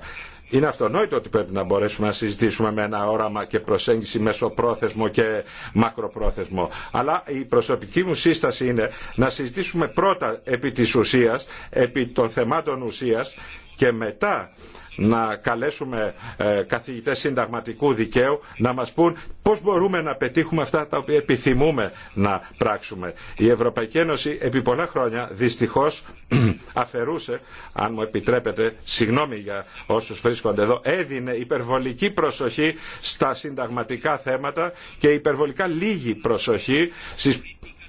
Είναι αυτονόητο ότι πρέπει να μπορέσουμε να συζητήσουμε με ένα όραμα και προσέγγιση μεσοπρόθεσμο και μακροπρόθεσμο. Αλλά η προσωπική μου σύσταση είναι να συζητήσουμε πρώτα επί της ουσίας, επί των θεμάτων ουσίας και μετά να καλέσουμε ε, καθηγητές συνταγματικού δικαίου να μας πούν πώς μπορούμε να πετύχουμε αυτά τα οποία επιθυμούμε να πράξουμε. Η Ευρωπαϊκή Ένωση επί πολλά χρόνια δυστυχώς αφαιρούσε, αν μου επιτρέπετε, συγγνώμη για όσους βρίσκονται εδώ, έδινε υπερβολική προσοχή στα συνταγματικά θέματα και υπερβολικά λίγη προσοχή στις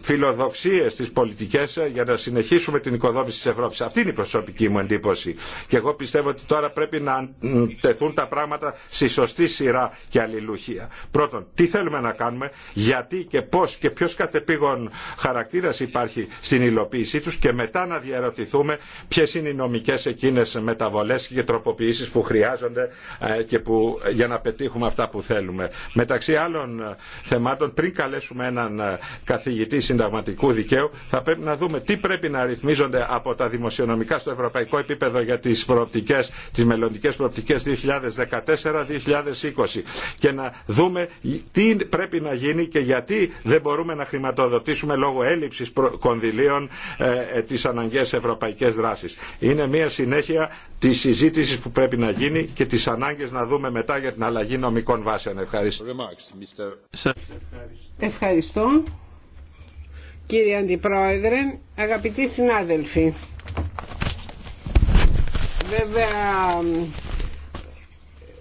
Φιλοδοξίε τις πολιτικέ ε, για να συνεχίσουμε την οικοδόμηση τη Ευρώπη. Αυτή είναι η προσωπική μου εντύπωση. Και εγώ πιστεύω ότι τώρα πρέπει να τεθούν τα πράγματα στη σωστή σειρά και αλληλουχία. Πρώτον, τι θέλουμε να κάνουμε, γιατί και πώ και ποιο κατεπήγον χαρακτήρα υπάρχει στην υλοποίησή του και μετά να διαρωτηθούμε ποιε είναι οι νομικέ εκείνε μεταβολέ και τροποποιήσει που χρειάζονται ε, και που, για να πετύχουμε αυτά που θέλουμε. Μεταξύ άλλων ε, θεμάτων, πριν καλέσουμε έναν καθηγητή συνταγματικού δικαίου θα πρέπει να δούμε τι πρέπει να ρυθμίζονται από τα δημοσιονομικά στο ευρωπαϊκό επίπεδο για τις, προοπτικές, τις μελλοντικές προοπτικές 2014-2020 και να δούμε τι πρέπει να γίνει και γιατί δεν μπορούμε να χρηματοδοτήσουμε λόγω έλλειψης κονδυλίων ε, ε τις αναγκαίε ευρωπαϊκές Είναι μια συνέχεια της συζήτηση που πρέπει να γίνει και τι ανάγκε να δούμε μετά για την αλλαγή νομικών βάσεων. Ευχαριστώ.
Κύριε Αντιπρόεδρε, αγαπητοί συνάδελφοι, βέβαια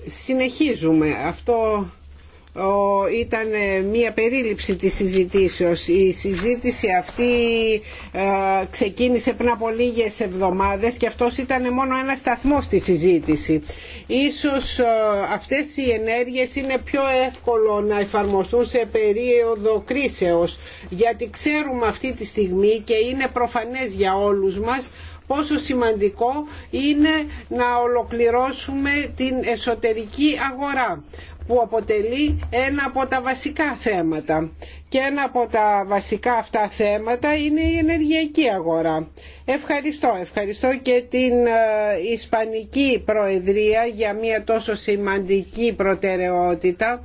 συνεχίζουμε αυτό ήταν ε, μία περίληψη της συζητήσεως. Η συζήτηση αυτή ε, ξεκίνησε πριν από λίγες εβδομάδες και αυτός ήταν μόνο ένα σταθμό στη συζήτηση. Ίσως ε, αυτές οι ενέργειες είναι πιο εύκολο να εφαρμοστούν σε περίοδο κρίσεως γιατί ξέρουμε αυτή τη στιγμή και είναι προφανές για όλους μας πόσο σημαντικό είναι να ολοκληρώσουμε την εσωτερική αγορά που αποτελεί ένα από τα βασικά θέματα. Και ένα από τα βασικά αυτά θέματα είναι η ενεργειακή αγορά. Ευχαριστώ. Ευχαριστώ και την ε, Ισπανική Προεδρία για μια τόσο σημαντική προτεραιότητα.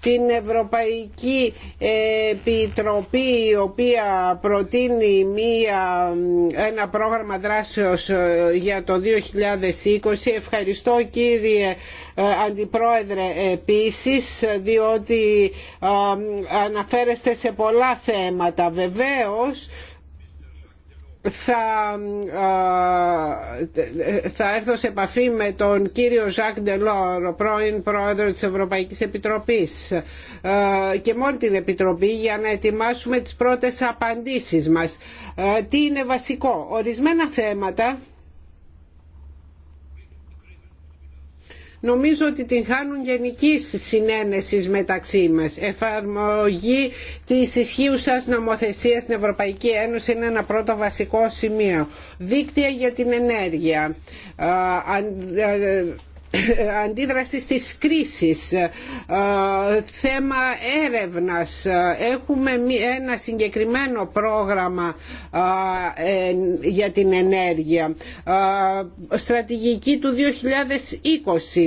Την Ευρωπαϊκή Επιτροπή η οποία προτείνει μια, ε, ένα πρόγραμμα δράσεως ε, για το 2020. Ευχαριστώ κύριε Αντιπρόεδρε επίσης διότι αναφέρεστε σε πολλά θέματα. Βεβαίως θα, θα έρθω σε επαφή με τον κύριο Ζακ Ντελόρ, πρώην πρόεδρο της Ευρωπαϊκής Επιτροπής και μόνο την Επιτροπή για να ετοιμάσουμε τις πρώτες απαντήσεις μας. Τι είναι βασικό. Ορισμένα θέματα νομίζω ότι την χάνουν γενική συνένεση μεταξύ μας. Εφαρμογή της ισχύουσας νομοθεσία στην Ευρωπαϊκή Ένωση είναι ένα πρώτο βασικό σημείο. Δίκτυα για την ενέργεια ε, αντίδραση στις κρίσεις, ε, θέμα έρευνας. Ε, έχουμε ένα συγκεκριμένο πρόγραμμα ε, για την ενέργεια, στρατηγική του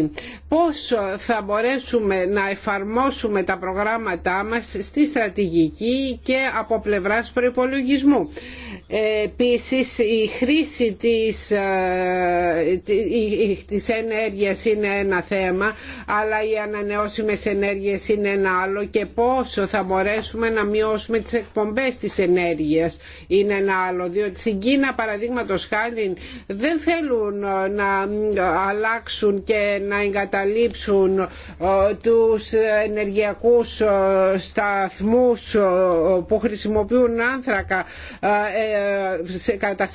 2020. Πώς θα μπορέσουμε να εφαρμόσουμε τα προγράμματά μας στη στρατηγική και από πλευράς προϋπολογισμού. Επίσης η χρήση της, της ενέργειας είναι ένα θέμα αλλά οι ανανεώσιμες ενέργειες είναι ένα άλλο και πόσο θα μπορέσουμε να μειώσουμε τις εκπομπές της ενέργειας είναι ένα άλλο διότι στην Κίνα παραδείγματο χάρη δεν θέλουν ε, να αλλάξουν και να εγκαταλείψουν ε, τους ενεργειακούς ε, σταθμούς που χρησιμοποιούν άνθρακα κατά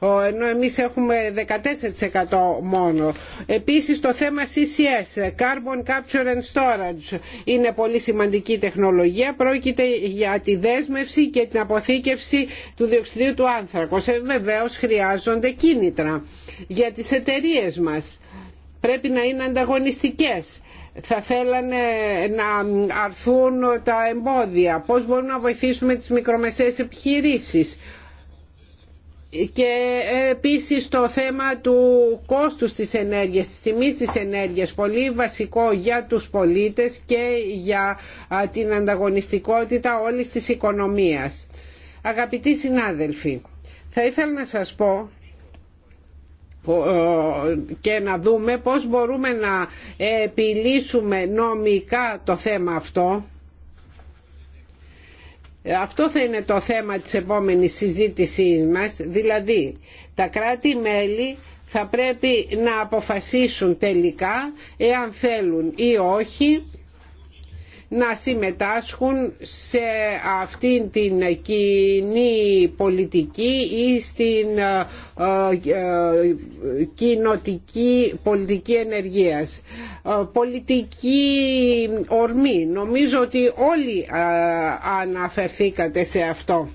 40% ενώ εμείς έχουμε 14% μόνο. Επίσης το θέμα CCS, Carbon Capture and Storage, είναι πολύ σημαντική τεχνολογία. Πρόκειται για τη δέσμευση και την αποθήκευση του διοξιδίου του άνθρακος. Ε, βεβαίως χρειάζονται κίνητρα για τις εταιρείε μας. Πρέπει να είναι ανταγωνιστικές θα θέλανε να αρθούν τα εμπόδια, πώς μπορούμε να βοηθήσουμε τις μικρομεσαίες επιχειρήσεις και επίσης το θέμα του κόστους της ενέργειας, της τιμής της ενέργειας, πολύ βασικό για τους πολίτες και για την ανταγωνιστικότητα όλης της οικονομίας. Αγαπητοί συνάδελφοι, θα ήθελα να σας πω και να δούμε πώς μπορούμε να επιλύσουμε νομικά το θέμα αυτό ε, αυτό θα είναι το θέμα της επόμενης συζήτησής μας, δηλαδή τα κράτη-μέλη θα πρέπει να αποφασίσουν τελικά εάν θέλουν ή όχι να συμμετάσχουν σε αυτήν την κοινή πολιτική ή στην ε, ε, κοινοτική πολιτική ενεργείας. Ε, πολιτική ορμή. Νομίζω ότι όλοι αναφερθήκατε σε αυτό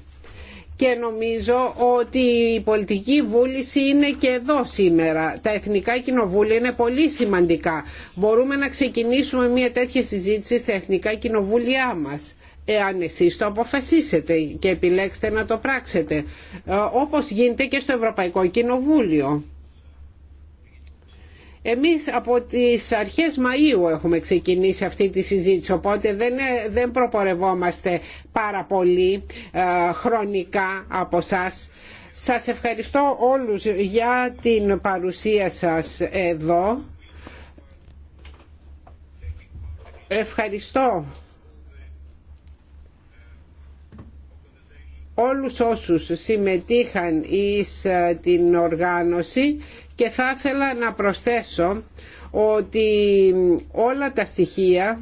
και νομίζω ότι η πολιτική βούληση είναι και εδώ σήμερα. Τα εθνικά κοινοβούλια είναι πολύ σημαντικά. Μπορούμε να ξεκινήσουμε μια τέτοια συζήτηση στα εθνικά κοινοβούλια μας εάν εσείς το αποφασίσετε και επιλέξετε να το πράξετε, ε, όπως γίνεται και στο Ευρωπαϊκό Κοινοβούλιο. Εμείς από τις αρχές Μαΐου έχουμε ξεκινήσει αυτή τη συζήτηση, οπότε δεν, ε, δεν προπορευόμαστε πάρα πολύ ε, χρονικά από σας. Σας ευχαριστώ όλους για την παρουσία σας εδώ. Ευχαριστώ όλους όσους συμμετείχαν εις ε, την οργάνωση και θα ήθελα να προσθέσω ότι όλα τα στοιχεία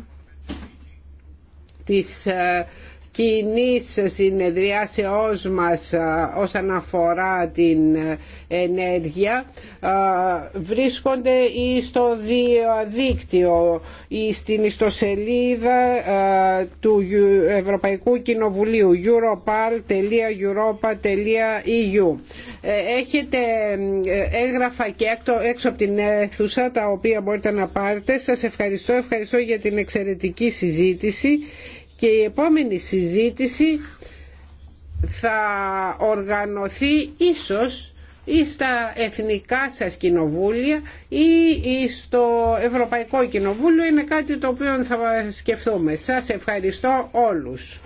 της ε, κοινής συνεδριάσεώς μας όσον αφορά την ενέργεια βρίσκονται στο διαδίκτυο ή στην ιστοσελίδα του Ευρωπαϊκού Κοινοβουλίου europarl.europa.eu ε, Έχετε ε, έγγραφα και έξω από την αίθουσα τα οποία μπορείτε να πάρετε. Σας ευχαριστώ, ευχαριστώ για την εξαιρετική συζήτηση και η επόμενη συζήτηση θα οργανωθεί ίσως ή στα εθνικά σας κοινοβούλια ή στο Ευρωπαϊκό Κοινοβούλιο είναι κάτι το οποίο θα σκεφτούμε. Σας ευχαριστώ όλους.